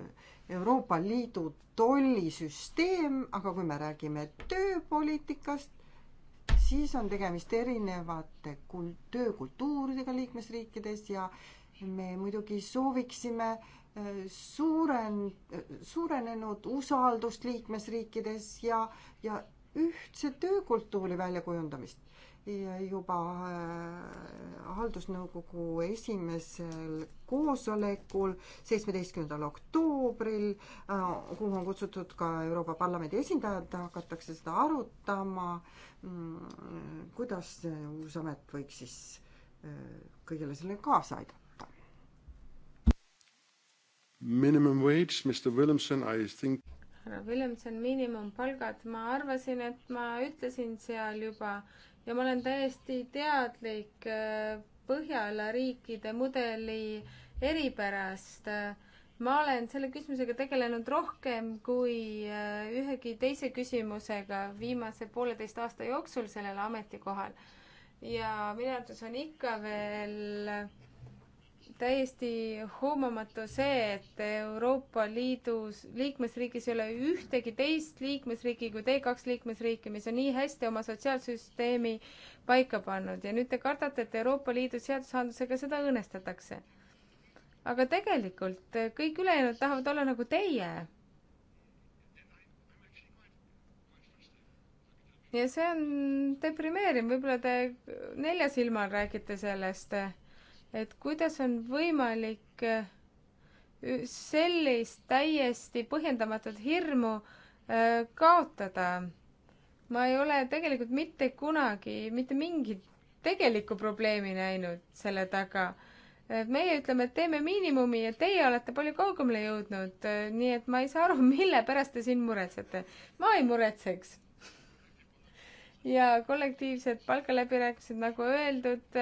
Euroopa Liidu tollisüsteem, aga kui me räägime tööpoliitikast, siis on tegemist erinevate kul-, töökultuuridega liikmesriikides ja äh, me muidugi sooviksime äh, suuren, äh, suurenenud usaldust liikmesriikides ja, ja ühtse töökultuuri väljakujundamist. ja juba äh, haldusnõukogu esimesel koosolekul, seitsmeteistkümnendal oktoobril, kuhu on kutsutud ka Euroopa Parlamendi esindajad, hakatakse seda arutama, mm, kuidas uus amet võiks siis kõigele sellele kaasa aidata. Minimum wage, Mr Williamson, I think. härra Williamson, miinimumpalgad, ma arvasin, et ma ütlesin seal juba ja ma olen täiesti teadlik äh, Põhjala riikide mudeli eripärast. ma olen selle küsimusega tegelenud rohkem kui äh, ühegi teise küsimusega viimase pooleteist aasta jooksul sellel ametikohal. ja minu arvates on ikka veel täiesti hoomamatu see, et Euroopa Liidus liikmesriigis ei ole ühtegi teist liikmesriigi kui teie kaks liikmesriiki, mis on nii hästi oma sotsiaalsüsteemi paika pannud ja nüüd te kardate, et Euroopa Liidu seadusandlusega seda õõnestatakse. aga tegelikult kõik ülejäänud tahavad olla nagu teie. ja see on deprimeeriv, võib-olla te nelja silma all räägite sellest et kuidas on võimalik äh, sellist täiesti põhjendamatut hirmu äh, kaotada. ma ei ole tegelikult mitte kunagi mitte mingit tegelikku probleemi näinud selle taga. et meie ütleme, et teeme miinimumi ja teie olete palju kaugemale jõudnud, äh, nii et ma ei saa aru, mille pärast te siin muretsete. ma ei muretseks. ja kollektiivsed palgaläbirääkimised, nagu öeldud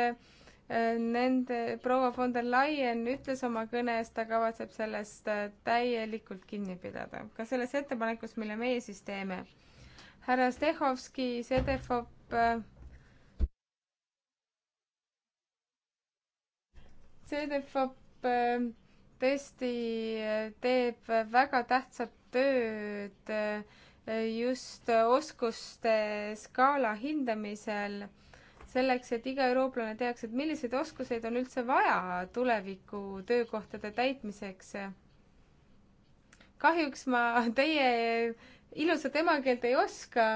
Nende, proua von der Leyen ütles oma kõnes, ta kavatseb sellest äh, täielikult kinni pidada, ka selles ettepanekus, mille meie siis teeme. härra Stehovski, Sedefop CDFOP äh, äh, tõesti teeb väga tähtsat tööd just oskuste skaala hindamisel selleks, et iga eurooplane teaks, et milliseid oskuseid on üldse vaja tuleviku töökohtade täitmiseks. kahjuks ma teie ilusat emakeelt ei oska.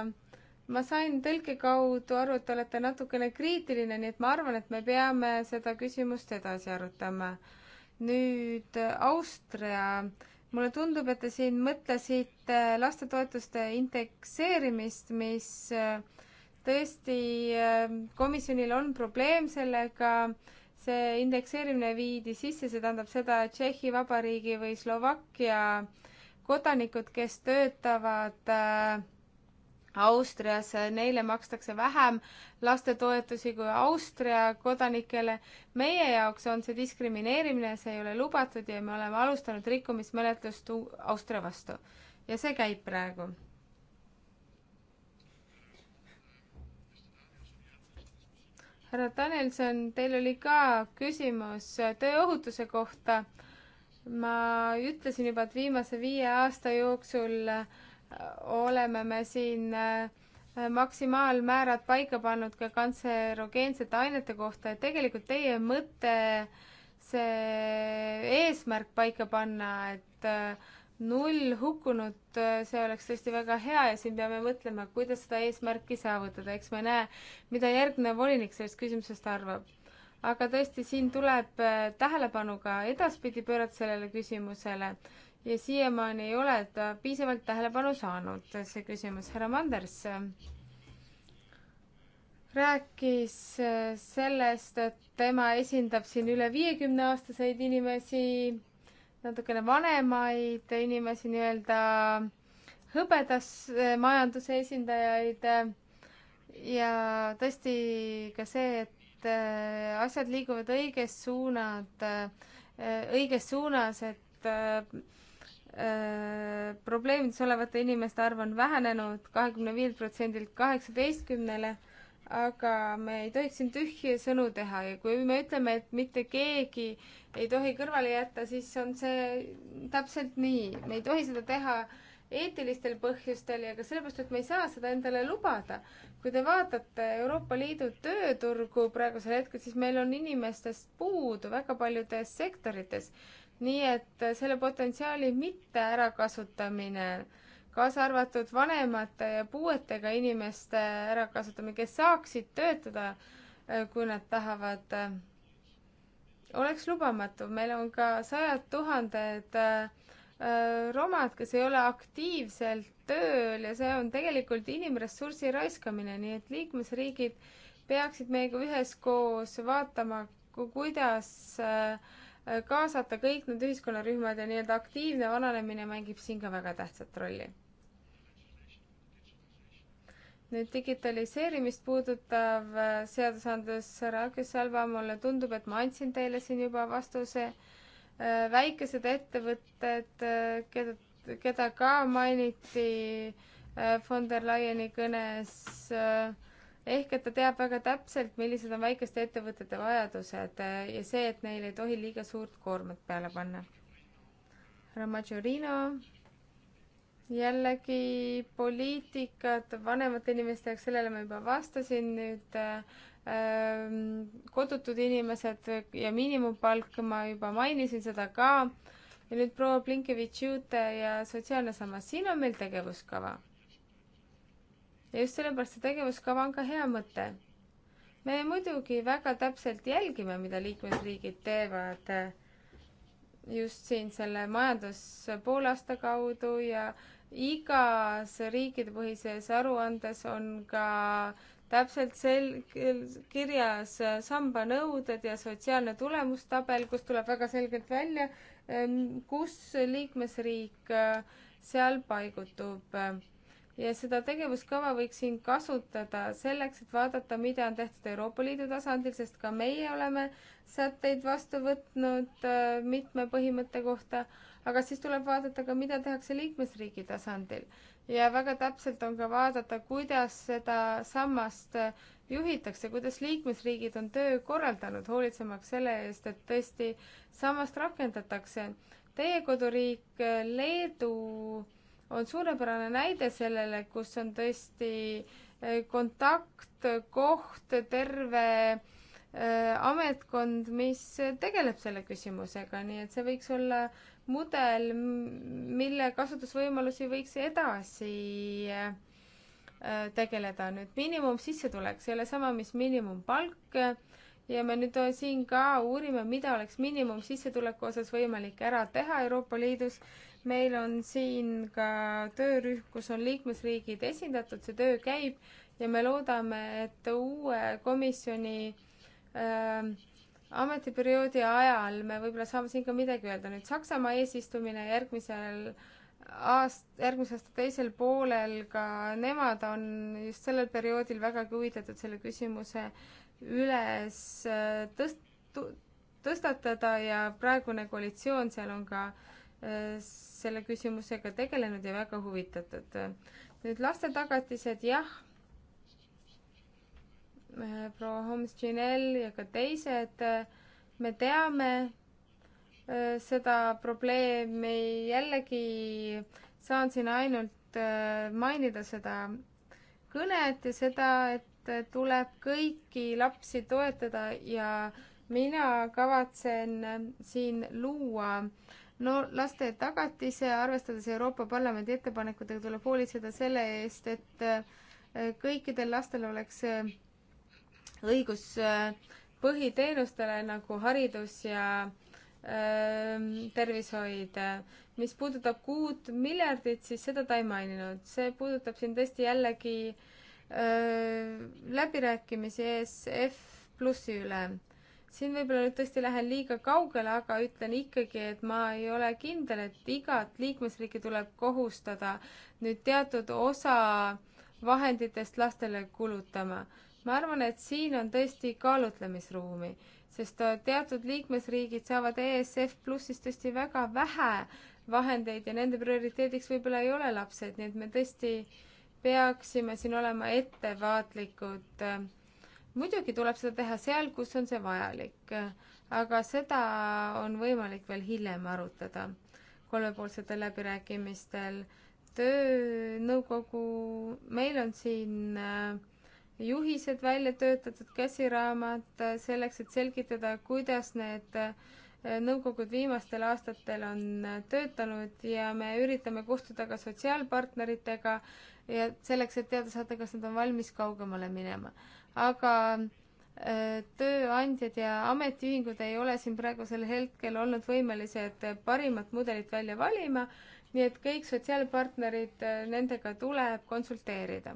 ma sain tõlke kaudu aru, et te olete natukene kriitiline, nii et ma arvan, et me peame seda küsimust edasi arutama. nüüd Austria mulle tundub, et te siin mõtlesite lastetoetuste indekseerimist, mis tõesti, ähm, komisjonil on probleem sellega, see indekseerimine viidi sisse, see tähendab seda, et Tšehhi Vabariigi või Slovakkia kodanikud, kes töötavad äh, Austrias, äh, neile makstakse vähem lastetoetusi kui Austria kodanikele. meie jaoks on see diskrimineerimine, see ei ole lubatud ja me oleme alustanud rikkumismenetlust Austria vastu. ja see käib praegu härra Tanelson, teil oli ka küsimus tööohutuse kohta. ma ütlesin juba, et viimase viie aasta jooksul oleme me siin äh, maksimaalmäärad paika pannud ka kantserogeensete ainete kohta, et tegelikult teie mõte see eesmärk paika panna, et äh, null hukkunut, äh, see oleks tõesti väga hea ja siin peame mõtlema, kuidas seda eesmärki saavutada, eks me näe, mida järgnev volinik sellest küsimusest arvab. aga tõesti, siin tuleb äh, tähelepanu ka edaspidi pöörata sellele küsimusele ja siiamaani ei ole ta piisavalt tähelepanu saanud, äh, see küsimus. härra Manders rääkis sellest, et tema esindab siin üle viiekümne aastaseid inimesi natukene vanemaid inimesi, nii-öelda hõbedas eh, majanduse esindajaid ja tõesti ka see, et eh, asjad liiguvad õiges suunad, eh, õiges suunas, et probleemides olevate inimeste arv on vähenenud kahekümne viielt protsendilt kaheksateistkümnele aga me ei tohiks siin tühje sõnu teha ja kui me ütleme, et mitte keegi ei tohi kõrvale jätta, siis on see täpselt nii. me ei tohi seda teha eetilistel põhjustel ja ka sellepärast, et me ei saa seda endale lubada. kui te vaatate Euroopa Liidu tööturgu praegusel hetkel, siis meil on inimestest puudu väga paljudes sektorites. nii et selle potentsiaali mitte ärakasutamine äh, kaasa arvatud vanemate ja puuetega inimeste ärakasutamine, kes saaksid töötada, äh, kui nad tahavad, äh, oleks lubamatu. meil on ka sajad tuhanded äh, romad, kes ei ole aktiivselt tööl ja see on tegelikult inimressursi raiskamine, nii et liikmesriigid peaksid meiega üheskoos vaatama, kuidas kaasata kõik need ühiskonnarühmad ja nii-öelda aktiivne vananemine mängib siin ka väga tähtsat rolli nüüd digitaliseerimist puudutav äh, seadusandlus, härra Küsalva, mulle tundub, et ma andsin teile siin juba vastuse. Äh, väikesed ettevõtted, äh, keda, keda ka mainiti von der Leyeni kõnes, ehk et ta teab väga täpselt, millised on väikeste ettevõtete vajadused ja see, et neile ei tohi liiga suurt koormat peale panna. härra Majorino jällegi poliitikad vanemate inimeste jaoks, sellele ma juba vastasin, nüüd äh, kodutud inimesed ja miinimumpalk, ma juba mainisin seda ka. ja nüüd proua Blinkevitš-Jute ja sotsiaalne sammas, siin on meil tegevuskava. ja just sellepärast see tegevuskava on ka hea mõte me muidugi väga täpselt jälgime, mida liikmesriigid teevad äh, just siin selle majanduspoolaasta kaudu ja igas riikidepõhises aruandes on ka täpselt sel-, kirjas samba nõuded ja sotsiaalne tulemustabel, kus tuleb väga selgelt välja, kus liikmesriik äh, seal paigutub ja seda tegevuskava võiks siin kasutada selleks, et vaadata, mida on tehtud Euroopa Liidu tasandil, sest ka meie oleme sätteid vastu võtnud äh, mitme põhimõtte kohta, aga siis tuleb vaadata ka, mida tehakse liikmesriigi tasandil. ja väga täpselt on ka vaadata, kuidas seda sammast äh, juhitakse, kuidas liikmesriigid on töö korraldanud, hoolitsemaks selle eest, et tõesti sammast rakendatakse. Teie koduriik äh, Leedu äh, on suurepärane näide sellele, kus on tõesti eh, kontaktkoht, terve eh, ametkond, mis tegeleb selle küsimusega, nii et see võiks olla mudel, mille kasutusvõimalusi võiks edasi eh, tegeleda. nüüd miinimumsissetulek, see ei ole sama, mis miinimumpalk ja me nüüd siin ka uurime, mida oleks miinimumsissetuleku osas võimalik ära teha Euroopa Liidus meil on siin ka töörühm, kus on liikmesriigid esindatud, see töö käib ja me loodame, et uue komisjoni äh, ametiperioodi ajal me võib-olla saame siin ka midagi öelda. nüüd Saksamaa eesistumine järgmisel aast-, järgmise aasta teisel poolel, ka nemad on just sellel perioodil vägagi huvitatud selle küsimuse üles äh, tõst-, tõstatada ja praegune koalitsioon seal on ka äh, selle küsimusega tegelenud ja väga huvitatud. nüüd laste tagatised, jah. Äh, proua Holmes, Janel ja ka teised, äh, me teame äh, seda probleemi, jällegi saan siin ainult mainida seda kõnet ja seda, et tuleb kõiki lapsi toetada ja mina kavatsen siin luua äh, no laste tagatise, arvestades Euroopa Parlamendi ettepanekutega, tuleb hoolitseda selle eest, et äh, kõikidel lastel oleks äh, õigus äh, põhiteenustele nagu haridus ja ähm, tervishoid. mis puudutab kuut miljardit, siis seda ta ei maininud, see puudutab siin tõesti jällegi läbirääkimisi ESF plussi üle siin võib-olla nüüd tõesti lähen liiga kaugele, aga ütlen ikkagi, et ma ei ole kindel, et igat liikmesriiki tuleb kohustada nüüd teatud osa vahenditest lastele kulutama. ma arvan, et siin on tõesti kaalutlemisruumi, sest teatud liikmesriigid saavad ESF plussist tõesti väga vähe vahendeid ja nende prioriteediks võib-olla ei ole lapsed, nii et me tõesti peaksime siin olema ettevaatlikud äh, muidugi tuleb seda teha seal, kus on see vajalik, aga seda on võimalik veel hiljem arutada kolmepoolsetel läbirääkimistel. töönõukogu, meil on siin äh, juhised välja töötatud, käsiraamat äh, selleks, et selgitada, kuidas need äh, nõukogud viimastel aastatel on töötanud ja me üritame kohtuda ka sotsiaalpartneritega ja selleks, et teada saada, kas nad on valmis kaugemale minema aga äh, tööandjad ja ametiühingud ei ole siin praegusel hetkel olnud võimelised äh, parimat mudelit välja valima, nii et kõik sotsiaalpartnerid, äh, nendega tuleb konsulteerida.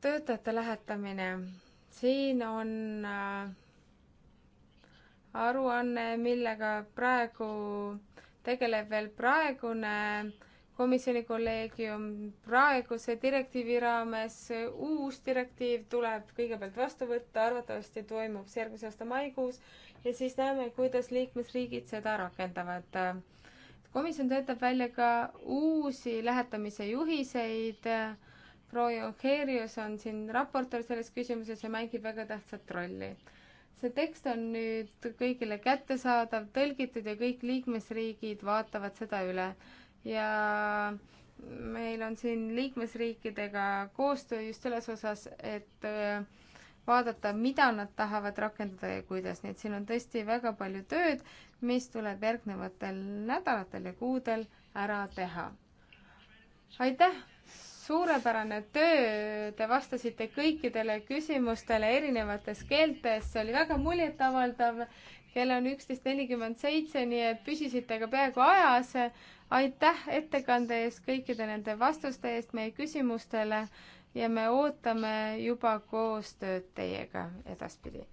töötajate lähetamine, siin on aruanne, millega praegu tegeleb veel praegune komisjoni kolleegium praeguse direktiivi raames, uus direktiiv tuleb kõigepealt vastu võtta, arvatavasti toimub see järgmise aasta maikuus ja siis näeme, kuidas liikmesriigid seda rakendavad. komisjon töötab välja ka uusi lähetamise juhiseid. proua Joherius on siin raportöör selles küsimuses ja mängib väga tähtsat rolli see tekst on nüüd kõigile kättesaadav, tõlgitud ja kõik liikmesriigid vaatavad seda üle ja meil on siin liikmesriikidega koostöö just selles osas, et äh, vaadata, mida nad tahavad rakendada ja kuidas, nii et siin on tõesti väga palju tööd, mis tuleb järgnevatel nädalatel ja kuudel ära teha. aitäh, suurepärane töö, te vastasite kõikidele küsimustele erinevates keeltes, see oli väga muljetavaldav kell on üksteist nelikümmend seitse, nii et püsisite ka peaaegu ajas aitäh ettekande eest, kõikide nende vastuste eest meie küsimustele ja me ootame juba koostööd teiega edaspidi.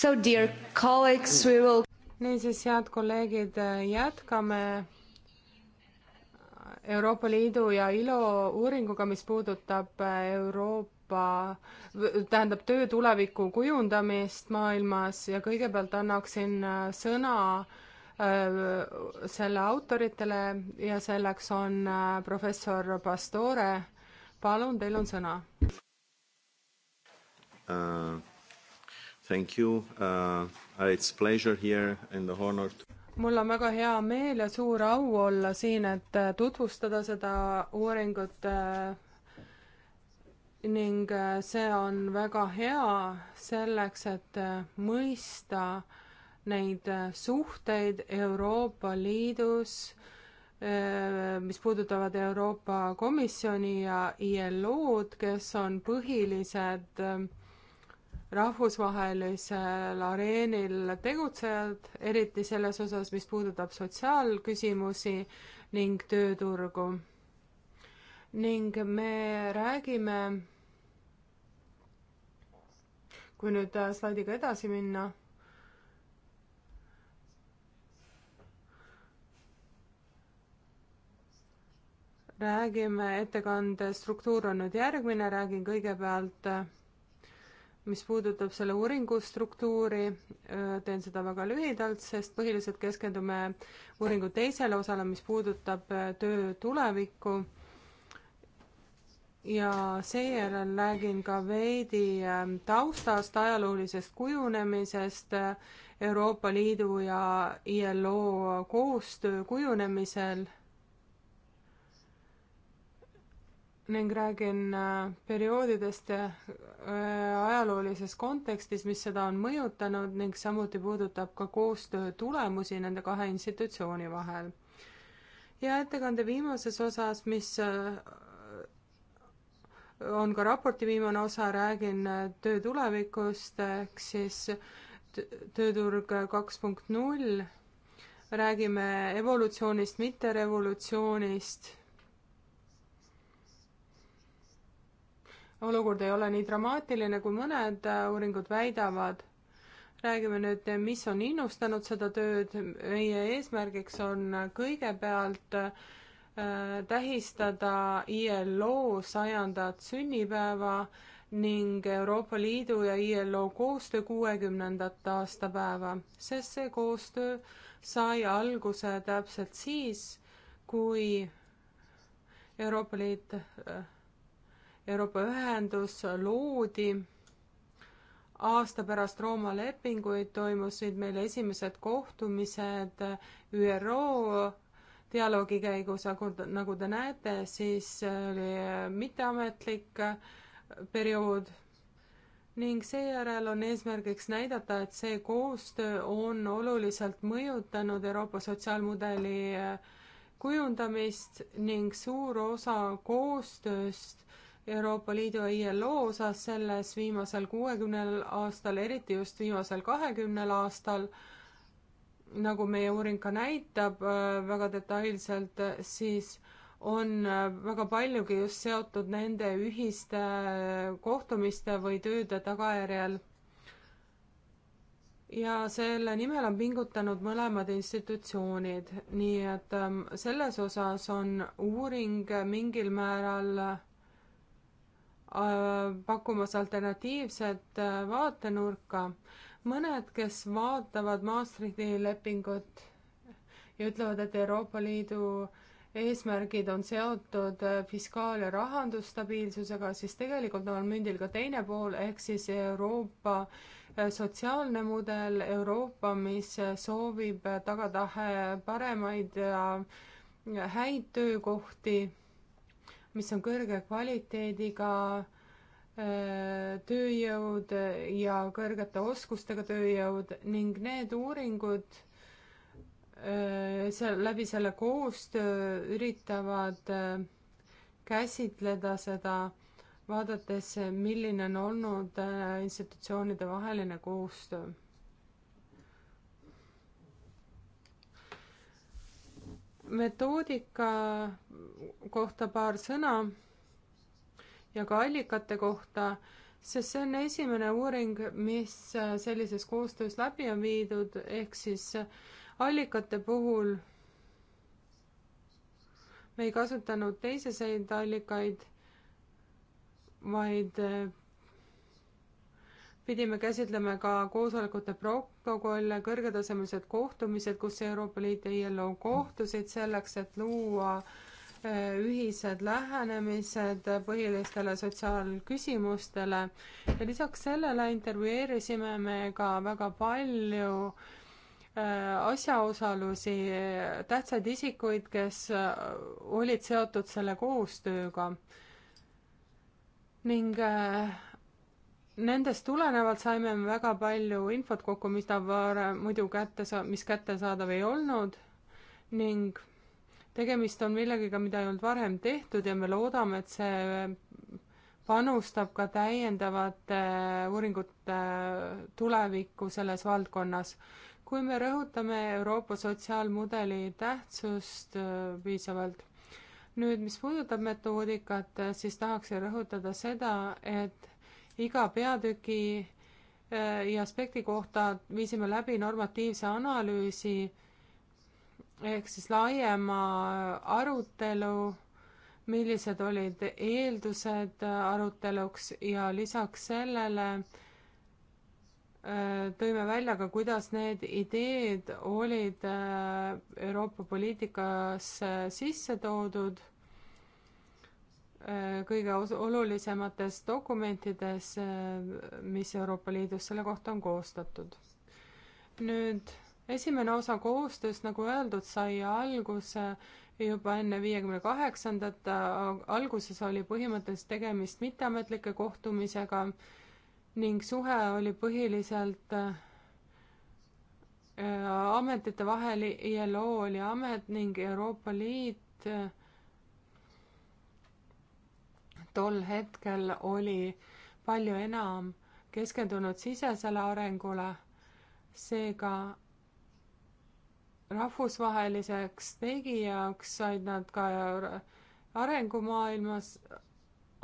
So dear colleagues, we will niisiis, head kolleegid, jätkame Euroopa Liidu ja ILO uuringuga, mis puudutab Euroopa, tähendab töö tuleviku kujundamist maailmas ja kõigepealt annaksin sõna äh, selle autoritele ja selleks on äh, professor Pastore. palun, teil on sõna uh Thank you uh,. It's pleasure here and the honor to mul on väga hea meel ja suur au olla siin, et äh, tutvustada seda uuringut äh, ning äh, see on väga hea selleks, et mõista neid suhteid Euroopa Liidus, mis puudutavad Euroopa Komisjoni ja ILO-d, kes on põhilised rahvusvahelisel areenil tegutsejad, eriti selles osas, mis puudutab sotsiaalküsimusi ning tööturgu. ning me räägime, kui nüüd äh, slaidiga edasi minna, räägime ettekande struktuur on nüüd järgmine, räägin kõigepealt äh, mis puudutab selle uuringu struktuuri, äh, teen seda väga lühidalt, sest põhiliselt keskendume uuringu teisele osale, mis puudutab äh, töö tulevikku. ja seejärel räägin ka veidi äh, taustast, ajaloolisest kujunemisest, Euroopa Liidu ja ILO koostöö kujunemisel ning räägin äh, perioodidest ja äh, ajaloolises kontekstis, mis seda on mõjutanud ning samuti puudutab ka koostöö tulemusi nende kahe institutsiooni vahel. ja ettekande viimases osas, mis äh, on ka raporti viimane osa, räägin töö tulevikust ehk siis tööturg kaks punkt null, räägime evolutsioonist, mitte revolutsioonist olukord ei ole nii dramaatiline, kui mõned äh, uuringud väidavad. räägime nüüd, mis on innustanud seda tööd. meie eesmärgiks on kõigepealt äh, tähistada ILO sajandat sünnipäeva ning Euroopa Liidu ja ILO koostöö kuuekümnendat aastapäeva, sest see koostöö sai alguse täpselt siis, kui Euroopa Liit äh, Euroopa Ühendus loodi aasta pärast Rooma lepinguid toimusid meil esimesed kohtumised ÜRO dialoogi käigus, aga nagu te näete, siis oli mitteametlik periood ning seejärel on eesmärgiks näidata, et see koostöö on oluliselt mõjutanud Euroopa sotsiaalmudeli kujundamist ning suur osa koostööst Euroopa Liidu ja ILO osas selles viimasel kuuekümnel aastal, eriti just viimasel kahekümnel aastal, nagu meie uuring ka näitab äh, väga detailselt, äh, siis on äh, väga paljugi just seotud nende ühiste kohtumiste või tööde tagajärjel. ja selle nimel on pingutanud mõlemad institutsioonid, nii et ähm, selles osas on uuring mingil määral Äh, pakkumas alternatiivset äh, vaatenurka. mõned, kes vaatavad Maastrichti lepingut ja ütlevad, et Euroopa Liidu eesmärgid on seotud äh, fiskaal- ja rahandusstabiilsusega, siis tegelikult on mündil ka teine pool, ehk siis Euroopa sotsiaalne mudel, Euroopa, mis soovib tagada paremaid ja häid töökohti mis on kõrge kvaliteediga äh, tööjõud ja kõrgete oskustega tööjõud ning need uuringud äh, seal läbi selle koostöö üritavad äh, käsitleda seda, vaadates, milline on olnud institutsioonide vaheline koostöö metoodika kohta paar sõna ja ka allikate kohta, sest see on esimene uuring, mis äh, sellises koostöös läbi on viidud, ehk siis äh, allikate puhul me ei kasutanud teiseseid allikaid, vaid äh, pidime käsitlema ka koosolekute protokolle, kõrgetasemelised kohtumised, kus Euroopa Liit ja ILO kohtusid selleks, et luua äh, ühised lähenemised põhilistele sotsiaalküsimustele ja lisaks sellele intervjueerisime me ka väga palju äh, asjaosalusi, tähtsaid isikuid, kes äh, olid seotud selle koostööga. ning nendest tulenevalt saime me väga palju infot kokku, mis ta varem muidu kätte saa-, mis kättesaadav ei olnud ning tegemist on millegagi, mida ei olnud varem tehtud ja me loodame, et see panustab ka täiendavate uuringute tulevikku selles valdkonnas. kui me rõhutame Euroopa sotsiaalmudeli tähtsust äh, piisavalt, nüüd mis puudutab metoodikat, siis tahaksin rõhutada seda, et iga peatüki äh, ja aspekti kohta viisime läbi normatiivse analüüsi ehk siis laiema arutelu, millised olid eeldused aruteluks ja lisaks sellele äh, tõime välja ka, kuidas need ideed olid äh, Euroopa poliitikasse sisse toodud Äh, kõige olulisemates dokumentides, äh, mis Euroopa Liidus selle kohta on koostatud. nüüd esimene osa koostööst, nagu öeldud, sai alguse juba enne viiekümne kaheksandat, alguses oli põhimõtteliselt tegemist mitteametlike kohtumisega ning suhe oli põhiliselt äh, ametite vahel, ILO oli amet ning Euroopa Liit tol hetkel oli palju enam keskendunud sisesele arengule, seega rahvusvaheliseks tegijaks said nad ka arengumaailmas,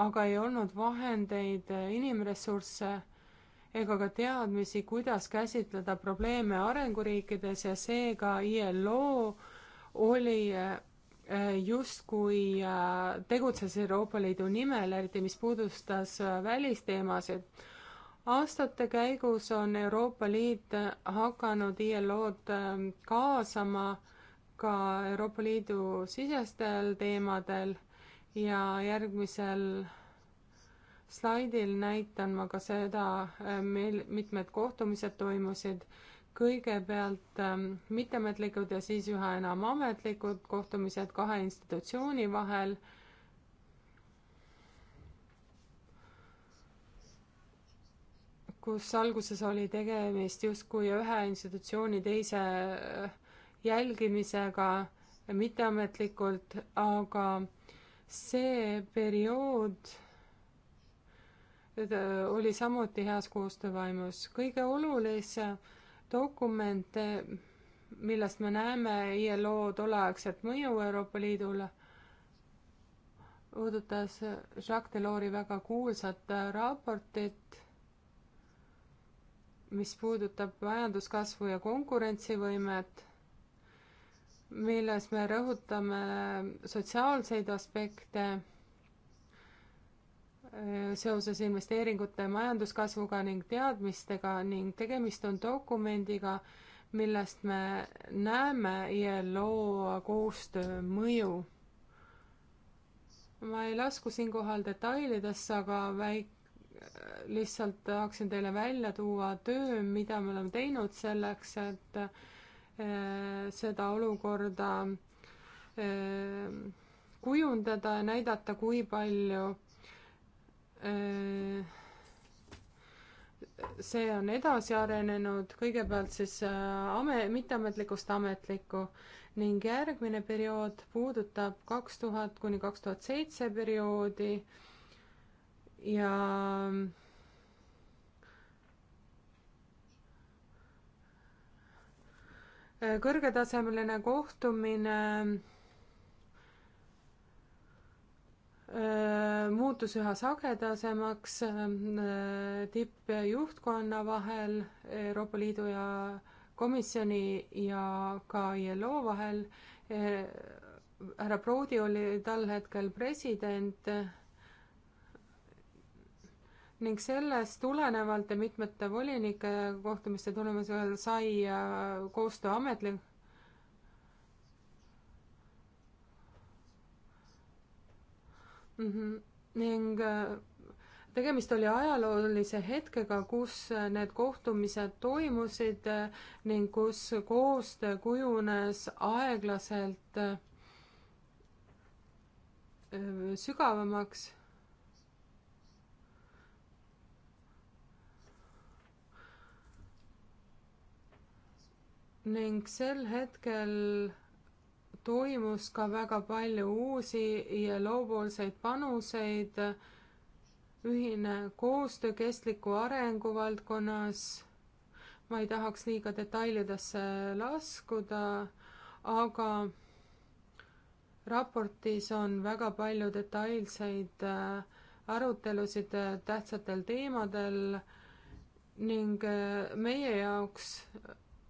aga ei olnud vahendeid, inimressursse ega ka teadmisi, kuidas käsitleda probleeme arenguriikides ja seega ILO oli justkui äh, tegutses Euroopa Liidu nimel, eriti mis puudustas äh, välisteemasid. aastate käigus on Euroopa Liit äh, hakanud ILO-d ähm, kaasama ka Euroopa Liidu sisestel teemadel ja järgmisel slaidil näitan ma ka seda, mil mitmed kohtumised toimusid kõigepealt ähm, mitteametlikud ja siis üha enam ametlikud kohtumised kahe institutsiooni vahel. kus alguses oli tegemist justkui ühe institutsiooni teise äh, jälgimisega mitteametlikult, aga see periood äh, oli samuti heas koostöövaimus. kõige olulisem dokumente, millest me näeme ILO tolleaegset mõju Euroopa Liidule, puudutas Jacques Delors'i väga kuulsat raportit, mis puudutab majanduskasvu ja konkurentsivõimet, milles me rõhutame sotsiaalseid aspekte seoses investeeringute majanduskasvuga ning teadmistega ning tegemist on dokumendiga, millest me näeme ILO koostöö mõju. ma ei lasku siinkohal detailidesse, aga väik-, lihtsalt tahaksin teile välja tuua töö, mida me oleme teinud selleks, et äh, seda olukorda äh, kujundada ja näidata, kui palju Äh, see on edasi arenenud, kõigepealt siis äh, ame-, mitteametlikust ametlikku ning järgmine periood puudutab kaks tuhat kuni kaks tuhat seitse perioodi ja äh, kõrgetasemeline kohtumine Äh, muutus üha sagedasemaks äh, tippjuhtkonna vahel Euroopa Liidu ja komisjoni ja ka ILO vahel. Äh, härra Prodi oli tol hetkel president ning sellest tulenevalt ja mitmete volinike kohtumiste tulemusel sai koostöö ametlik mm. -hmm. ning äh, tegemist oli ajaloolise hetkega, kus äh, need kohtumised toimusid äh, ning kus koostöö kujunes aeglaselt sügavamaks ning sel hetkel toimus ka väga palju uusi ja loovoolseid panuseid, ühine koostöö kestliku arengu valdkonnas, ma ei tahaks liiga detailidesse laskuda, aga raportis on väga palju detailseid äh, arutelusid äh, tähtsatel teemadel ning äh, meie jaoks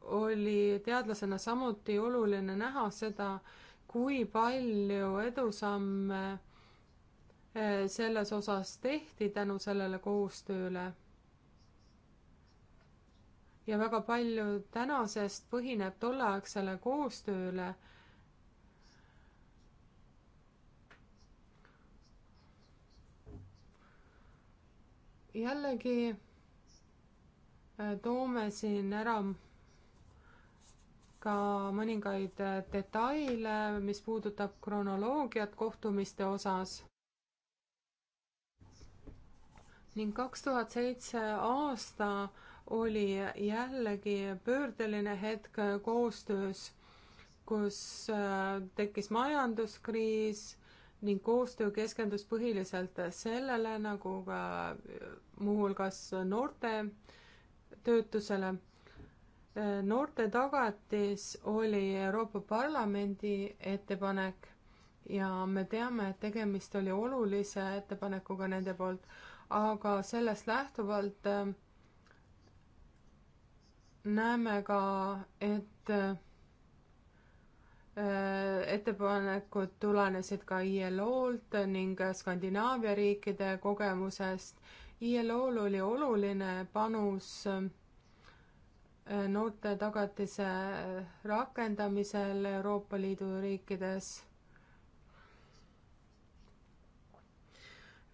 oli teadlasena samuti oluline näha seda, kui palju edusamme eh, selles osas tehti tänu sellele koostööle. ja väga palju tänasest põhineb tolleaegsele koostööle jällegi eh, toome siin ära ka mõningaid äh, detaile, mis puudutab kronoloogiat kohtumiste osas. ning kaks tuhat seitse aasta oli jällegi pöördeline hetk koostöös, kus äh, tekkis majanduskriis ning koostöö keskendus põhiliselt sellele, nagu ka äh, muuhulgas noorte töötusele noorte tagatis oli Euroopa Parlamendi ettepanek ja me teame, et tegemist oli olulise ettepanekuga nende poolt, aga sellest lähtuvalt äh, näeme ka, et äh, ettepanekud tulenesid ka ILO-lt ning Skandinaavia riikide kogemusest. ILO-l oli oluline panus äh, Äh, noorte tagatise rakendamisel Euroopa Liidu riikides.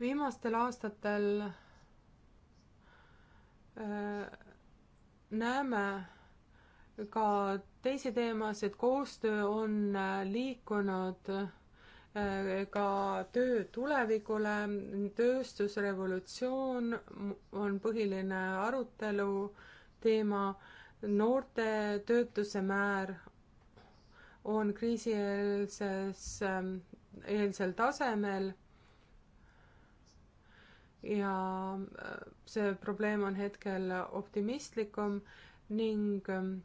viimastel aastatel äh, näeme ka teisi teemasid, koostöö on äh, liikunud ka töö tulevikule, tööstusrevolutsioon on põhiline arutelu teema noorte töötuse määr on kriisieelses, ähm, eelsel tasemel ja äh, see probleem on hetkel optimistlikum ning ähm,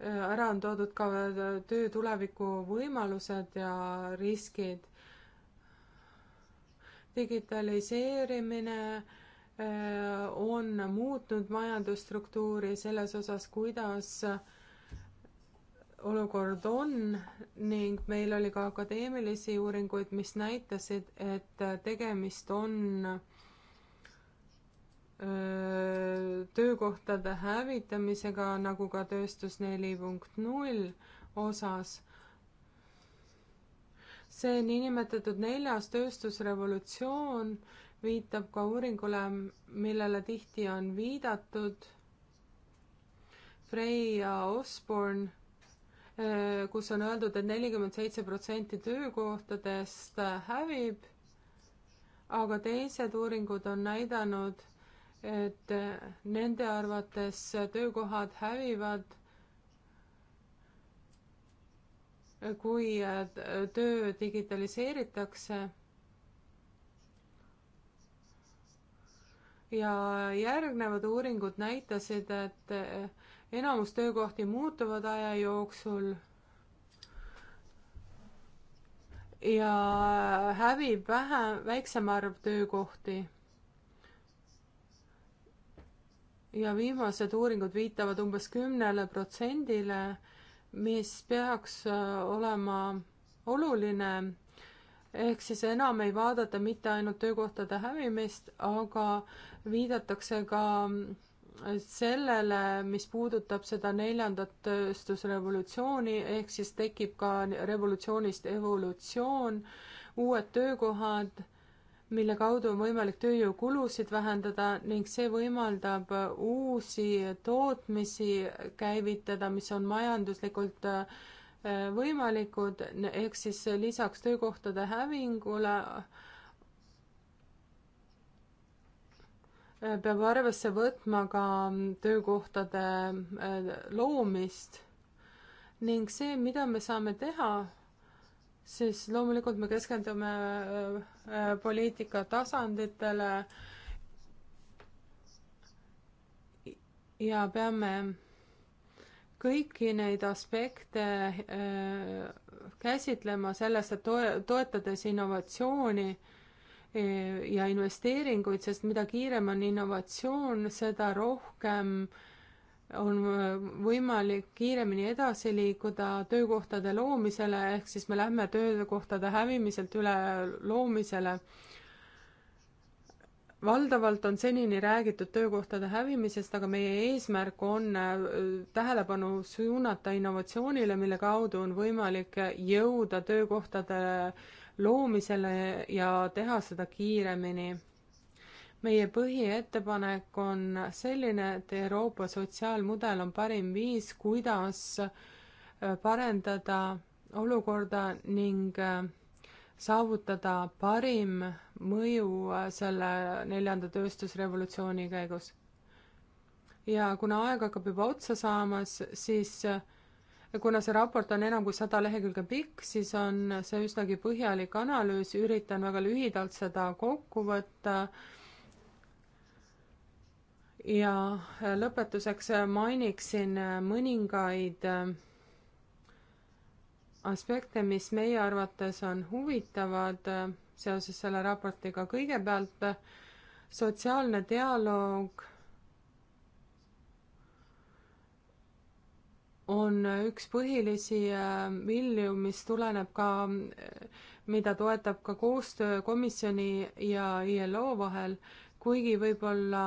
äh, ära on toodud ka äh, töö tuleviku võimalused ja riskid. digitaliseerimine on muutnud majandusstruktuuri selles osas, kuidas olukord on ning meil oli ka akadeemilisi uuringuid, mis näitasid, et tegemist on töökohtade hävitamisega, nagu ka tööstus neli punkt null osas. see niinimetatud neljas tööstusrevolutsioon viitab ka uuringule, millele tihti on viidatud. Frey ja Osborne, kus on öeldud et, et nelikümmend seitse protsenti töökohtadest hävib, aga teised uuringud on näidanud, et nende arvates töökohad hävivad kui töö digitaliseeritakse ja järgnevad uuringud näitasid, et eh, enamus töökohti muutuvad aja jooksul ja hävib vähe, väiksem arv töökohti. ja viimased uuringud viitavad umbes kümnele protsendile, mis peaks eh, olema oluline ehk siis enam ei vaadata mitte ainult töökohtade hävimist, aga viidatakse ka sellele, mis puudutab seda neljandat tööstusrevolutsiooni, ehk siis tekib ka revolutsioonist evolutsioon, uued töökohad, mille kaudu on võimalik tööjõukulusid vähendada ning see võimaldab uusi tootmisi käivitada, mis on majanduslikult äh, võimalikud, ehk siis lisaks töökohtade hävingule peab arvesse võtma ka töökohtade äh, loomist ning see, mida me saame teha, siis loomulikult me keskendume äh, äh, poliitika tasanditele ja peame kõiki neid aspekte äh, käsitlema sellest, et toe-, toetades innovatsiooni äh, ja investeeringuid, sest mida kiirem on innovatsioon, seda rohkem on äh, võimalik kiiremini edasi liikuda töökohtade loomisele, ehk siis me lähme töökohtade hävimiselt üle loomisele valdavalt on senini räägitud töökohtade hävimisest, aga meie eesmärk on äh, tähelepanu suunata innovatsioonile, mille kaudu on võimalik jõuda töökohtade loomisele ja teha seda kiiremini. meie põhiettepanek on selline, et Euroopa sotsiaalmudel on parim viis, kuidas äh, parendada olukorda ning äh, saavutada parim mõju selle neljanda tööstusrevolutsiooni käigus. ja kuna aeg hakkab juba otsa saamas, siis kuna see raport on enam kui sada lehekülge pikk, siis on see üsnagi põhjalik analüüs, üritan väga lühidalt seda kokku võtta. ja lõpetuseks mainiksin mõningaid äh, aspekte, mis meie arvates on huvitavad äh, seoses selle raportiga. kõigepealt äh, sotsiaalne dialoog on üks põhilisi vilju, äh, mis tuleneb ka, mida toetab ka koostöö komisjoni ja ILO vahel, kuigi võib-olla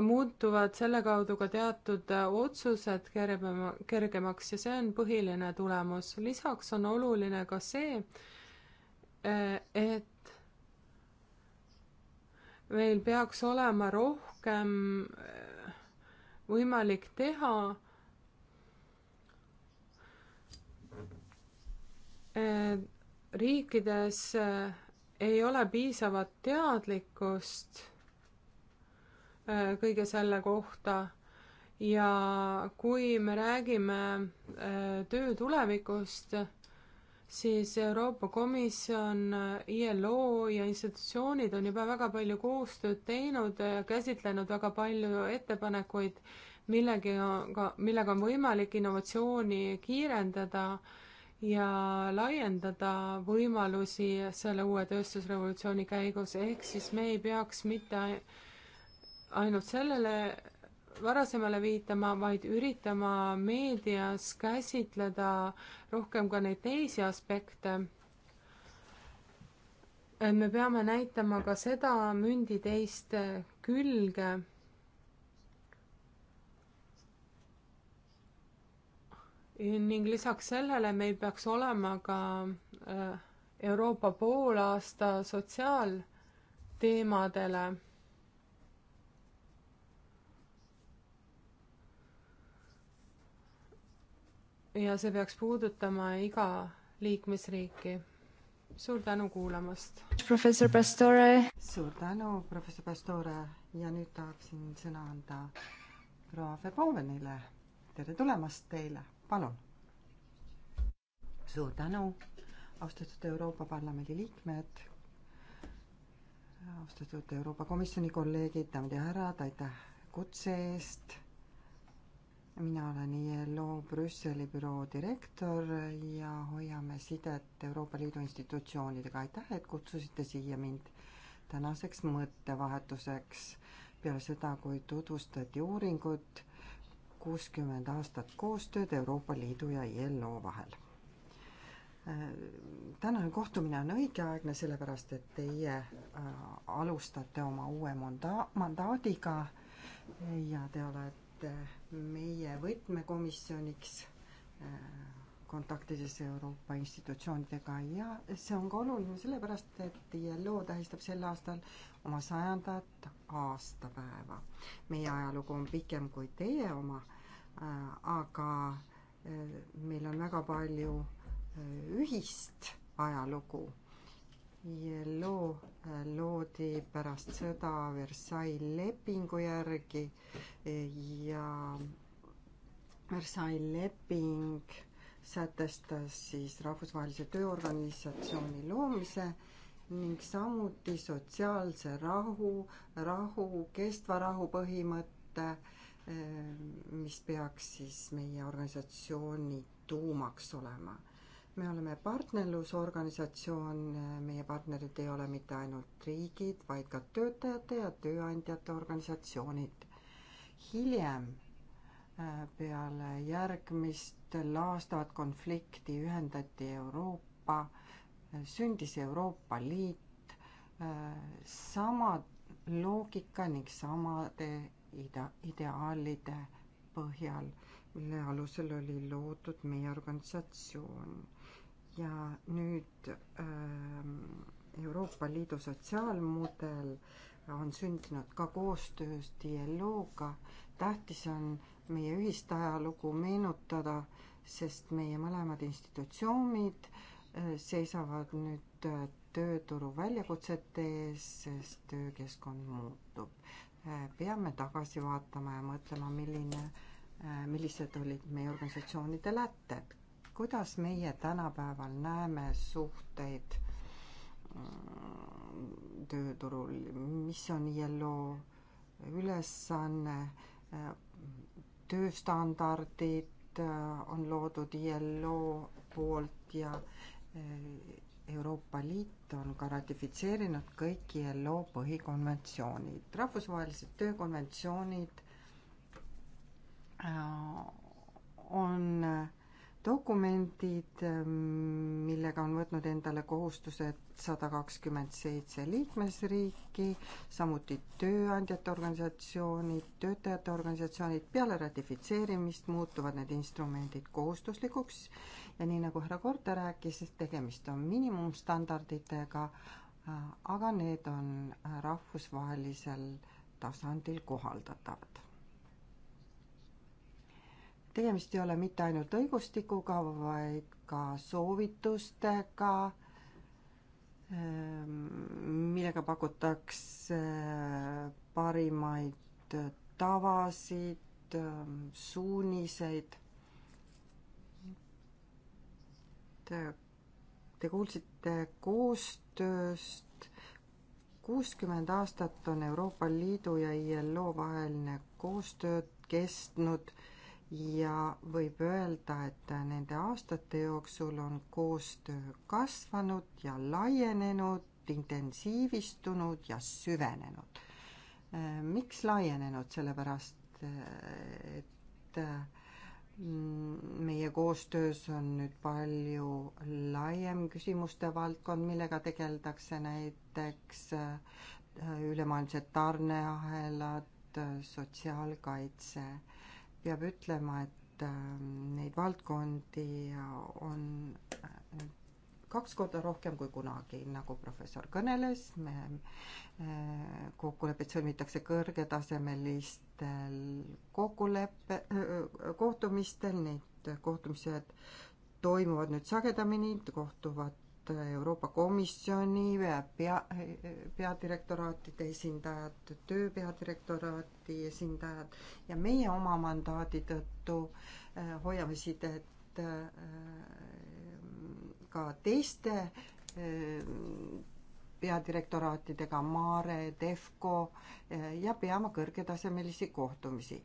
muutuvad selle kaudu ka teatud äh, otsused kergema, kergemaks ja see on põhiline tulemus. lisaks on oluline ka see, äh, et meil peaks olema rohkem äh, võimalik teha riikides ei ole piisavat teadlikkust Äh, kõige selle kohta ja kui me räägime äh, töö tulevikust, siis Euroopa Komisjon, äh, ILO ja institutsioonid on juba väga palju koostööd teinud ja käsitlenud väga palju ettepanekuid, millegi, millega on võimalik innovatsiooni kiirendada ja laiendada võimalusi selle uue tööstusrevolutsiooni käigus, ehk siis me ei peaks mitte ainult sellele varasemale viitama, vaid üritama meedias käsitleda rohkem ka neid teisi aspekte. me peame näitama ka seda mündi teist külge. ning lisaks sellele meil peaks olema ka äh, Euroopa poolaasta sotsiaalteemadele ja see peaks puudutama iga liikmesriiki. suur tänu kuulamast. professor Pastore. suur tänu, professor Pastore ja nüüd tahaksin sõna anda proua Verhovenile. tere tulemast teile, palun. suur tänu, austatud Euroopa Parlamendi liikmed, austatud Euroopa Komisjoni kolleegid, daamid ja härrad, aitäh kutse eest mina olen ILO Brüsseli büroo direktor ja hoiame sidet Euroopa Liidu institutsioonidega. aitäh, et kutsusite siia mind tänaseks mõttevahetuseks peale seda, kui tutvustati uuringut kuuskümmend aastat koostööd Euroopa Liidu ja ILO vahel tänane kohtumine on õigeaegne, sellepärast et teie äh, alustate oma uue manda-, mandaadiga ja te olete meie võtmekomisjoniks äh, kontaktides Euroopa institutsioonidega ja see on ka oluline sellepärast, et ILO tähistab sel aastal oma sajandat aastapäeva. meie ajalugu on pikem kui teie oma, äh, aga äh, meil on väga palju ühist ajalugu ILO eh, loodi pärast sõda Versailles lepingu järgi ja Versailles leping sätestas siis Rahvusvahelise Tööorganisatsiooni loomise ning samuti sotsiaalse rahu, rahu, kestva rahu põhimõtte, eh, mis peaks siis meie organisatsiooni tuumaks olema me oleme partnerlusorganisatsioon, meie partnerid ei ole mitte ainult riigid, vaid ka töötajate ja tööandjate organisatsioonid. hiljem äh, peale järgmist laastavat konflikti ühendati Euroopa, äh, sündis Euroopa Liit äh, sama loogika ning samade ida, ideaalide põhjal, mille alusel oli loodud meie organisatsioon ja nüüd ähm, Euroopa Liidu sotsiaalmudel on sündinud ka koostöös dialooga. tähtis on meie ühist ajalugu meenutada, sest meie mõlemad institutsioonid äh, seisavad nüüd äh, tööturu väljakutsete ees, sest töökeskkond muutub. Äh, peame tagasi vaatama ja mõtlema, milline, millised olid meie organisatsioonide lätted kuidas meie tänapäeval näeme suhteid mm, tööturul, mis on ILO ülesanne, tööstandardid äh, on loodud ILO poolt ja äh, Euroopa Liit on ka ratifitseerinud kõik ILO põhikonventsioonid, rahvusvahelised töökonventsioonid äh, on dokumendid, millega on võtnud endale kohustused sada kakskümmend seitse liikmesriiki, samuti tööandjate organisatsioonid, töötajate organisatsioonid, peale ratifitseerimist muutuvad need instrumendid kohustuslikuks ja nii, nagu härra Korte rääkis, tegemist on miinimumstandarditega, aga need on rahvusvahelisel tasandil kohaldatavad tegemist ei ole mitte ainult õigustikuga, vaid ka soovitustega, ehm, millega pakutakse ehm, parimaid tavasid, ehm, suuniseid. Te, te kuulsite koostööst. kuuskümmend aastat on Euroopa Liidu ja ILO vaheline koostöö kestnud äh, ja võib öelda, et nende aastate jooksul on koostöö kasvanud ja laienenud, intensiivistunud ja süvenenud. miks laienenud, sellepärast et mm, meie koostöös on nüüd palju laiem küsimuste valdkond, millega tegeldakse näiteks äh, ülemaailmsed tarneahelad, sotsiaalkaitse peab ütlema, et ähm, neid valdkondi on äh, kaks korda rohkem kui kunagi, nagu professor kõneles, me äh, kokkulepped sõlmitakse kõrgetasemelistel kokkuleppe, äh, kohtumistel, need kohtumised toimuvad nüüd sagedamini, kohtuvad Euroopa Komisjoni pea, peadirektoraatide esindajad, töö peadirektoraati esindajad ja meie oma mandaadi tõttu äh, hoiame sidet äh, ka teiste äh, peadirektoraatidega, Maare, Defco ja peame kõrgetasemelisi kohtumisi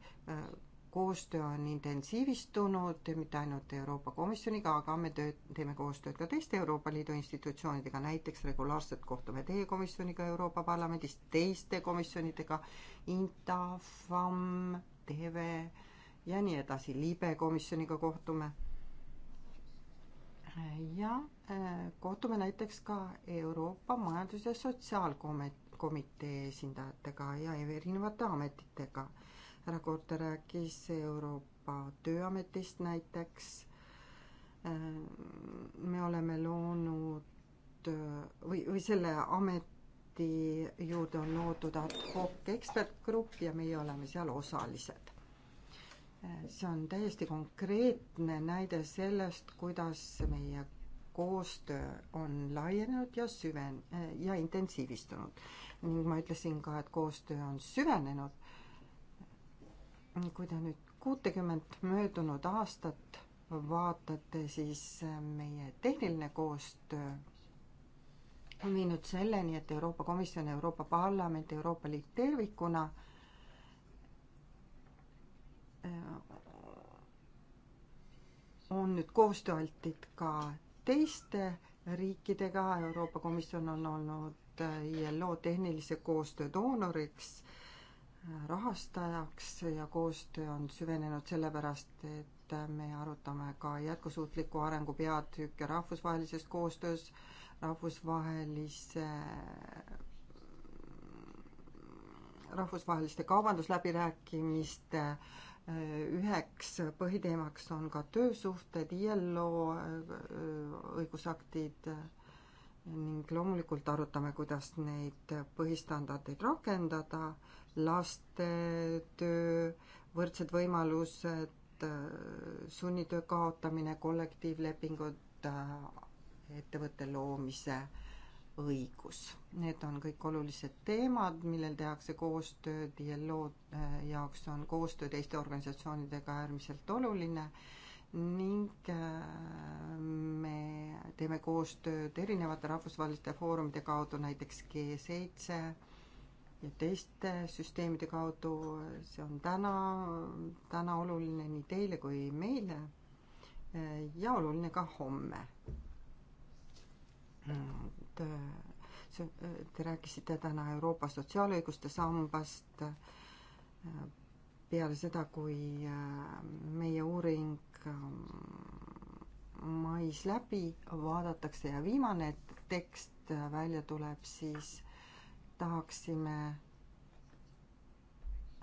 koostöö on intensiivistunud, mitte ainult Euroopa Komisjoniga, aga me tööd, teeme koostööd ka teiste Euroopa Liidu institutsioonidega, näiteks regulaarselt kohtume teie komisjoniga Euroopa Parlamendis, teiste komisjonidega, INTA, FAM, TV ja nii edasi, libe komisjoniga kohtume. ja äh, kohtume näiteks ka Euroopa Majandus- ja Sotsiaalkomitee esindajatega ja erinevate ametitega härra Korte rääkis Euroopa Tööametist näiteks. Äh, me oleme loonud äh, või, või selle ameti juurde on loodud ad hoc ekspertgrupp ja meie oleme seal osalised. Äh, see on täiesti konkreetne näide sellest, kuidas meie koostöö on laienenud ja süven- ja intensiivistunud. ning ma ütlesin ka, et koostöö on süvenenud kui te nüüd kuutekümmet möödunud aastat vaatate, siis äh, meie tehniline koostöö on viinud selleni, et Euroopa Komisjon, Euroopa Parlament, Euroopa Liit tervikuna äh, on nüüd koostööaltid ka teiste riikidega, Euroopa Komisjon on olnud äh, ILO tehnilise koostöö doonoriks rahastajaks ja koostöö on süvenenud sellepärast, et me arutame ka jätkusuutliku arengu peatükke rahvusvahelises koostöös, rahvusvahelise rahvusvaheliste kaubandusläbirääkimiste äh, üheks põhiteemaks on ka töösuhted, ILO äh, õigusaktid ning loomulikult arutame, kuidas neid põhistandardeid rakendada, laste töö, võrdsed võimalused, sunnitöö kaotamine, kollektiivlepingud, ettevõtte loomise õigus. Need on kõik olulised teemad, millel tehakse koostööd, ILO jaoks on koostöö teiste organisatsioonidega äärmiselt oluline ning äh, me teeme koostööd erinevate rahvusvaheliste foorumite kaudu, näiteks G7 ja teiste süsteemide kaudu. see on täna, täna oluline nii teile kui meile äh, ja oluline ka homme. et te rääkisite täna Euroopa sotsiaalõiguste sambast äh, peale seda, kui meie uuring viis läbi vaadatakse ja viimane tekst välja tuleb, siis tahaksime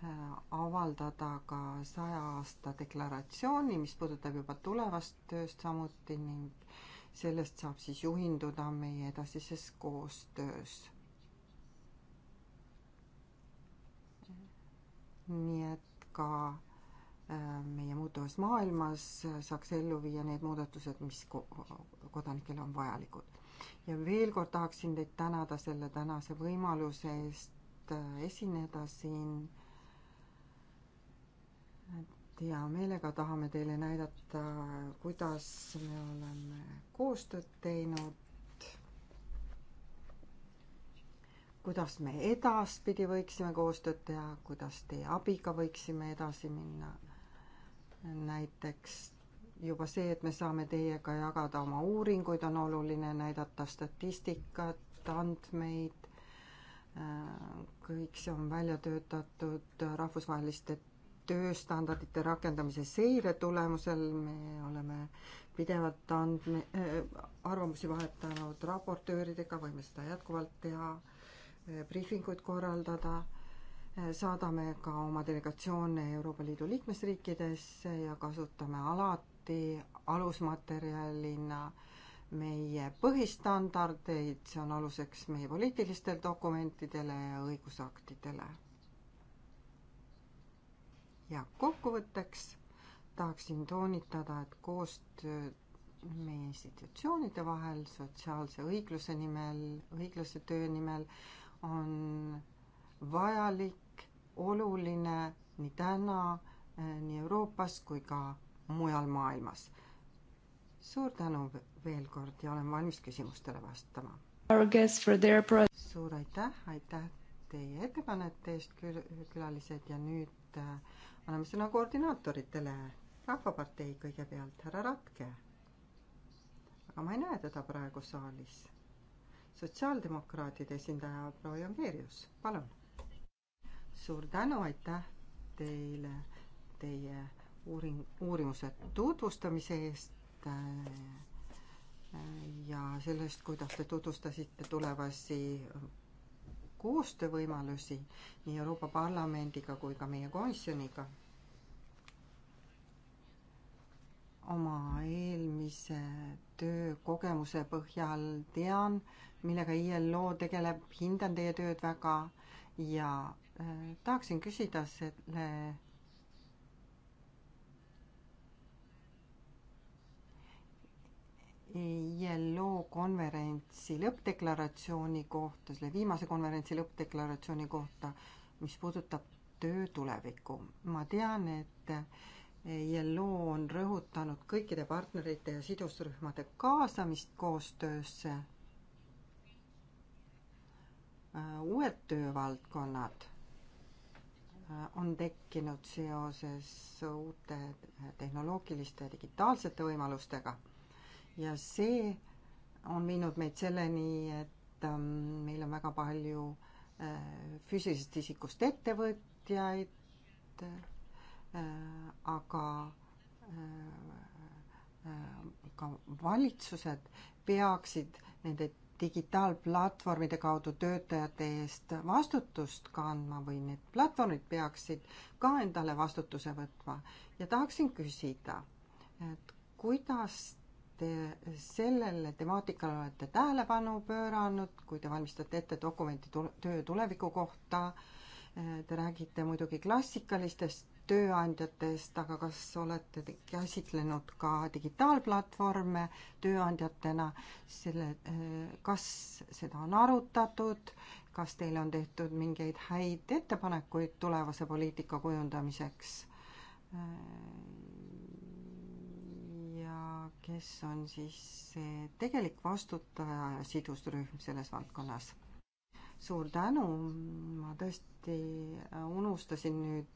äh, avaldada ka saja aasta deklaratsiooni, mis puudutab juba tulevast tööst samuti ning sellest saab siis juhinduda meie edasises koostöös. nii et ka meie muutuvas maailmas saaks ellu viia need muudatused, mis kodanikele on vajalikud. ja veel kord tahaksin teid tänada selle tänase võimaluse eest äh, esineda siin. et hea meelega tahame teile näidata, kuidas me oleme koostööd teinud kuidas me edaspidi võiksime koostööd teha, kuidas teie abiga võiksime edasi minna näiteks juba see, et me saame teiega jagada oma uuringuid, on oluline näidata statistikat, andmeid, kõik see on välja töötatud rahvusvaheliste tööstandardite rakendamise seire tulemusel, me oleme pidevalt andme, arvamusi vahetanud raportööridega, võime seda jätkuvalt teha, briifinguid korraldada saadame ka oma delegatsioone Euroopa Liidu liikmesriikidesse ja kasutame alati alusmaterjalina meie põhistandardeid, see on aluseks meie poliitilistele dokumentidele ja õigusaktidele. ja kokkuvõtteks tahaksin toonitada, et koostöö meie institutsioonide vahel sotsiaalse õigluse nimel, õiglase töö nimel on vajalik oluline nii täna, eh, nii Euroopas kui ka mujal maailmas. suur tänu veel kord ja olen valmis küsimustele vastama. suur aitäh, aitäh teie ettekannete eest, külalised ja nüüd eh, anname sõna koordinaatoritele. rahvapartei kõigepealt, härra Ratke. aga ma ei näe teda praegu saalis. sotsiaaldemokraatide esindaja proua Jongeerius, palun suur tänu, aitäh teile teie uuring, uurimuse tutvustamise eest äh, ja sellest, kuidas te tutvustasite tulevasi äh, koostöövõimalusi nii Euroopa Parlamendiga kui ka meie komisjoniga. oma eelmise töökogemuse põhjal tean, millega ILO tegeleb, hindan teie tööd väga ja tahaksin küsida selle ILO konverentsi lõppdeklaratsiooni kohta, selle viimase konverentsi lõppdeklaratsiooni kohta, mis puudutab töö tulevikku. ma tean, et ILO on rõhutanud kõikide partnerite ja sidusrühmade kaasamist koostöösse. uued töövaldkonnad Äh, on tekkinud seoses uute tehnoloogiliste digitaalsete võimalustega. ja see on viinud meid selleni, et ähm, meil on väga palju äh, füüsilisest isikust ettevõtjaid, äh, aga ka valitsused peaksid nende digitaalplatvormide kaudu töötajate eest vastutust kandma või need platvormid peaksid ka endale vastutuse võtma. ja tahaksin küsida, et kuidas te sellele temaatikale olete tähelepanu pööranud, kui te valmistate ette dokumenti tule, töö tuleviku kohta, te räägite muidugi klassikalistest tööandjatest, aga kas olete käsitlenud ka digitaalplatvorme tööandjatena, selle, eh, kas seda on arutatud, kas teile on tehtud mingeid häid ettepanekuid tulevase poliitika kujundamiseks? Eh, ja kes on siis see tegelik vastutaja ja sidusrühm selles valdkonnas? suur tänu, ma tõesti unustasin nüüd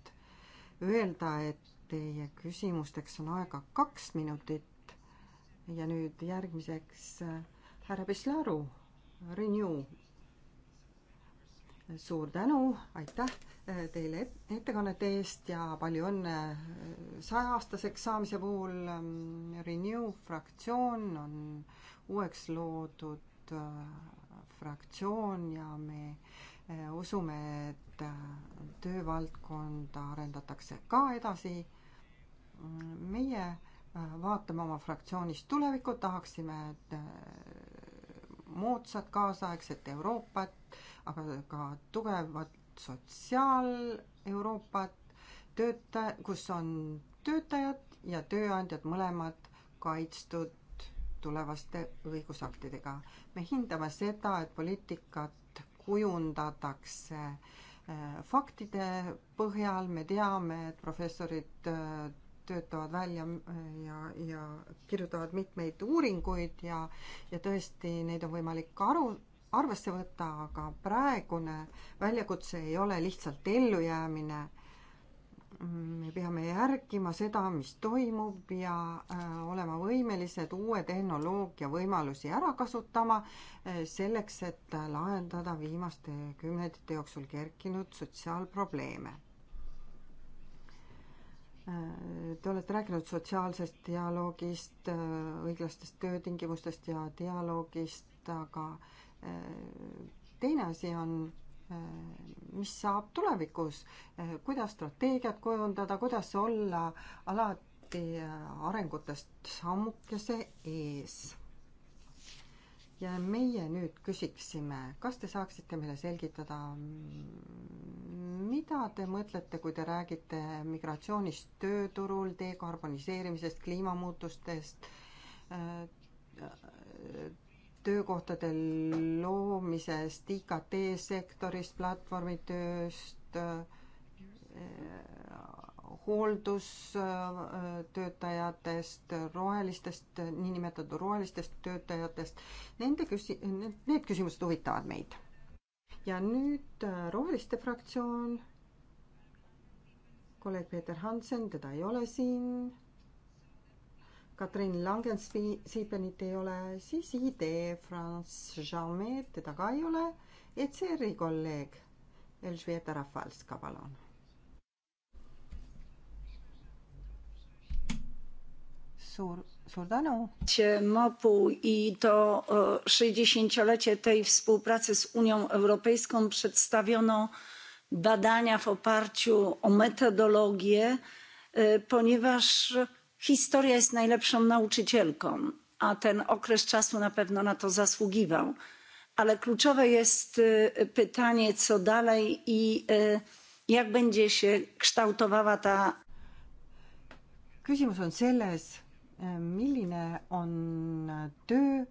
öelda, et teie küsimusteks on aega kaks minutit. ja nüüd järgmiseks äh, härra Beslaru, Renew. suur tänu, aitäh äh, teile ettekannete eest ja palju õnne äh, saja-aastaseks saamise puhul. Ähm, Renew fraktsioon on uueks loodud fraktsioon ja me Äh, usume, et äh, töövaldkonda arendatakse ka edasi. meie äh, vaatame oma fraktsioonis tulevikku, tahaksime moodsat kaasaegset Euroopat, aga ka tugevat sotsiaal-Euroopat, töötaja, kus on töötajad ja tööandjad mõlemad kaitstud tulevaste õigusaktidega. me hindame seda, et poliitikat kujundatakse äh, faktide põhjal, me teame, et professorid äh, töötavad välja äh, ja, ja kirjutavad mitmeid uuringuid ja, ja tõesti, neid on võimalik aru, arvesse võtta, aga praegune väljakutse ei ole lihtsalt ellujäämine me peame järgima seda, mis toimub ja äh, olema võimelised uue tehnoloogia võimalusi ära kasutama äh, selleks, et lahendada viimaste kümnendite jooksul kerkinud sotsiaalprobleeme. Äh, te olete rääkinud sotsiaalsest dialoogist, õiglastest töötingimustest ja dialoogist, aga teine asi on mis saab tulevikus, kuidas strateegiat kujundada, kuidas olla alati äh, arengutest sammukese ees. ja meie nüüd küsiksime, kas te saaksite meile selgitada, mida te mõtlete, kui te räägite migratsioonist tööturul, dekarboniseerimisest, kliimamuutustest, äh, töökohtade loomisest, IKT-sektorist, platvormitööst, eh, hooldustöötajatest, rohelistest, niinimetatud rohelistest töötajatest, nende küsi-, need küsimused huvitavad meid. ja nüüd eh, Roheliste fraktsioon, kolleeg Peeter Hansen, teda ei ole siin, Katrin Langensiipenit ei ole, siis idee France Jamet, teda ka ei ole, ECR-i kolleeg Elžbieta Rafalska, palun. suur, suur tänu. MOPU i to e, sześćdziesięciolecie tej współpracy z Unią Europejską przedstawiono badania w oparciu o metodologię, e, ponieważ historia jest najlepszą nauczycielką a ten okres czasu na pewno na to zasługiwał ale kluczowe jest pytanie co dalej i jak będzie się kształtowała ta küsimus on selles milline on töö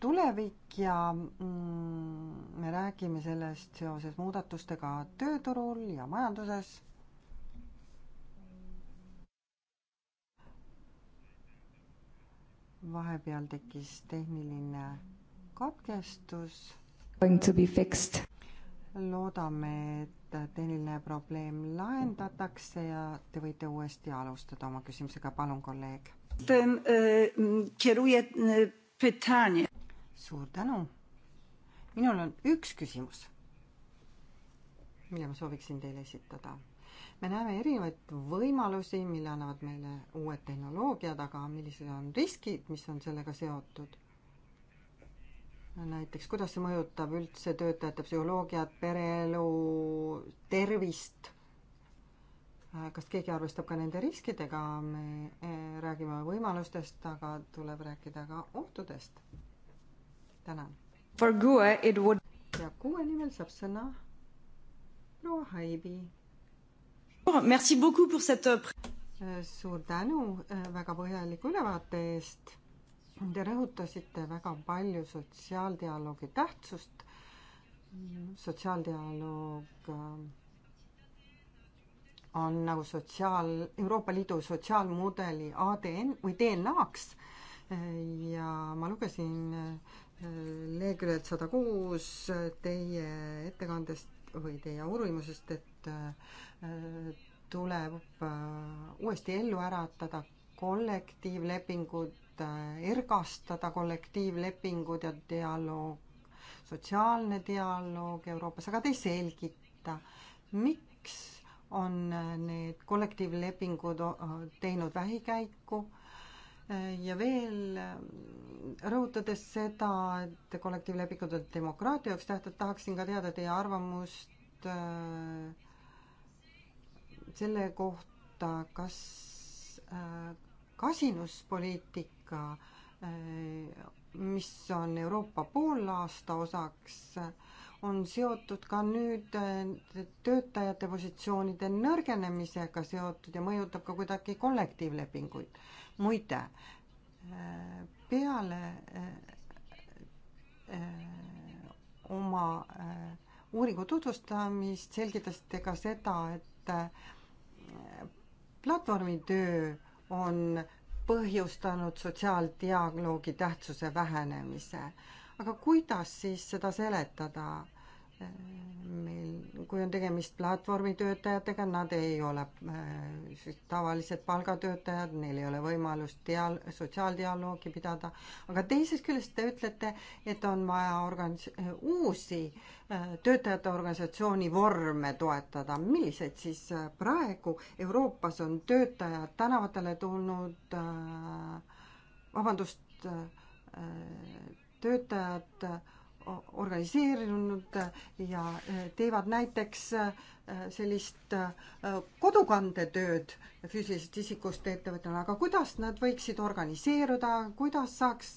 tulevik ja mm, me räägime sellest seoses muudatustega tööturul ja majanduses vahepeal tekkis tehniline katkestus. Going to be fixed. loodame, et tehniline probleem lahendatakse ja te võite uuesti alustada oma küsimusega, palun, kolleeg. E, e, suur tänu. minul on üks küsimus, mille ma sooviksin teile esitada me näeme erinevaid võimalusi, mille annavad meile uued tehnoloogiad, aga millised on riskid, mis on sellega seotud. näiteks, kuidas see mõjutab üldse töötajate psühholoogiat, pereelu, tervist. kas keegi arvestab ka nende riskidega, me eh, räägime võimalustest, aga tuleb rääkida ka ohtudest. tänan. ja kuue nimel saab sõna proua Haibi Oh, euh, äh, suur tänu äh, väga põhjaliku ülevaate eest. Te rõhutasite väga palju sotsiaaldialoogi tähtsust. sotsiaaldialoog äh, on nagu sotsiaal, Euroopa Liidu sotsiaalmudeli ADN või DNA-ks ja ma lugesin leheküljelt sada kuus teie ettekandest või teie uurimusest, et Äh, tuleb äh, uuesti ellu äratada kollektiivlepingud, äh, ergastada kollektiivlepingud ja dialoog, sotsiaalne dialoog Euroopas, aga te ei selgita, miks on need kollektiivlepingud teinud vähikäiku ja veel rõhutades seda, et kollektiivlepingud on demokraatia jaoks tähtsad, tahaksin ka teada teie arvamust äh, selle kohta, kas äh, kasinuspoliitika, äh, mis on Euroopa poolaasta osaks, on seotud ka nüüd äh, töötajate positsioonide nõrgenemisega seotud ja mõjutab ka kuidagi kollektiivlepinguid. muide, peale oma uuringu tutvustamist selgitasite ka seda, et platvormitöö on põhjustanud sotsiaaldialoogi tähtsuse vähenemise. aga kuidas siis seda seletada? meil, kui on tegemist platvormitöötajatega, nad ei ole äh, siis tavalised palgatöötajad, neil ei ole võimalust dial-, sotsiaaldialoogi pidada, aga teisest küljest te ütlete, et on vaja organis-, uusi äh, töötajate organisatsiooni vorme toetada, millised siis äh, praegu Euroopas on töötajad tänavatele tulnud, vabandust, töötajad organiseerinud ja eh, teevad näiteks eh, sellist eh, kodukandetööd füüsilisest isikust ettevõtjana, aga kuidas nad võiksid organiseeruda, kuidas saaks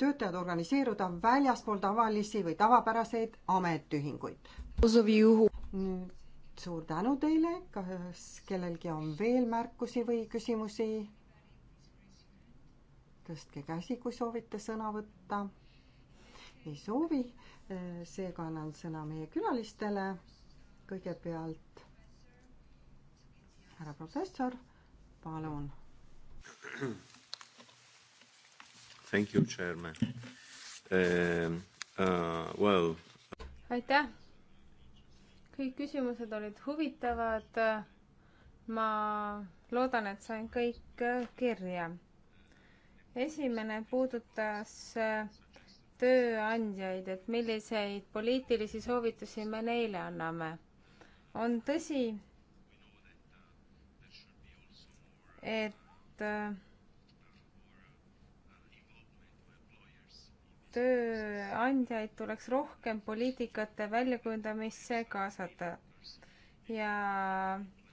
töötajad organiseeruda väljaspool tavalisi või tavapäraseid ametiühinguid? suur tänu teile, kas kellelgi on veel märkusi või küsimusi? tõstke käsi, kui soovite sõna võtta ei soovi. Äh, seega annan sõna meie külalistele. kõigepealt härra professor, palun. Thank you, chairman uh,. Uh, well. aitäh. kõik küsimused olid huvitavad. ma loodan, et sain kõik kirja. esimene puudutas uh, tööandjaid, et milliseid poliitilisi soovitusi me neile anname. on tõsi, et äh, tööandjaid tuleks rohkem poliitikate väljakujundamisse kaasata ja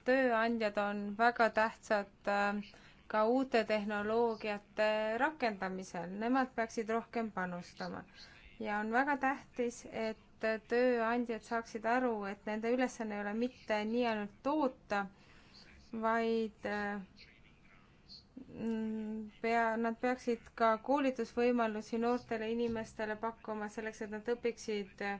tööandjad on väga tähtsad äh, ka uute tehnoloogiate rakendamisel, nemad peaksid rohkem panustama. ja on väga tähtis, et tööandjad saaksid aru, et nende ülesanne ei ole mitte nii ainult toota, vaid mm, pea, nad peaksid ka koolitusvõimalusi noortele inimestele pakkuma selleks, et nad õpiksid eh,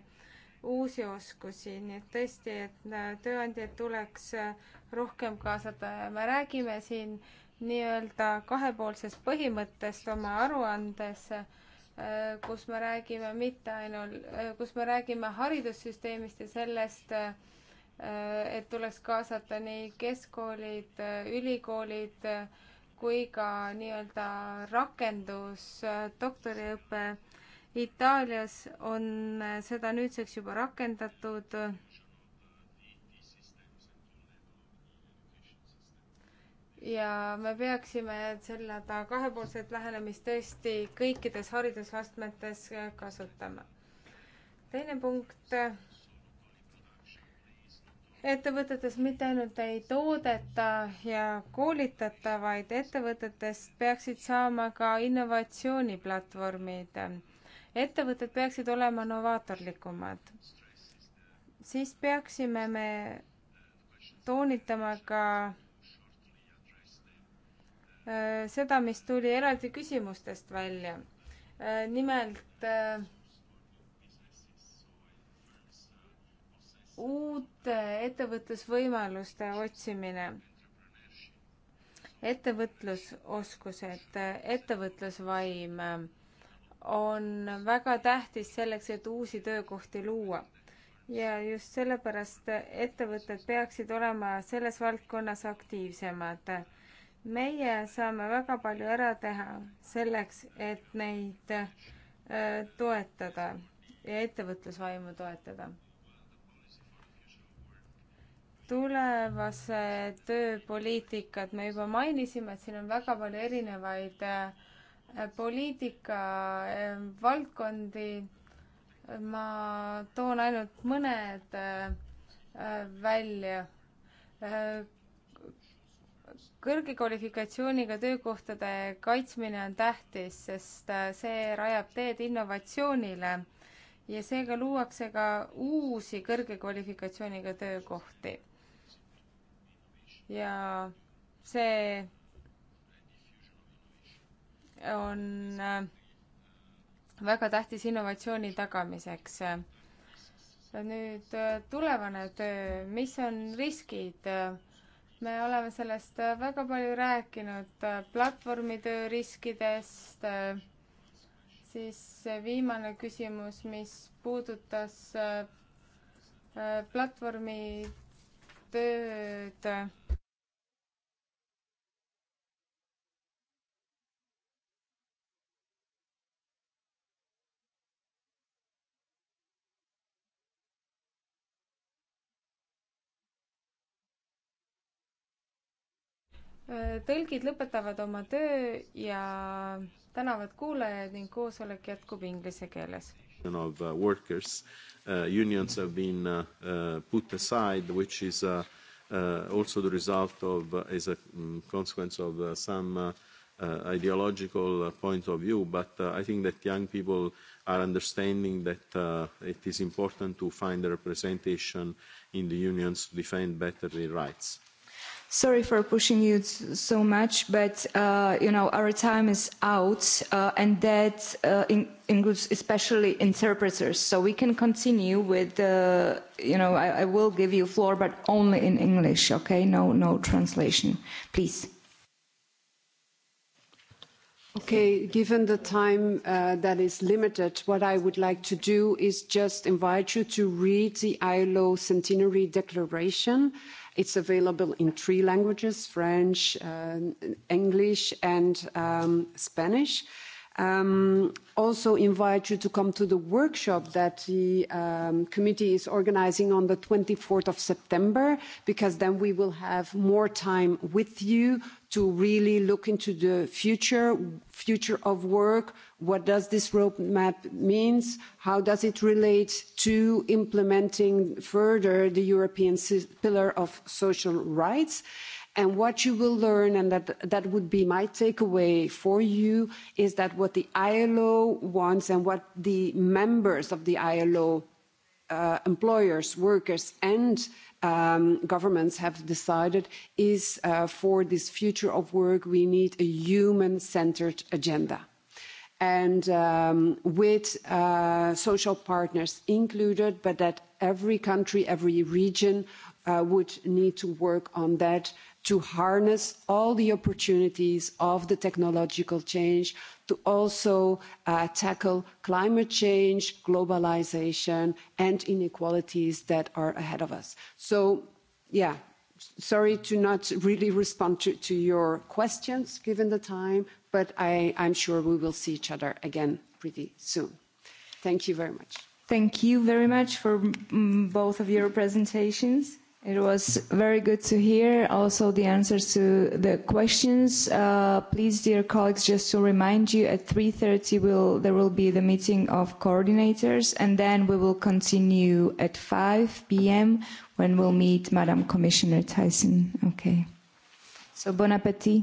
uusi oskusi, nii et tõesti, et eh, tööandjaid tuleks eh, rohkem kaasata ja me räägime siin äh, nii-öelda kahepoolsest põhimõttest oma aruandes, äh, kus me räägime mitte ainult, äh, kus me räägime haridussüsteemist ja sellest, äh, et tuleks kaasata nii keskkoolid, ülikoolid kui ka nii-öelda rakendus, doktoriõpe. Itaalias on seda nüüdseks juba rakendatud ja me peaksime seda kahepoolset lähenemist tõesti kõikides haridusastmetes kasutama. teine punkt. ettevõtetes mitte ainult ei toodeta ja koolitata, vaid ettevõtetest peaksid saama ka innovatsiooniplatvormid. ettevõtted peaksid olema novaatorlikumad. siis peaksime me toonitama ka Äh, seda, mis tuli eraldi küsimustest välja. Äh, nimelt äh, uute ettevõtlusvõimaluste otsimine, ettevõtlusoskused, ettevõtlusvaim on väga tähtis selleks, et uusi töökohti luua. ja just sellepärast ettevõtted peaksid olema selles valdkonnas aktiivsemad meie saame väga palju ära teha selleks, et neid äh, toetada ja ettevõtlusvaimu toetada. tulevase tööpoliitikat me juba mainisime, et siin on väga palju erinevaid äh, poliitika äh, valdkondi. ma toon ainult mõned välja kõrge kvalifikatsiooniga töökohtade kaitsmine on tähtis, sest äh, see rajab teed innovatsioonile ja seega luuakse ka uusi kõrge kvalifikatsiooniga töökohti. ja see on äh, väga tähtis innovatsiooni tagamiseks nüüd äh, tulevane töö, mis on riskid me oleme sellest äh, väga palju rääkinud, äh, platvormitöö riskidest, äh, siis viimane küsimus, mis puudutas platvormitööd tõlgid lõpetavad oma töö ja tänavad kuulajaid ning koosolek jätkub inglise keeles. Of uh, workers uh, unions have been uh, uh, put aside, which is uh, uh, also the result of uh, is a um, consequence of uh, some uh, uh, ideological uh, point of view. But uh, I think that young people are understanding that uh, it is important to find a representation in the unions to defend better their rights sorry for pushing you so much, but uh, you know our time is out, uh, and that uh, in includes especially interpreters. So we can continue with the, uh, you know, I, I will give you floor, but only in English. Okay, no, no translation, please. Okay, given the time uh, that is limited, what I would like to do is just invite you to read the ILO Centenary Declaration It's available in three languages, French, uh, English, and um, Spanish. Um, also invite you to come to the workshop that the um, committee is organizing on the 24th of September, because then we will have more time with you to really look into the future, future of work, what does this roadmap mean? How does it relate to implementing further the European pillar of social rights? And what you will learn, and that, that would be my takeaway for you, is that what the ILO wants and what the members of the ILO, uh, employers, workers, and um, governments have decided is uh, for this future of work, we need a human-centered agenda and um, with uh, social partners included, but that every country, every region uh, would need to work on that to harness all the opportunities of the technological change, to also uh, tackle climate change, globalization, and inequalities that are ahead of us. So, yeah, sorry to not really respond to, to your questions given the time, but I, I'm sure we will see each other again pretty soon. Thank you very much. Thank you very much for um, both of your presentations. It was very good to hear also the answers to the questions. Uh, please, dear colleagues, just to remind you, at 3.30 we'll, there will be the meeting of coordinators, and then we will continue at 5 p.m. when we'll meet Madam Commissioner Tyson. Okay. So bon appétit.